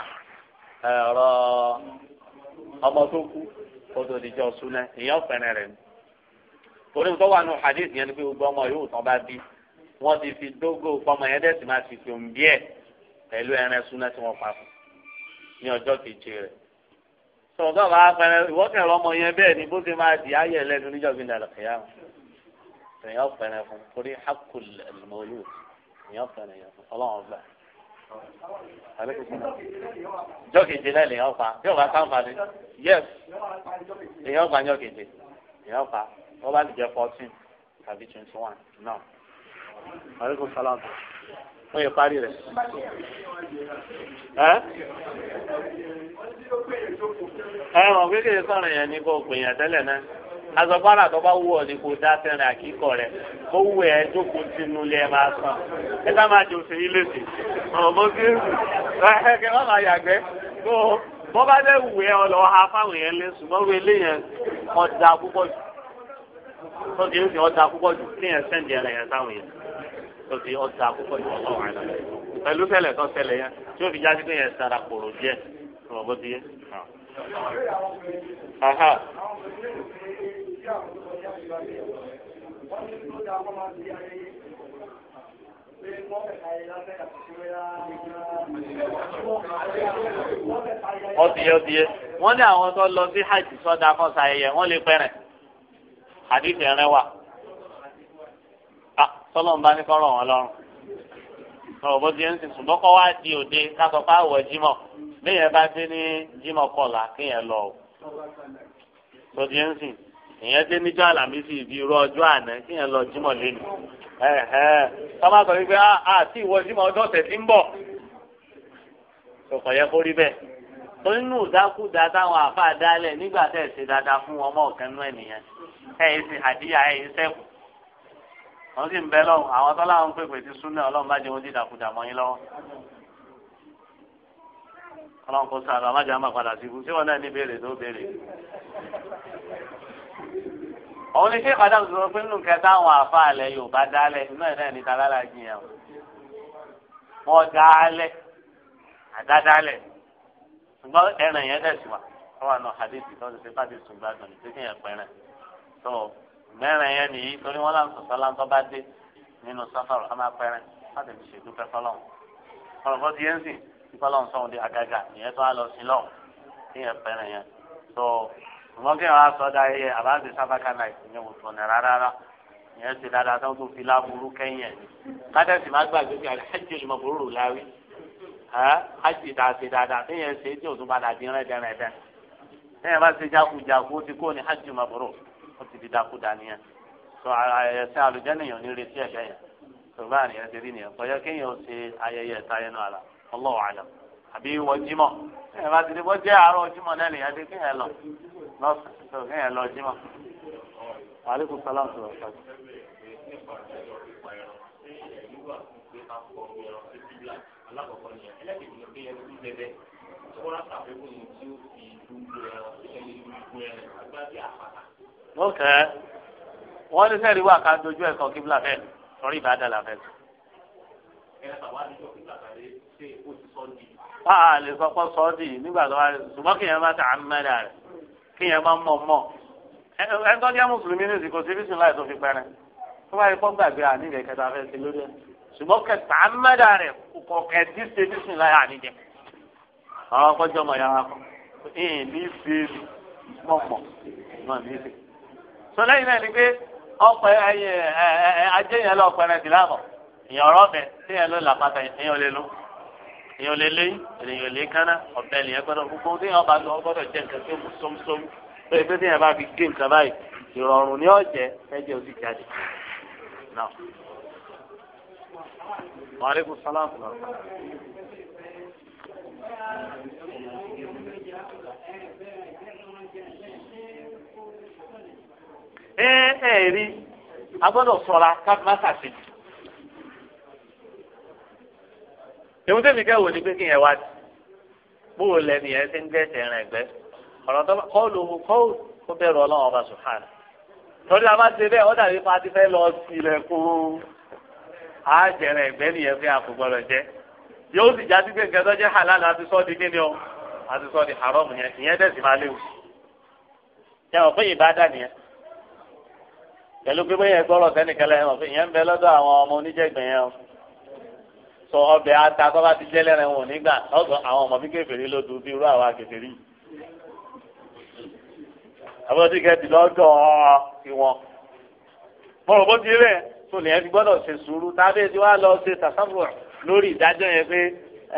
ọ̀rọ̀ ọmọ tó kú kótó ìdíjọ́ súnlẹ̀ èèyàn fẹ́rẹ̀ rẹ̀ ni. torí tó wà nù hadith yẹn ni pé gbogbo ọmọ yóò tán bá bí wọ́n ti fi dógò pọ́mọ yẹn dẹ́sì máa ti fi òǹbí ẹ̀ pẹ̀lú ẹran súnlẹ̀ tí wọ́n pa fún ní ọjọ́ keje rẹ̀. sọ̀rọ̀ tó bá fẹ́rẹ̀ ìwọ́kẹ̀rọ̀ ọmọ yẹn bẹ́ẹ̀ ni bó ti máa di ayẹ̀ lẹ́nu níjọ́ gbìndàlọ́ wọn èèyàn fẹ̀rẹ̀ fún torí hakul mọ̀lú èèyàn fẹ̀rẹ̀ yẹn fún ọlọ́run gbà. jọ́kèjì náà lèèyàn pa yóò bá sáǹfààní yes èèyàn pa jọ́kèjì èèyàn pa wọ́n bá lè jẹ́ fourteen tàbí twenty one náà. aleykum salaam wọ́n yẹ parí rẹ̀. ẹ ẹ mọ̀ pé kéde sọ̀rọ̀ yẹn ní kó pè yàn tẹ́lẹ̀ náà azọgbára tó bá wù ọ ni kò dá sẹ́rin àkíkọ rẹ̀ kó wù ẹ jókòó tí inú ilé ẹ máa sàn ẹ bá máa jẹ òsè yín lèsì ọmọ kí ẹ kẹ má máa yàgbẹ́ tó bọ́ bá dẹ̀ wù ẹ ọlọ́ ha fáwọn yẹn lé ṣùgbọ́n wọ́n ilé yẹn ọ̀dà púpọ̀ jù tó ti ń fi ọ̀dà púpọ̀ jù kí yẹn sẹ́ǹdì ẹ̀rẹ̀ yẹn sáwọn yẹn tó ti ọ̀dà púpọ̀ jù pẹ̀lú tẹ̀lẹ̀ tó tẹ̀lẹ̀ yẹn tí ó fi já sí pé yẹn sara kòrò díẹ̀ ọ̀rọ̀ ti yẹ sí wọ́n ní àwọn tó lọ sí hajj sọ́dà kan ṣayẹyẹ wọ́n lè pẹ́rẹ̀ àdìsí ẹ̀rẹ́ wà sọlọ́n ah, bá ní kọ́rọ̀ wọn lọ́rùn ọ̀rọ̀ bó ti ń sìn ṣùgbọ́n kọ́ wá di òde kásọ pé àwọ̀ jímọ̀ léyìn bá dé ní jímọ̀ kọ̀ọ̀la kéèyàn lọ o ti ń sìn ìyẹn dé níjọ́ àlàmísì ibi irú ọjọ́ àná kí yẹn lọ jímọ̀ lẹ́nu tọ́mọ sọ wípé àti ìwọ jímọ̀ ọjọ́ ọ̀sẹ̀ tí ń bọ̀ kọ̀kọ̀ kó rí bẹ́ẹ̀ tó nínú ìdákúdá táwọn àfa dálẹ̀ nígbà tẹ̀ ṣe dáadáa fún ọmọ ọ̀kan náà nìyẹn ẹ̀ ẹ̀ sì àdíyà ẹ̀ ẹ̀ sẹ́kù wọ́n sì ń bẹ lọ́wọ́ àwọn tọ́lá ń pèpè sí súnà ọlọ́run bá jẹ́ wọ́n dídàkudà mọ́ yín lọ́wọ́ ọlọ́run kò sàrọ̀ àmájà máa padà sí ibú náà ní béèrè tó béèrè òun ni ṣé kàdá sọ pé nínú kẹta àwọn àfa yorùbá dálẹ inú ẹ̀ náà ní találà jiyàn o wọ́n dálẹ ṣùgbọ́n ẹran yẹn dẹ̀ sí wa wọ́n àná hadithi tó ń ṣe fàdí ṣùgbọ́n àgbọ̀n tó ti yẹn pẹ́rẹ́ tó mẹ́rin yẹn nìyí torí wọ́n là ń bá dé nínú sáfàrọ̀ ọmọ apẹ́rẹ́ láti fi ṣèdúpẹ́ fọlọ́hún àmọ́ kí wọ́n á sọ dá ẹyẹ àbáṣe sábàkà náà ìpínlẹ̀ òtún ní rárá ìyẹn ti dáadáa tó tó fi láburú kẹ́yìn ẹ̀ kádẹ́sì má gbàgbé pé àlẹ́jì ìmọ̀ burú láwí ájì tá a ṣe dáadáa tí yẹn ṣe tí òtún padà dín rẹ́dẹ́rẹ́dẹ́ tí yẹn bá ṣe jákujàku ó ti kó ní ájì ìmọ̀ burú ó ti di dákúdà nìyẹn sọ ẹ̀sìn àlùjẹ́nìyàn ní retí ẹ̀gbẹ́ yẹn sọ báyìí ẹ̀sìn rí nìyẹn kọjá kéèyàn ṣe ayẹyẹ ìtayẹnu àlà àbí wọ jímọ̀ ẹ bá ti di bọ́ jẹ́ àárọ̀ jímọ̀ náà nìyẹn ti kéèyàn lọ lọ́sọ̀tọ̀ kéèyàn lọ jímọ̀. aleykum salaam tó lọ sọ́jú. alákọ̀ọ́kọ́ nìyẹn ẹlẹ́kẹ̀ẹ́ ni pé ẹni tó dẹ́dẹ́ wọ́n á sàfẹ́kù ní tí ó fi gbogbo ní sẹ́ẹ̀rí wà ká dojú ẹ̀kọ́ kíbla fẹ́ sọrí ìbàdàn a lè sọ pé sọ́ọ́dì nígbà tó wá ṣùgbọ́n kí yẹn bá ta àmẹ́rẹ́ rẹ̀ kí yẹn bá mọ̀ mọ̀ ẹ tọ́jú ẹ mùsùlùmí ní ìsìnkú sí bísí láì tó fi pẹ́rẹ́ tó bá yẹ kó gbàgbé àníjẹ kẹta fẹ́ sí lórí ẹ ṣùgbọ́n kẹta àmẹ́rẹ́ rẹ̀ kọ̀ kẹ́tí ṣe bísí láì àníjẹ àwọn akọ́jọ́ mọ̀ yàrá kọ́ ẹ̀ẹ́n ní bèèrè mọ̀mọ̀ náà ní bèèrè. sọ lẹ́yìn náà ni pé ọ̀pẹ ajẹ́yẹn lọ́pẹ̀rẹ̀ dìlámọ̀ èèyàn yẹn ló èèyàn lè lé èèyàn lè kánná ọ̀bẹ ènìyàn gbọ́dọ̀ gbogbo tí èèyàn bá lọ gbọ́dọ̀ jẹ́ nǹkan tó mú sómsóm pé pé tí èèyàn bá fi gé nǹkan báyìí ìrọ̀rùn ni ọ̀jẹ̀ ẹ̀jẹ̀ òsì jáde. Wàhálẹ́kùn sálámù lọ. Ẹ ẹ rí a gbọ́dọ̀ ṣọ́ra ká má ṣàṣejù. tèmi tèmi kẹ́ wò ni pé kí yẹn wá sí bó o lẹ́nu yẹn ti ń gbẹ̀sẹ̀ rìn ẹ̀gbẹ́ ọ̀rọ̀ tó kọ́ ló kọ́ ó bẹ̀rù ọlọ́run ọba sùhánà torí a bá ti bẹ́ẹ̀ ó dàbí pa ti fẹ́ lọ sí ilẹ̀ kó a jẹ̀rẹ̀ ẹ̀gbẹ́ nìyẹn fẹ́ àkùgbọ́dọ̀ jẹ́ yóò sì já sí pé nǹkan tó jẹ́ halal àti sọ́ọ̀dì kíni o àti sọ́ọ̀dì haram yẹn ìyẹn tẹ̀sí máa léwu yẹ wọ́n fún ìbádà nìyẹn pẹ̀lú pé bóyá ẹgbọ́rọ̀ sẹ́nìkẹ́lẹ́ wọ́n fún ìyẹn ń bẹ lọ́dọ̀ àwọn ọmọ oníjẹ̀gbẹ̀ o sọ ọbẹ̀ ata tó bá ti jẹ́lẹ̀ rẹ̀ wọn nígbà lọ́sọ̀ àwọn ọmọ mi kéferì ló dùn bí irú àwa kéferì yìí. àbọ̀dé kẹ́tì lọ́dọ̀ tiwọn. mo rò bó ti rẹ̀ tó lè fi gbọ́dọ̀ ṣe sùúrù tábí tí wàá lọ ṣe tàṣàbùrọ̀ lórí ìdájọ́ yẹn pé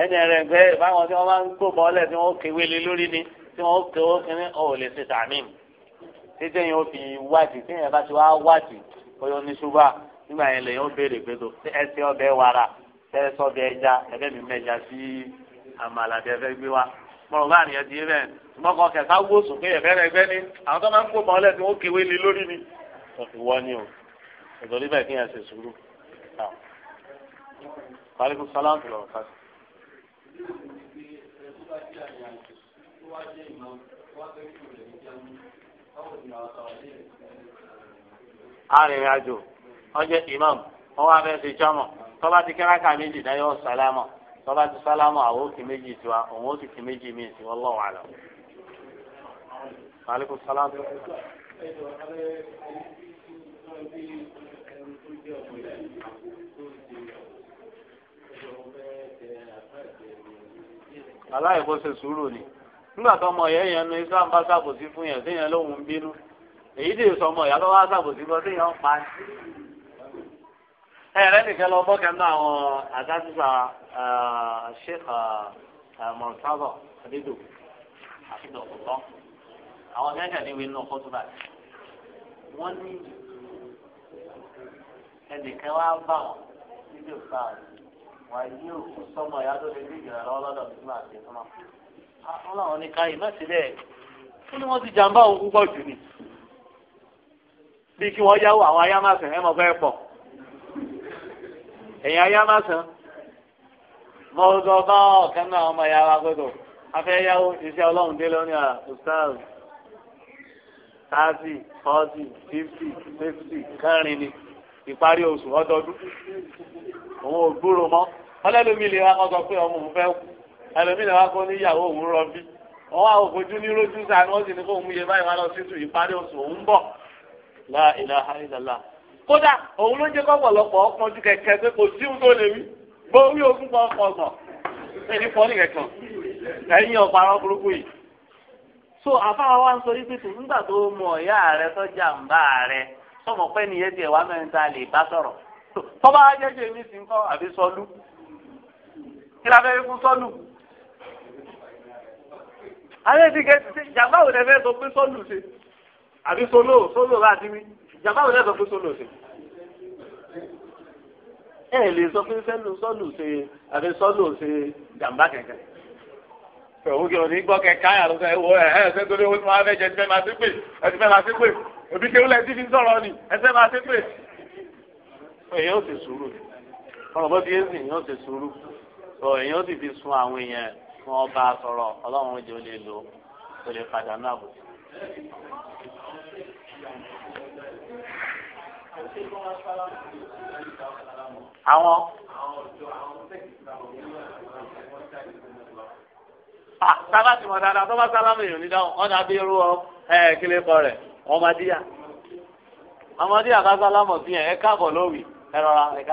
ẹni rẹ̀ pé báwọn tí wọ́n máa ń gbò mọ́lẹ̀ tí wọ́n kéwé lé lórí ni tí wọ́n kéwó kínní ò lè ṣe tàmíìmù. títí yẹn ó fi wádìí tí yẹn bá ti wá wádìí ó yọ ní ṣùgbọ́n nígbà yẹn lè yẹn ó béèrè pé tó ọbẹ̀ wàrà tẹ sọ ẹja ẹgbẹ́ mi mẹ́ja sí àmàlà tẹ gbé wa mọ̀rọ̀ bá nìyẹn ti rẹ̀ mọ́kàn kẹta wó sókè ẹ̀fẹ́ rẹ̀ gbẹ́ ni àwọn tó máa ń kó tí kéwé lórí ni ni o kí yẹn ṣe sùúrù. tó Arìnrìn-àjò, tọ́ba ti kẹ́ra ká méjì dáyọ̀ sálámọ̀ tọ́ba ti sálámọ̀ àwọn òkè méjì tiwa òun ó sì ti méjì míì sí wọ́n lọ́wọ́ àlọ́. maaleykum salaam. aláìkó ṣe sùúrù ni nígbà tó ọmọ yẹn yẹn nu islam bá ṣàbòsí fún yẹn sí yẹn lóhùn bínú èyí tí èso ìyá lọ́wọ́ ṣàbòsí lọ sí yẹn ń pa á ẹ̀rẹ́ nìkan lọ bọ́ kẹ́ńtà àwọn àdásísà sheikh mọ̀tàbọ̀ adédò àti dọ̀kọ̀tọ̀ àwọn gẹ́gẹ́ ní ìwé náà wọ́n ní ẹnìkan wá bá wọn nílé òkúta wà ní òkú sọmọ ìyá tó lè ní ìrànlọ́wọ́ lọ́dọ̀ tó máa ṣe fún wa. àwọn làwọn ní káyì má sí kí ni wọ́n ti jàǹbá òun púpọ̀ jù ni bí kí wọ́n yáwó àwọn ayá má fẹ́ ẹ mọ̀ fẹ́ pọ̀ èèyàn yá má san mo sọ bá ọ̀kan náà ọmọ ìyá wa gbọdọ̀ afẹ́ yáwó iṣẹ́ ọlọ́run dé lónìí à thirty forty fifty fifty kẹrin ni ìparí oṣù ọdọọdún òun ò gbúrò mọ́ ọlẹ́lómi lè wá kọ́ sọ pé ọmọ òun fẹ́ kú ẹlòmíì lè wá kọ́ níyàwó òun rọbí wọn wá òfojú ní lójú sáà ni ní kó òun yẹ báyìí wá lọ sí tù ìparí oṣù òun bọ̀ la kódà òun ló ń jẹ́ kọ́pọ̀lọpọ̀ ọkùnrin ju kẹ̀kẹ́ pé kò sí ohun tó lè wí gbórí ogún kan ọgbọ̀n ẹni pọ̀ ní kẹ̀kẹ́ ẹ̀yin so àfáà wa ń sọ mọ ọ̀yá rẹ sọ́jà ń bá rẹ sọmọ pé nìyẹn tiẹ̀ wá mẹ́rin tá a lè bá mi sì ń àbí sọlú kí sọ pé sọlú ṣe solo solo mi. jàmbá wo lẹ́sọ̀ fún sọ́nù ọ̀sẹ̀ ẹ lè sọ fún sẹ́nu sọ́nù ṣe àbí sọ́nù ṣe jàmbá kẹ̀kẹ́ òun kì í òní gbọ́ kẹ̀kẹ́ àyà ló sọ ẹ wọ ẹ ẹ ṣe torí owó tí wọ́n á fẹ́ jẹ ẹtì fẹ́ máa ṣépè ẹtì fẹ́ máa ṣépè òbí kí wúlẹ̀ tí fi ń sọ̀rọ̀ ni ẹtì fẹ́ máa ṣépè. èèyàn ò sì sùúrù ọ̀rọ̀ bó ti yé sìn èèyàn ò sì sùúrù èèyàn ò sì fi sun àwọn èèyàn wọn bá a sọ̀rọ̀ ọlọ́run jẹ́ ó lò ó lè padà náà bò. àwọn. sábà tí mo dáadáa tó bá sálámù èèyàn ní dáhùn wọn dàbí irú ọ kílé kọ rẹ ọmọdéyà ọmọdéyà bá sálámù sí ẹ ẹ rọra ẹ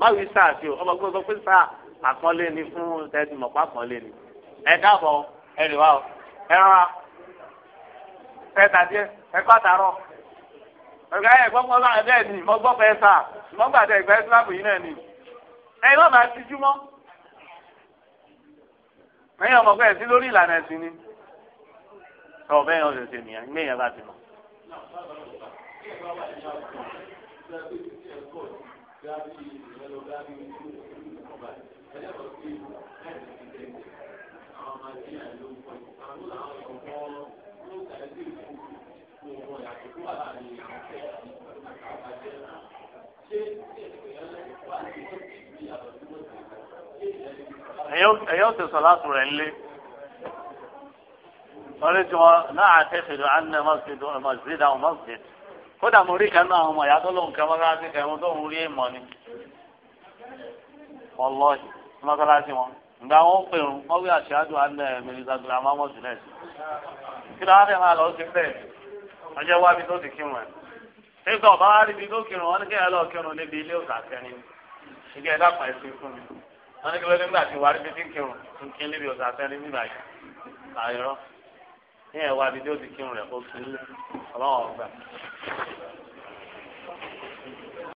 má wí sáà sí o ọmọ gbọ́dọ̀ sọ pé sáà àpọ́nlé ni fún ni ẹ ẹ ọ̀gá ẹ̀ gbọ́ pọ́n láàrin bẹ́ẹ̀ ni gbọ́ pẹ́ sà mo gbà ìgbà ìsìlámù yìí náà ni ẹ yóò máa tijú mọ́ ẹ̀yin ọmọ pé lórí ìlànà ẹ̀sìn ni ọ̀ bẹ́ẹ̀ yẹn ọ̀sẹ̀ ṣe nìyẹn ilé yẹn bá ti mọ̀. Thank you. àtìkú wà láàrin ẹ̀yọ́ ti sọ láti rẹ̀ nílé lórí tí wọn náà àtẹ́fẹ̀dọ̀ àná mọ́sídọ̀ mọ́sídọ̀ àwọn mọ́sídọ̀ kódà mo rí kanú àwọn ọmọ ìyá tó lóun kẹ́ mọ́sálásí tó ń rí èèmọ̀ ni wọ́n lọ mọ́sálásí wọn ìgbà wọn pè wí àṣẹ mọ́sídọ̀ kí ló wá ọjọ́ wá bí tó ti kírun ẹ̀ nígbà ọba wá níbi tó kírun wọn ní kéèyàn lọ kírun níbi ilé òsà kẹrin ìgbà ẹ̀dá kan ẹ̀sìn fún mi wọn ní kí lóde nígbà tí wà níbi tí ń kírun ń kí níbi òsà kẹrin nígbà yìí àyọrọ ní ẹ̀wà bí tó ti kírun rẹ̀ kó kí ọlọ́wọ́ gbà.